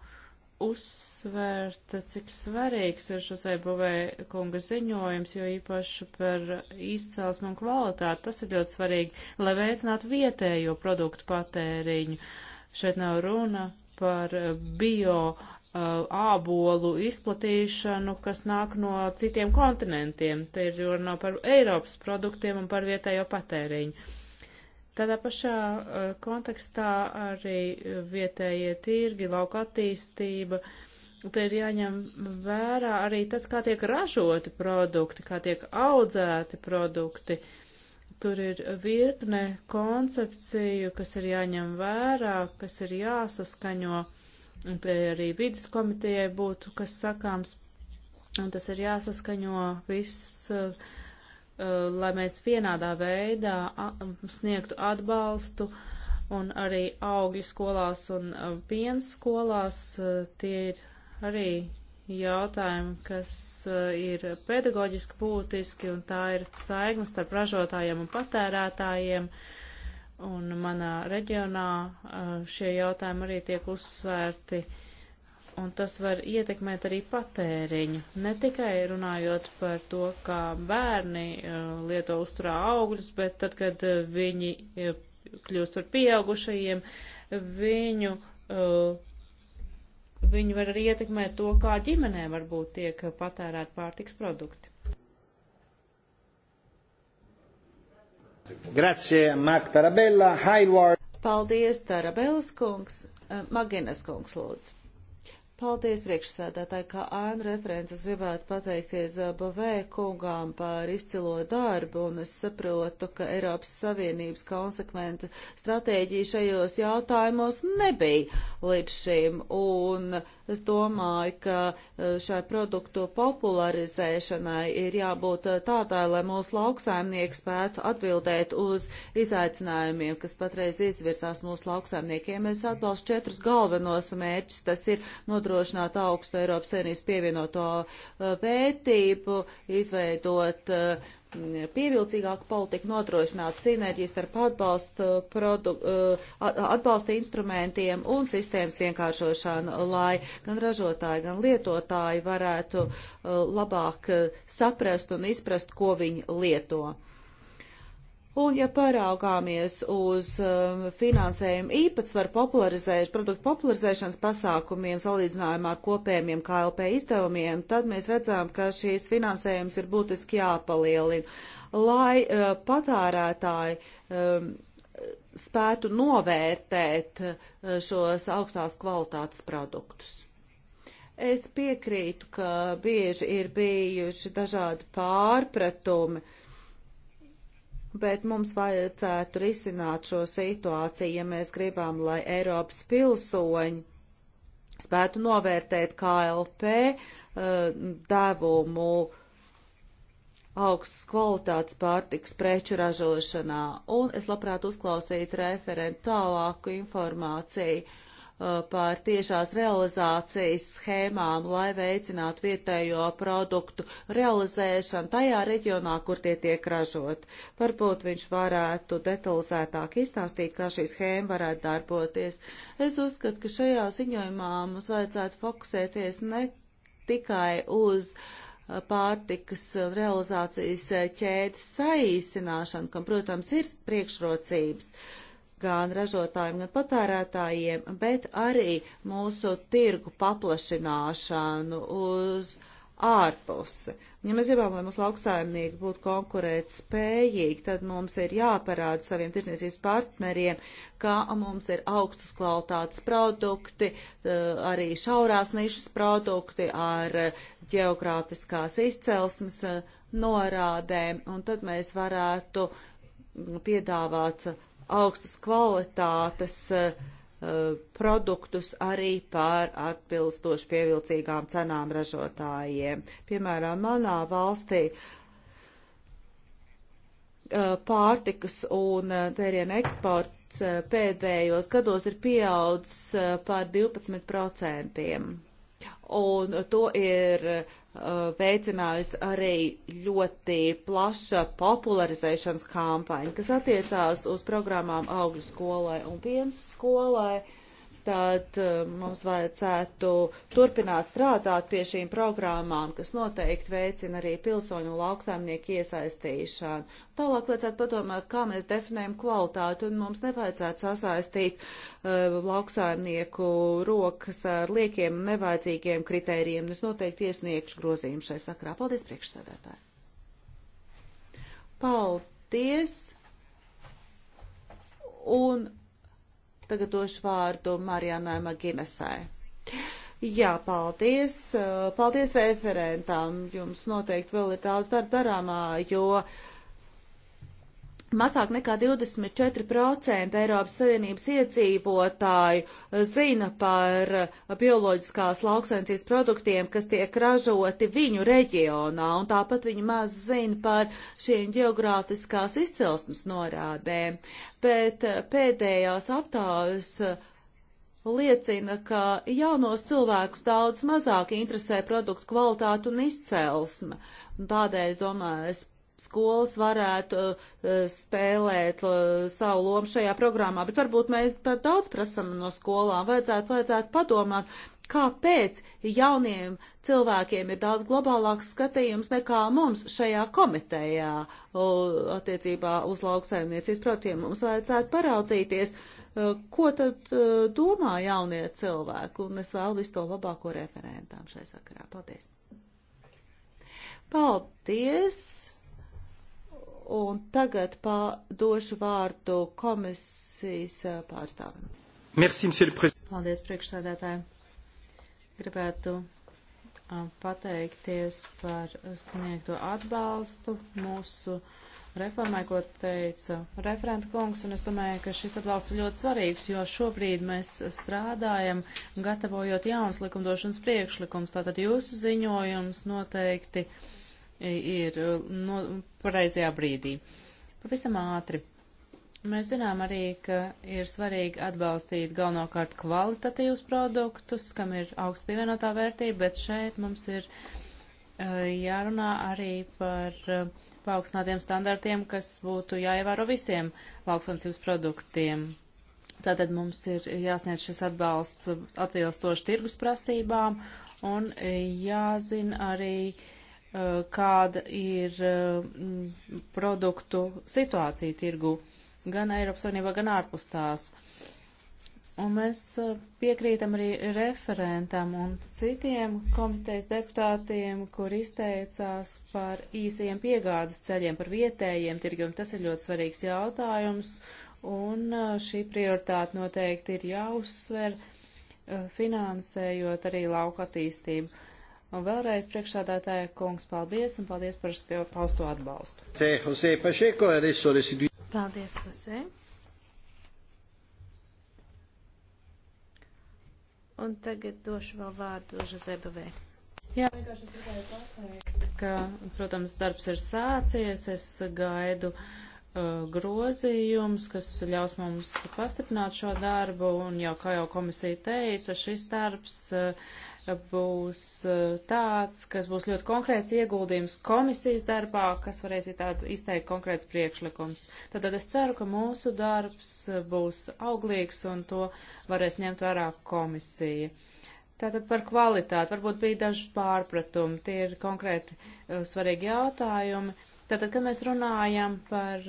uzsvērt, cik svarīgs ir šos aibuvē kunga ziņojums, jo īpaši par izcelsmu un kvalitāti tas ir ļoti svarīgi, lai veicinātu vietējo produktu patēriņu. Šeit nav runa par bio Uh, ābolu izplatīšanu, kas nāk no citiem kontinentiem. Te ir runa par Eiropas produktiem un par vietējo patēriņu. Tādā pašā uh, kontekstā arī vietējie tirgi, lauka attīstība. Te ir jāņem vērā arī tas, kā tiek ražoti produkti, kā tiek audzēti produkti. Tur ir virkne koncepciju, kas ir jāņem vērā, kas ir jāsaskaņo. Uh, un te arī vidas komitejai būtu kas sakāms, un tas ir jāsaskaņo viss, eh, eh, lai mēs vienādā veidā sniegtu atbalstu un arī augļu skolās un eh, piens skolās. Tie ir arī jautājumi, kas ir pedagoģiski būtiski, un tā ir saigma starp ražotājiem un patērētājiem. Uh, Un manā reģionā eh, šie jautājumi arī tiek uzsvērti, un tas var ietekmēt arī patēriņu. Ne tikai runājot par to, kā bērni eh, lieto uzturā augļus, bet tad, kad eh, viņi kļūst par pieaugušajiem, viņu uh, viņi var arī ietekmēt to, kā ģimenē varbūt tiek patērēt pārtiks produkti. Grazie, Mak Tarabella. Hailward. Paldies, Tarabellas kungs. Eh, Maginas kungs, lūdzu. Paldies priekšsēdētāji, kā ēnu references gribētu pateikties eh, Bavē kungām par izcilo darbu, un es saprotu, ka Eiropas Savienības konsekventa stratēģija šajos jautājumos nebija līdz šim, un es domāju, ka eh, šai produktu popularizēšanai ir jābūt eh, tādai, lai mūsu lauksaimnieki spētu atbildēt uz izaicinājumiem, kas patreiz izvirsās mūsu lauksaimniekiem. Es atbalstu četrus galvenos mērķus, tas ir nodrošināt nodrošināt augstu Eiropas Savienības pievienoto eh, vērtību, izveidot eh, pievilcīgāku politiku, nodrošināt sinerģijas starp atbalsta, produ, eh, atbalsta instrumentiem un sistēmas vienkāršošanu, lai gan ražotāji, gan lietotāji varētu labāk saprast un izprast, ko viņi lieto. Un, ja paraugāmies uz um, finansējumu īpatsvaru popularizējuši produktu popularizēšanas pasākumiem salīdzinājumā ar kopējiem KLP izdevumiem, tad mēs redzam, ka šīs finansējums ir būtiski jāpalielina, lai uh, patārētāji um, spētu novērtēt uh, šos augstās kvalitātes produktus. Es piekrītu, ka bieži ir bijuši dažādi pārpratumi uh, bet mums vajadzētu risināt šo situāciju, ja mēs gribam, lai Eiropas pilsoņi spētu novērtēt KLP eh, devumu augstas kvalitātes pārtiks preču ražošanā, un es labprāt uzklausītu referentu tālāku informāciju par tiešās realizācijas schēmām, lai veicinātu vietējo produktu realizēšanu tajā reģionā, kur tie tiek ražot. Varbūt viņš varētu detalizētāk izstāstīt, kā šī schēma varētu darboties. Es uzskatu, ka šajā ziņojumā mums vajadzētu fokusēties ne tikai uz uh, pārtikas realizācijas uh, ķēdes saīsināšanu, kam, protams, ir priekšrocības. Uh, gan ražotājiem, gan patērētājiem, bet arī mūsu tirgu paplašināšanu uz ārpusi. Ja mēs gribam, lai mūsu lauksaimnieki būtu konkurēt spējīgi, tad mums ir jāparāda saviem tirdzniecības partneriem, ka mums ir augstas kvalitātes produkti, eh, arī šaurās nišas produkti ar eh, geogrāfiskās izcelsmes eh, norādēm, un tad mēs varētu mm, piedāvāt augstas kvalitātes eh, produktus arī par atbilstoši pievilcīgām cenām ražotājiem. Piemēram, manā valstī eh, pārtikas un eh, tērienu eksports pēdējos gados ir pieaudzis par 12%. Un to ir uh, veicinājusi arī ļoti plaša popularizēšanas kampaņa, kas attiecās uz programmām augļu skolai un piens skolai. Uh, tad eh, mums vajadzētu turpināt strādāt pie šīm programmām, kas noteikti veicina arī pilsoņu un lauksaimnieku iesaistīšanu. Tālāk vajadzētu padomāt, kā mēs definējam kvalitāti, un mums nevajadzētu sasaistīt uh, lauksaimnieku rokas ar liekiem un nevajadzīgiem kritērijiem. Es noteikti iesniegšu grozījumu šai sakrā. Paldies, priekšsēdētāji! Paldies! Un Tagad došu vārdu Marijānai Maginesai. Jā, paldies. Paldies referentām. Jums noteikti vēl ir daudz darba darāmā, jo uh, Mazāk nekā 24% Eiropas Savienības iedzīvotāju eh, zina par eh, bioloģiskās lauksaimniecības produktiem, kas tiek ražoti viņu reģionā, un tāpat viņi maz zina par šīm geogrāfiskās izcelsmes norādēm. Bet eh, pēdējās aptāvis liecina, ka jaunos cilvēkus daudz mazāk interesē produktu kvalitāte un izcelsme. Un tādēļ, domāju, es skolas varētu eh, spēlēt eh, savu lomu šajā programmā, bet varbūt mēs par daudz prasam no skolām. Vajadzētu, vajadzētu padomāt, kāpēc jauniem cilvēkiem ir daudz globālāks skatījums nekā mums šajā komitejā attiecībā uz lauksaimniecības projektiem. Mums vajadzētu paraudzīties, eh, ko tad domā jaunie cilvēki, un es vēl visu to labāko referentām šai sakarā. Paldies! Paldies! Un tagad došu vārdu komisijas eh, pārstāvim. Merci, Paldies, priekšsēdētāji. Gribētu eh, pateikties par sniegto atbalstu mūsu reformai, ko teica referenta kungs, un es domāju, ka šis atbalsts ir ļoti svarīgs, jo šobrīd mēs strādājam, gatavojot jauns likumdošanas priekšlikums. Tātad jūsu ziņojums noteikti uh, ir no, pareizajā brīdī. Pavisam ātri. Mēs zinām arī, ka ir svarīgi atbalstīt galvenokārt kvalitatīvus produktus, kam ir augsts pievienotā vērtība, bet šeit mums ir uh, jārunā arī par uh, paaugstinātiem standartiem, kas būtu jāievēro visiem lauksaimniecības produktiem. Tātad mums ir jāsniedz šis atbalsts atbilstoši tirgus prasībām un eh, jāzina arī uh, Eh, kāda ir eh, produktu situācija tirgu gan Eiropas Savienībā, gan ārpus tās. Un mēs eh, piekrītam arī referentam un citiem komitejas deputātiem, kur izteicās par īsajiem piegādes ceļiem, par vietējiem tirgiem. Tas ir ļoti svarīgs jautājums, un šī prioritāte noteikti ir jāuzsver, finansējot arī lauka attīstību. Un vēlreiz priekšādātāja kungs, paldies un paldies par pausto atbalstu. Paldies, Jose. Un tagad došu vēl vārdu Žozebavē. Jā, vienkārši es gribēju pasniegt, ka, protams, darbs ir sācies, es gaidu uh, grozījums, kas ļaus mums pastiprināt šo darbu, un jau, kā jau komisija teica, šis darbs uh, būs eh, tāds, kas būs ļoti konkrēts ieguldījums komisijas darbā, kas varēs izteikt konkrēts priekšlikums. Tad, tad es ceru, ka mūsu darbs eh, būs auglīgs un to varēs ņemt vērā komisija. Tātad par kvalitāti varbūt bija daži pārpratumi, tie ir konkrēti eh, svarīgi jautājumi. Tātad, kad mēs runājam par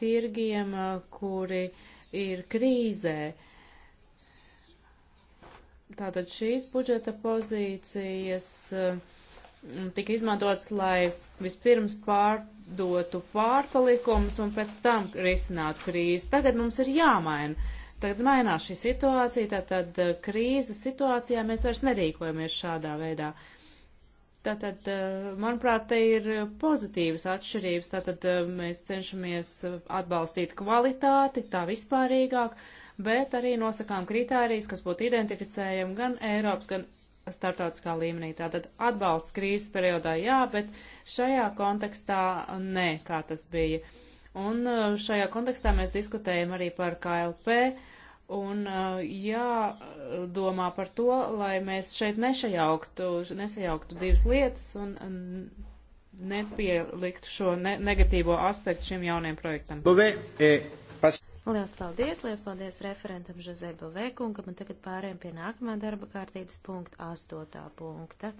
tirgiem, kuri ir krīzē, uh, Tātad šīs budžeta pozīcijas eh, tika izmantotas, lai vispirms pārdotu pārpalikumus un pēc tam risinātu krīzi. Tagad mums ir jāmaina. Tagad mainās šī situācija, tātad eh, krīzes situācijā mēs vairs nerīkojamies šādā veidā. Tātad, eh, manuprāt, te ir pozitīvas atšķirības. Tātad mēs cenšamies atbalstīt kvalitāti tā vispārīgāk bet arī nosakām kritērijas, kas būtu identificējami gan Eiropas, gan starptautiskā līmenī. Tātad atbalsts krīzes periodā jā, bet šajā kontekstā nē, kā tas bija. Un uh, šajā kontekstā mēs diskutējam arī par KLP un uh, jādomā par to, lai mēs šeit nešajauktu, nesajauktu divas lietas un nepieliktu šo ne negatīvo aspektu šim jaunajam projektam. Bove, e eh, Lielas paldies, lielas paldies referentam Žozē Bovēkungam, un tagad pārējām pie nākamā darba kārtības punkta, astotā punkta.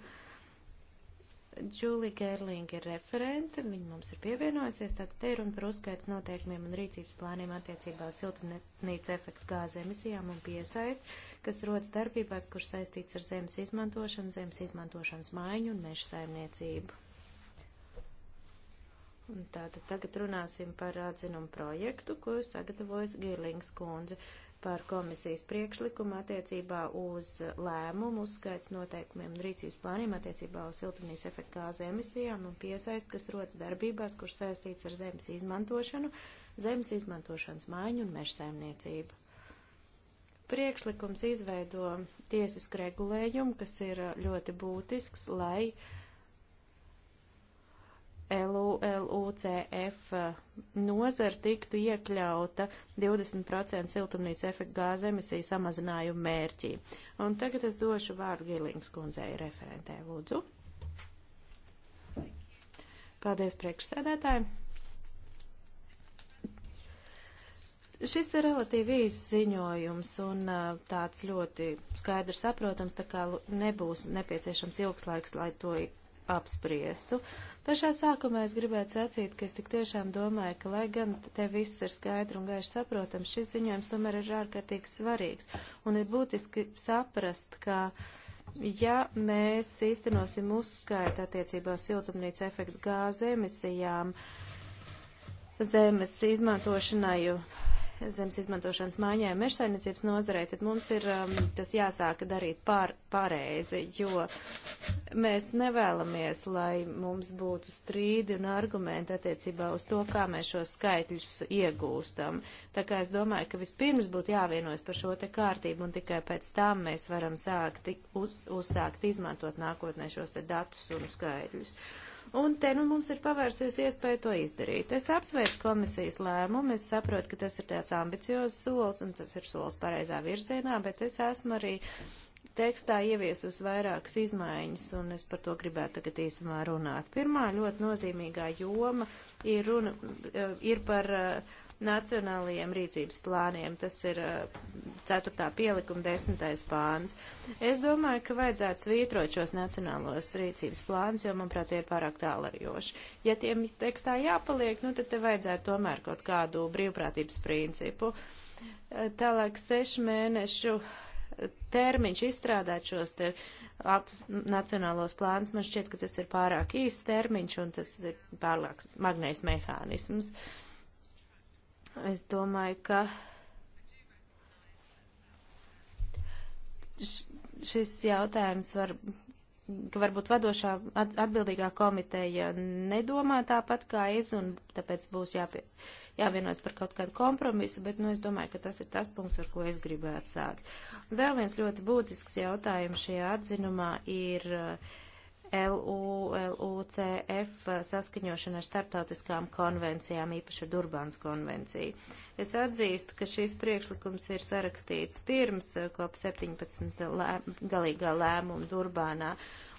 Džulija Gerlinga ir referente, viņa mums ir pievienojusies, tātad te ir un par uzskaits noteikumiem un rīcības plāniem attiecībā siltumnīca efekta gāze emisijām un piesaist, kas rodas darbībās, kur saistīts ar zemes izmantošanu, zemes izmantošanas maiņu un meža saimniecību. Un tātad tagad runāsim par atzinumu projektu, ko sagatavojas Gīrlings kundze par komisijas priekšlikumu attiecībā uz lēmumu, uzskaits noteikumiem un rīcības plāniem attiecībā uz siltumnīs efekta gāzu emisijām un piesaist, kas rodas darbībās, kurš saistīts ar zemes izmantošanu, zemes izmantošanas maiņu un mežsaimniecību. Priekšlikums izveido tiesisku regulējumu, kas ir ļoti būtisks, lai uh, LULUCF eh, nozara tiktu iekļauta 20% siltumnīca efekta gāze emisiju samazinājumu mērķī. Un tagad es došu vārdu Gilings kundzei referentē, lūdzu. Paldies priekšsēdētājiem. Šis ir relatīvi īsts ziņojums un eh, tāds ļoti skaidrs saprotams, tā kā nebūs nepieciešams ilgs laiks, lai to apspriestu. Uh, Pašā sākumā es gribētu sacīt, ka es tik tiešām domāju, ka, lai gan te viss ir skaidri un gaiši saprotams, šis ziņojums tomēr ir ārkārtīgi svarīgs. Un ir būtiski saprast, ka. Ja mēs īstenosim uzskaitu attiecībā uz siltumnīca efektu gāzu emisijām zemes izmantošanai zemes izmantošanas mājām mežsainiecības nozarei, tad mums ir um, tas jāsāka darīt pār, pareizi, jo mēs nevēlamies, lai mums būtu strīdi un argumenti attiecībā uz to, kā mēs šos skaitļus iegūstam. Tā kā es domāju, ka vispirms būtu jāvienojas par šo te kārtību un tikai pēc tam mēs varam sākt, uz, uzsākt izmantot nākotnē šos te datus un skaitļus. Uh, un te nu mums ir pavērsies iespēja to izdarīt. Es apsveicu komisijas lēmumu, es saprotu, ka tas ir tāds ambiciozs solis, un tas ir solis pareizā virzienā, bet es esmu arī tekstā ieviesus vairākas izmaiņas, un es par to gribētu tagad īsumā runāt. Pirmā ļoti nozīmīgā joma ir, runa, eh, ir par uh, nacionālajiem rīcības plāniem. Tas ir uh, ceturtā pielikuma desmitais pāns. Es domāju, ka vajadzētu svītrot šos nacionālos rīcības plānus, jo, manuprāt, tie ir pārāk tālajoši. Ja tiem tekstā jāpaliek, nu tad te vajadzētu tomēr kaut kādu brīvprātības principu. Uh, tālāk sešu mēnešu uh, termiņš izstrādāt šos te abus nacionālos plānus, man šķiet, ka tas ir pārāk īsts termiņš un tas ir pārāk magnējs mehānisms. Uh, Es domāju, ka šis jautājums var, ka varbūt vadošā atbildīgā komiteja nedomā tāpat kā es, un tāpēc būs jāpie, jāvienojas par kaut kādu kompromisu, bet, nu, es domāju, ka tas ir tas punkts, ar ko es gribētu sākt. Vēl viens ļoti būtisks jautājums šajā atzinumā ir uh, LU, LUCF saskaņošana ar startautiskām konvencijām, īpaši Durbāns konvenciju. Es atzīstu, ka šīs priekšlikums ir sarakstīts pirms eh, kop 17 lē, galīgā lēmuma Durbānā,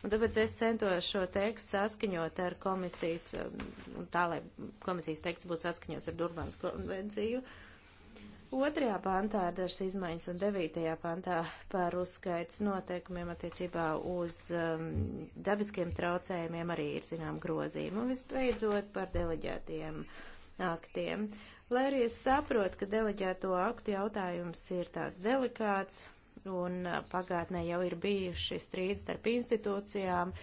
un tāpēc es centos šo tekstu saskaņot ar komisijas, eh, tā lai komisijas teksts būtu saskaņots ar Durbāns konvenciju. Uh, Otrajā pantā ir dažas izmaiņas un devītajā pantā par uzskaits noteikumiem attiecībā uz um, dabiskiem traucējumiem arī ir zinām grozījumi. Un visbeidzot par deleģētiem aktiem. Lai arī es saprotu, ka deleģēto aktu jautājums ir tāds delikāts un pagātnē jau ir bijuši strīdi starp institūcijām,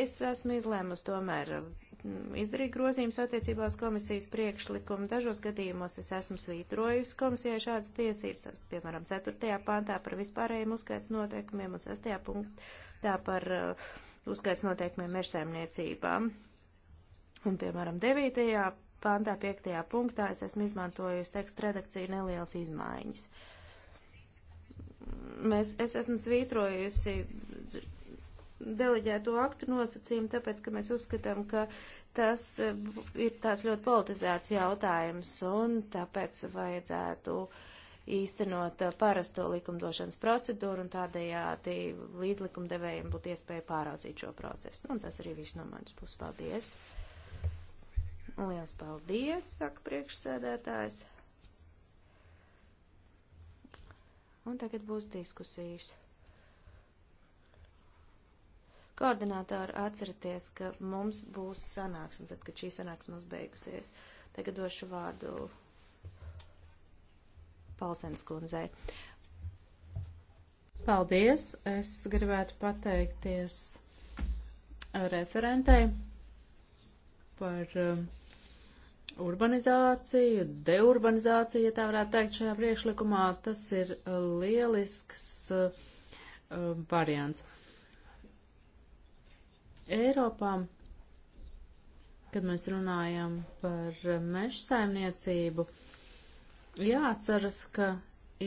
es esmu izlēmusi tomēr izdarīt grozījumus attiecībās komisijas priekšlikumu. Dažos gadījumos es esmu svītrojusi komisijai šādas tiesības, piemēram, 4. pantā par vispārējiem uzskaits noteikumiem un 6. punktā par uh, uzskaits noteikumiem mežsēmniecībām. Un, piemēram, 9. pantā, 5. punktā es esmu izmantojusi tekstu redakciju nelielas izmaiņas. Mēs, es esmu svītrojusi deleģēto aktu nosacījumu, tāpēc, ka mēs uzskatām, ka tas e, ir tāds ļoti politizēts jautājums un tāpēc vajadzētu īstenot e, parasto likumdošanas procedūru un tādējādi līdzlikumdevējiem būtu iespēja pāraudzīt šo procesu. Nu, un tas arī viss no manas puses. Paldies! Liels paldies, saka priekšsēdētājs. Un tagad būs diskusijas. Koordinātori atceraties, ka mums būs sanāksme, tad, kad šī sanāksme mums beigusies. Tagad došu vārdu Palsens kundzei. Paldies! Es gribētu pateikties referentei par um, urbanizāciju, deurbanizāciju, ja tā varētu teikt, šajā priekšlikumā. Tas ir lielisks um, variants. Uh, Eiropā, kad mēs runājam par meža saimniecību, jāatceras, ka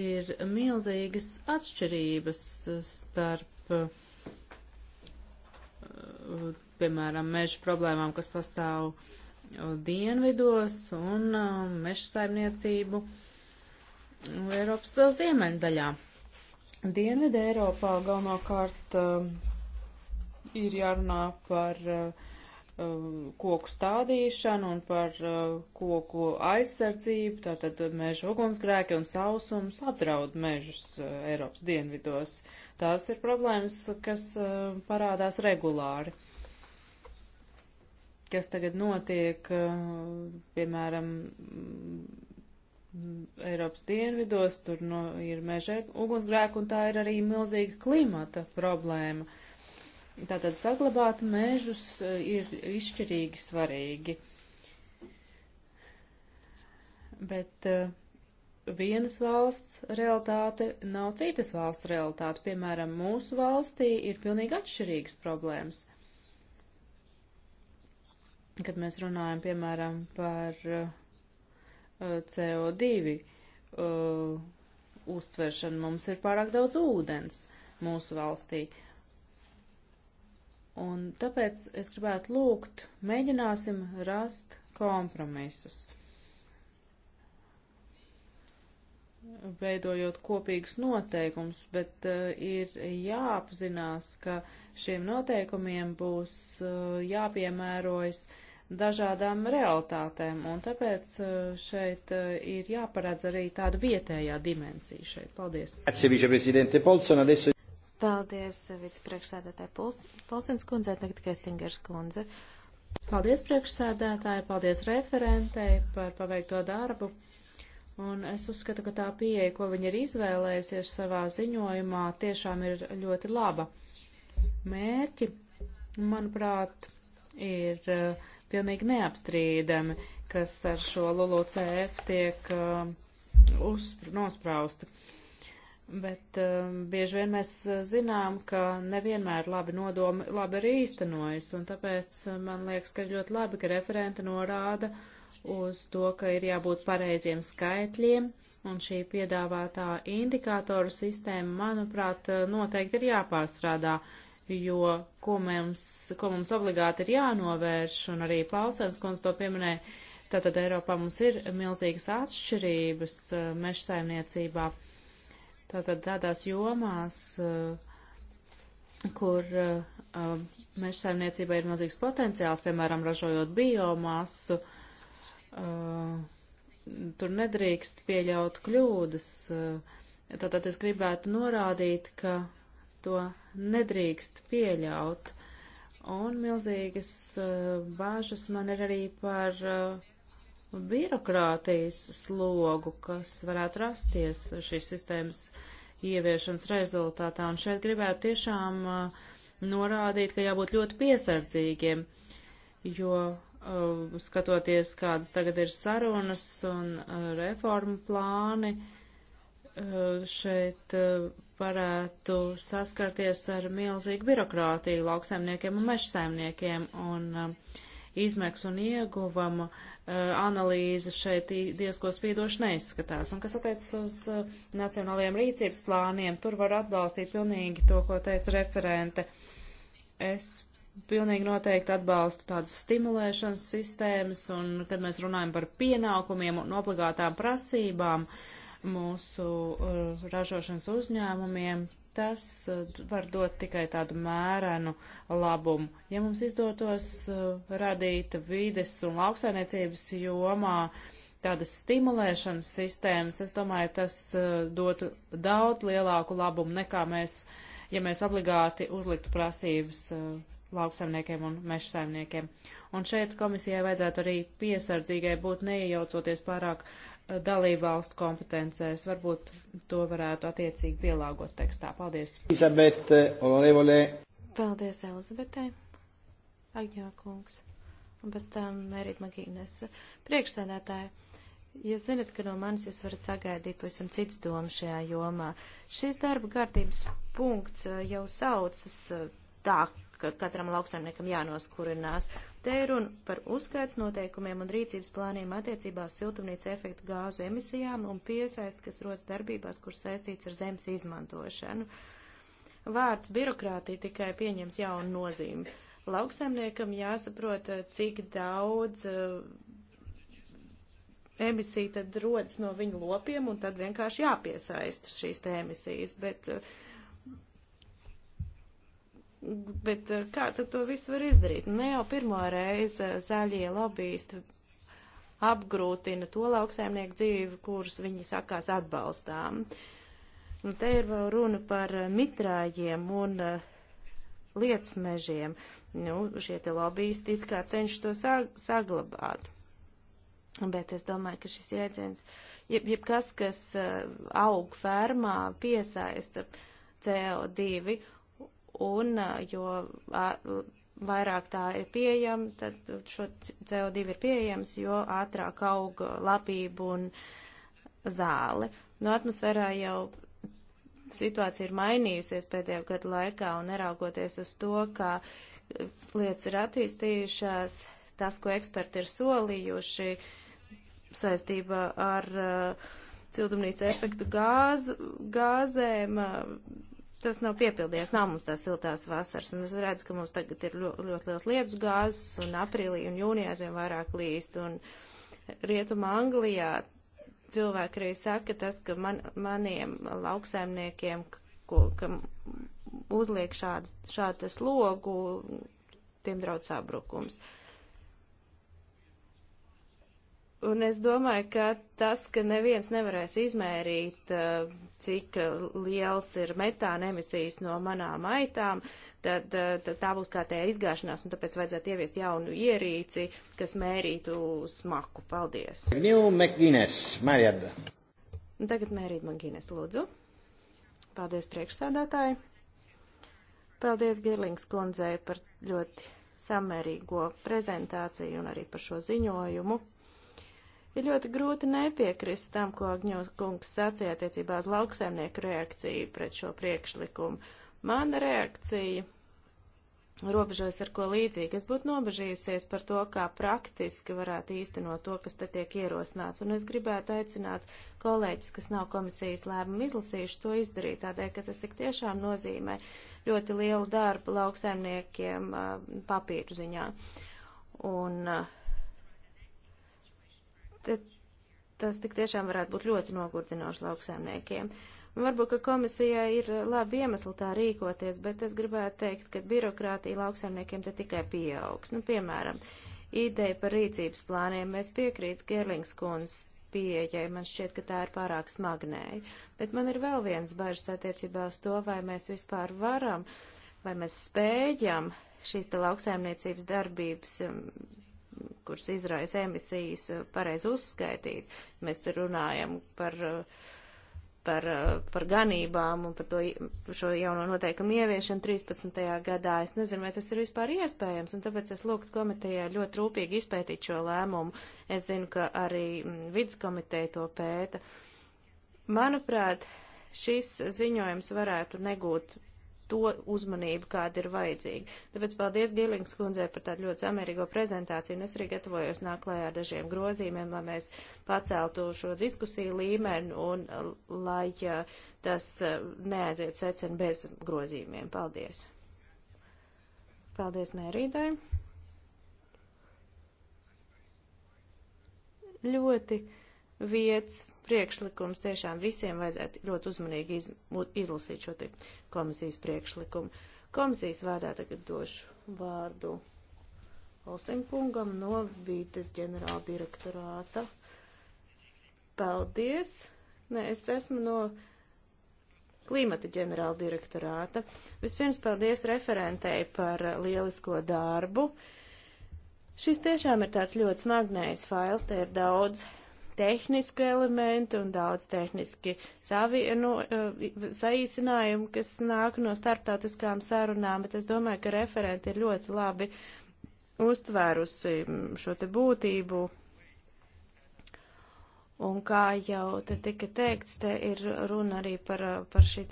ir milzīgas atšķirības starp, piemēram, meža problēmām, kas pastāv dienvidos un um, meža saimniecību Eiropas ziemeļdaļā. Dienvidē Eiropā galvenokārt um, ir jārunā par uh, koku stādīšanu un par uh, koku aizsardzību, tātad meža ugunsgrēki un sausums apdraud mežus uh, Eiropas dienvidos. Tās ir problēmas, kas uh, parādās regulāri. Kas tagad notiek, piemēram, mm, Eiropas dienvidos, tur no, ir meža ugunsgrēki un tā ir arī milzīga klimata problēma. Uh, Tātad saglabāt mežus eh, ir izšķirīgi svarīgi. Bet eh, vienas valsts realitāte nav citas valsts realitāte. Piemēram, mūsu valstī ir pilnīgi atšķirīgas problēmas. Kad mēs runājam, piemēram, par eh, CO2 uztveršanu, mums ir pārāk daudz ūdens mūsu valstī Un tāpēc es gribētu lūgt, mēģināsim rast kompromisus. veidojot kopīgus noteikumus, bet uh, ir jāapzinās, ka šiem noteikumiem būs uh, jāpiemērojas dažādām realitātēm, un tāpēc uh, šeit uh, ir jāparedz arī tāda vietējā dimensija šeit. Paldies! Paldies vicepriekšsēdētāji Polsens kundze, tagad Kestingers kundze. Paldies priekšsēdētāji, paldies referentei par paveikto darbu. Un es uzskatu, ka tā pieeja, ko viņa ir izvēlējusies savā ziņojumā, tiešām ir ļoti laba. Mērķi, manuprāt, ir uh, pilnīgi neapstrīdami, kas ar šo LULUCF tiek uh, uzspr, nosprausta. Uh, Bet um, bieži vien mēs uh, zinām, ka nevienmēr labi nodomi labi arī īstenojas, un tāpēc uh, man liekas, ka ļoti labi, ka referenta norāda uz to, ka ir jābūt pareiziem skaitļiem, un šī piedāvātā indikātoru sistēma, manuprāt, uh, noteikti ir jāpārstrādā, jo ko mums, ko mums obligāti ir jānovērš, un arī Pausens kundze to pieminēja, tātad Eiropā mums ir milzīgas atšķirības mežsaimniecībā. Uh, Tātad tādās jomās, eh, kur eh, meža saimniecība ir mazīgs potenciāls, piemēram, ražojot biomasu, eh, tur nedrīkst pieļaut kļūdas. Tātad es gribētu norādīt, ka to nedrīkst pieļaut. Un milzīgas bāžas man ir arī par uh, birokrātijas slogu, kas varētu rasties šīs sistēmas ieviešanas rezultātā. Un šeit gribētu tiešām uh, norādīt, ka jābūt ļoti piesardzīgiem, jo uh, skatoties, kādas tagad ir sarunas un uh, reformu plāni, uh, šeit uh, varētu saskarties ar milzīgu birokrātiju lauksaimniekiem un mežsaimniekiem un uh, izmeks un ieguvama uh, Eh, analīze šeit diezko spīdoši neizskatās. Un kas attiecas uz eh, nacionālajiem rīcības plāniem, tur var atbalstīt pilnīgi to, ko teica referente. Es pilnīgi noteikti atbalstu tādas stimulēšanas sistēmas, un kad mēs runājam par pienākumiem un obligātām prasībām mūsu eh, ražošanas uzņēmumiem, tas eh, var dot tikai tādu mērenu labumu. Ja mums izdotos eh, radīt vides un lauksainiecības jomā tādas stimulēšanas sistēmas, es domāju, tas eh, dotu daudz lielāku labumu nekā mēs, ja mēs obligāti uzliktu prasības lauksaimniekiem un mežsaimniekiem. Un šeit komisijai vajadzētu arī piesardzīgai būt neiejaucoties pārāk uh, dalībvalstu kompetencēs. Varbūt to varētu attiecīgi pielāgot tekstā. Paldies. Elizabete, olevole. Paldies, Elizabetei. Agņā kungs. Un pēc tam Mērīt Magīnes. Priekšsēdētāji, jūs zinat, ka no manis jūs varat sagaidīt pavisam cits domas šajā jomā. Šis darba kārtības punkts uh, jau saucas uh, tā, ka katram lauksaimniekam jānoskurinās. Te ir runa par uzskaits noteikumiem un rīcības plāniem attiecībā uz siltumnīca efektu gāzu emisijām un piesaist, kas rodas darbībās, kur saistīts ar zemes izmantošanu. Vārds birokrātija tikai pieņems jaunu nozīmi. Lauksaimniekam jāsaprot, cik daudz uh, eh, emisija tad rodas no viņu lopiem, un tad vienkārši jāpiesaista šīs te emisijas. Bet, uh, Bet eh, kā tad to visu var izdarīt? Ne nu, jau pirmo reizi zaļie lobbyisti apgrūtina to lauksaimnieku dzīvi, kurus viņi sakās atbalstām. Nu, te ir vēl runa par eh, mitrājiem un uh, lietus mežiem. Nu, šie te lobbyisti it kā cenšas to sag saglabāt. Bet es domāju, ka šis jēdziens, jeb, jeb kas, kas uh, aug fermā, piesaista CO2 un jo vairāk tā ir pieejama, tad šo CO2 ir pieejams, jo ātrāk aug lapība un zāle. No nu, atmosfērā jau situācija ir mainījusies pēdējo gadu laikā, un neraugoties uz to, kā lietas ir attīstījušās, tas, ko eksperti ir solījuši saistībā ar uh, ciltumnīca efektu gāz, gāzēm, uh, tas nav piepildies, nav mums tās siltās vasaras, un es redzu, ka mums tagad ir ļoti, ļoti liels lietus gāzes, un aprīlī un jūnijā zem vairāk līst, un rietuma Anglijā cilvēki arī saka tas, ka man, maniem lauksaimniekiem, ko, ka uzliek šādas, šādas logu, tiem draudz sabrukums. Uh, Un es domāju, ka tas, ka neviens nevarēs izmērīt, eh, cik liels ir metāna emisijas no manām aitām, tad, eh, tad tā būs kā tā izgāšanās, un tāpēc vajadzētu ieviest jaunu ierīci, kas mērītu smaku. Paldies! Un tagad mērīt man Gīnes, lūdzu. Paldies priekšsādātāji. Paldies Girlings kundzei par ļoti samērīgo prezentāciju un arī par šo ziņojumu. Ir ļoti grūti nepiekrist tam, ko Agņos kungs sacīja attiecībā uz lauksaimnieku reakciju pret šo priekšlikumu. Mana reakcija robežojas ar ko līdzīgi. Es būtu nobežījusies par to, kā praktiski varētu īstenot to, kas te tiek ierosināts, un es gribētu aicināt kolēģis, kas nav komisijas lēmumu izlasījuši, to izdarīt, tādēļ, ka tas tik tiešām nozīmē ļoti lielu darbu lauksaimniekiem papīru ziņā. Un uh, te, tas tik tiešām varētu būt ļoti nogurdinoši lauksaimniekiem. Un varbūt, ka komisijai ir labi iemesli tā rīkoties, bet es gribētu teikt, ka birokrātija lauksaimniekiem te tikai pieaugs. Nu, piemēram, ideja par rīcības plāniem mēs piekrīt Gerlings kundzes pieejai, man šķiet, ka tā ir pārāk smagnēja. Bet man ir vēl viens bažas attiecībā uz to, vai mēs vispār varam, vai mēs spējam šīs te lauksaimniecības darbības um, kuras izraisa emisijas, eh, pareizi uzskaitīt. Mēs te runājam par, eh, par, eh, par ganībām un par to, šo jauno noteikumu ieviešanu 13. gadā. Es nezinu, vai tas ir vispār iespējams, un tāpēc es lūgtu komitejai ļoti rūpīgi izpētīt šo lēmumu. Es zinu, ka arī mm, vidas komiteja to pēta. Manuprāt, šis ziņojums varētu negūt to uzmanību, kāda ir vajadzīga. Tāpēc paldies Gilings kundzē par tādu ļoti samērīgo prezentāciju, un es arī gatavojos nāklējā dažiem grozījumiem, lai mēs paceltu šo diskusiju līmeni un uh, lai uh, tas uh, neaiziet secen bez grozījumiem. Paldies! Paldies Mērīdai! Ļoti vietas priekšlikums. Tiešām visiem vajadzētu ļoti uzmanīgi iz, izlasīt šo te komisijas priekšlikumu. Komisijas vārdā tagad došu vārdu Olsenkungam no Vītas ģenerāla direktorāta. Paldies! Nē, es esmu no klimata ģenerāla direktorāta. Vispirms paldies referentei par lielisko darbu. Šis tiešām ir tāds ļoti smagnējs fails, te ir daudz tehnisku elementu un daudz tehniski savienu, no, eh, saīsinājumu, kas nāk no starptautiskām sarunām, bet es domāju, ka referenti ir ļoti labi uztvērusi mm, šo te būtību. Un kā jau te tika teikts, te ir runa arī par, eh, par šī,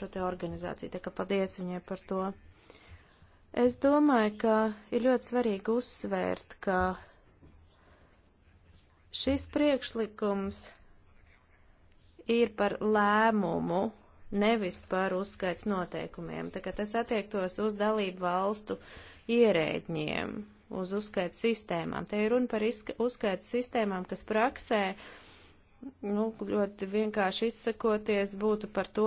šo te organizāciju, tā kā paldies viņai par to. Es domāju, ka ir ļoti svarīgi uzsvērt, ka Šis priekšlikums ir par lēmumu, nevis par uzskaits noteikumiem. Tā kā tas attiektos uz dalību valstu ierēģiem, uz uzskaits sistēmām. Te ir runa par uzskaits sistēmām, kas praksē uh, nu, ļoti vienkārši izsakoties, būtu par to,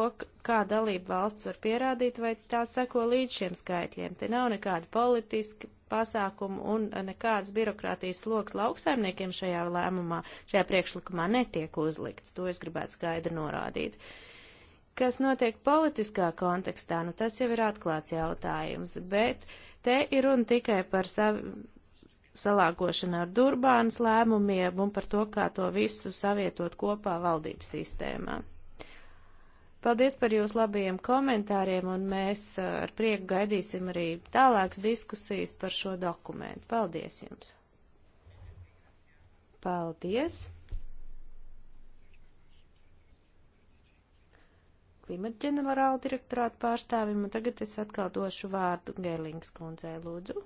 kā dalība valsts var pierādīt, vai tā seko līdz šiem skaitļiem. Te nav nekāda politiska pasākuma un nekādas birokrātijas sloks lauksaimniekiem šajā lēmumā, šajā priekšlikumā netiek uzlikts. To es gribētu skaidri norādīt. Kas notiek politiskā kontekstā, nu tas jau ir atklāts jautājums, bet te ir runa tikai par savu salāgošana ar Durbānas lēmumiem un par to, kā to visu savietot kopā valdības sistēmā. Paldies par jūsu labajiem komentāriem, un mēs uh, ar prieku gaidīsim arī tālākas diskusijas par šo dokumentu. Paldies jums! Paldies! Klimata ģenerāla direktorāta pārstāvim, un tagad es atkal došu vārdu Gēlings kundzei, lūdzu.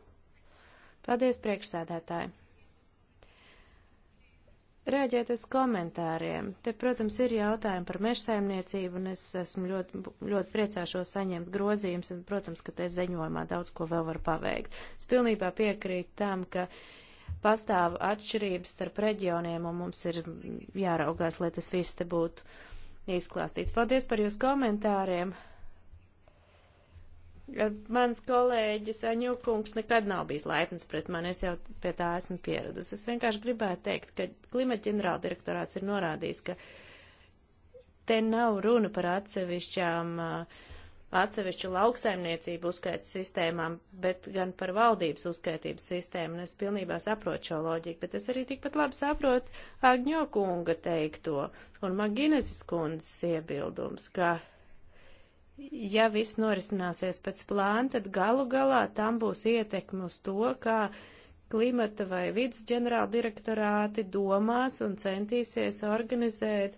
Paldies, priekšsēdētāji! Rēģēt uz komentāriem. Te, protams, ir jautājumi par mežsaimniecību, un es esmu ļoti, ļoti priecāšos saņemt grozījumus, un, protams, ka te ziņojumā daudz ko vēl var paveikt. Es pilnībā piekrītu tam, ka pastāv atšķirības starp reģioniem, un mums ir jāraugās, lai tas viss te būtu izklāstīts. Paldies par jūsu komentāriem! Mans kolēģis Aņukungs nekad nav bijis laipns pret mani, es jau pie tā esmu pieradusi. Es vienkārši gribētu teikt, ka klimata ģenerāldirektorāts ir norādījis, ka te nav runa par atsevišķām, uh, atsevišķu lauksaimniecību uzskaitas sistēmām, bet gan par valdības uzskaitības sistēmu, un es pilnībā saprotu šo loģiku, bet es arī tikpat labi saprotu Agņokunga teikto un Magineses kundzes iebildums, ka ja viss norisināsies pēc plāna, tad galu galā tam būs ietekme uz to, kā klimata vai vidas ģenerāla direktorāti domās un centīsies organizēt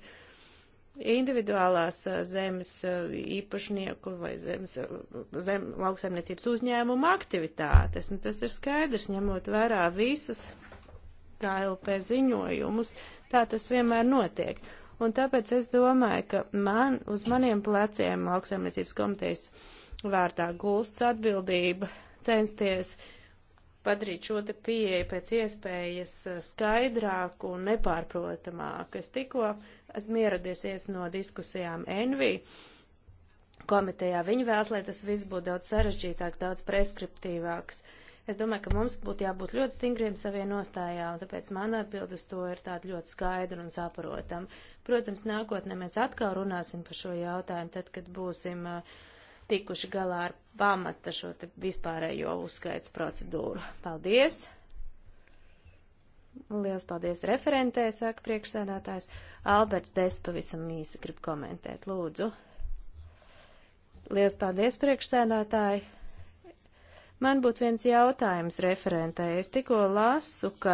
individuālās zemes īpašnieku vai zemes zem, lauksaimniecības uzņēmumu aktivitātes. Un tas ir skaidrs, ņemot vērā visus KLP ziņojumus, tā tas vienmēr notiek. Un tāpēc es domāju, ka man uz maniem pleciem lauksaimniecības komitejas vārtā gulsts atbildība censties padarīt šo te pieeju pēc iespējas eh, skaidrāku un nepārprotamāku. Es tikko esmu ieradiesies no diskusijām Envi komitejā. Viņi vēlas, lai tas viss būtu daudz sarežģītāks, daudz preskriptīvāks. Uh, Es domāju, ka mums būtu jābūt ļoti stingriem savie nostājā, un tāpēc man atbild uz to ir tāda ļoti skaidra un saprotam. Protams, nākotnē mēs atkal runāsim par šo jautājumu, tad, kad būsim uh, tikuši galā ar pamata šo vispārējo uzskaits procedūru. Paldies! Liels paldies referentē, saka priekšsēdētājs. Alberts Des pavisam īsi grib komentēt, lūdzu. Liels paldies priekšsēdētāji. Man būtu viens jautājums referentē. Es tikko lasu, ka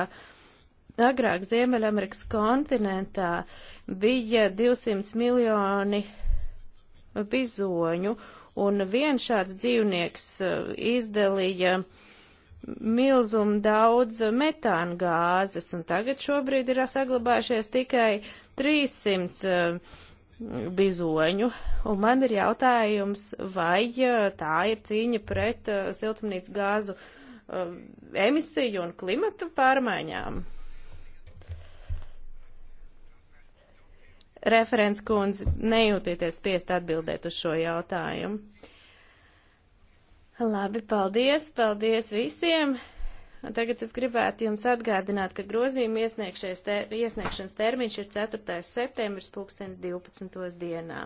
agrāk Ziemeļamerikas kontinentā bija 200 miljoni bizoņu, un viens šāds dzīvnieks eh, izdalīja milzumu daudz metāna gāzes, un tagad šobrīd ir saglabājušies tikai 300 uh, eh, bizoņu, un man ir jautājums, vai e, tā ir cīņa pret uh, siltumnīcas gāzu uh, emisiju un klimata pārmaiņām? Referents kundze, nejūtieties spiest atbildēt uz šo jautājumu. Labi, paldies, paldies visiem! Tagad es gribētu jums atgādināt, ka grozījuma ter iesniegšanas termiņš ir 4. septembris 2012. dienā.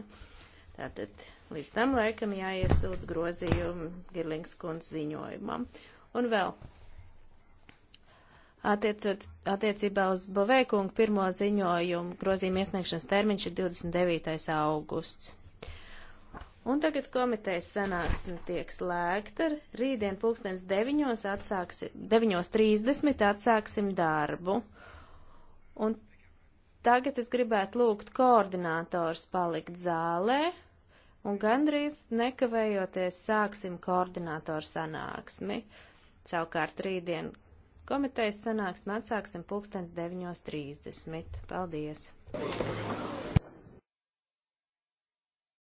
Tātad līdz tam laikam jāiesūt grozījumu Girlings kundz ziņojumam. Un vēl Attiecot, attiecībā uz Bovēkungu pirmo ziņojumu grozījuma iesniegšanas termiņš ir 29. augusts. Un tagad komitejas sanāksme tiek slēgta. Rītdien pulkstens 9.30 atsāksim, 9 atsāksim darbu. Un tagad es gribētu lūgt koordinātors palikt zālē. Un gandrīz nekavējoties sāksim koordinātoru sanāksmi. Savukārt rītdien komitejas sanāksmi atsāksim pulkstens 9.30. Paldies!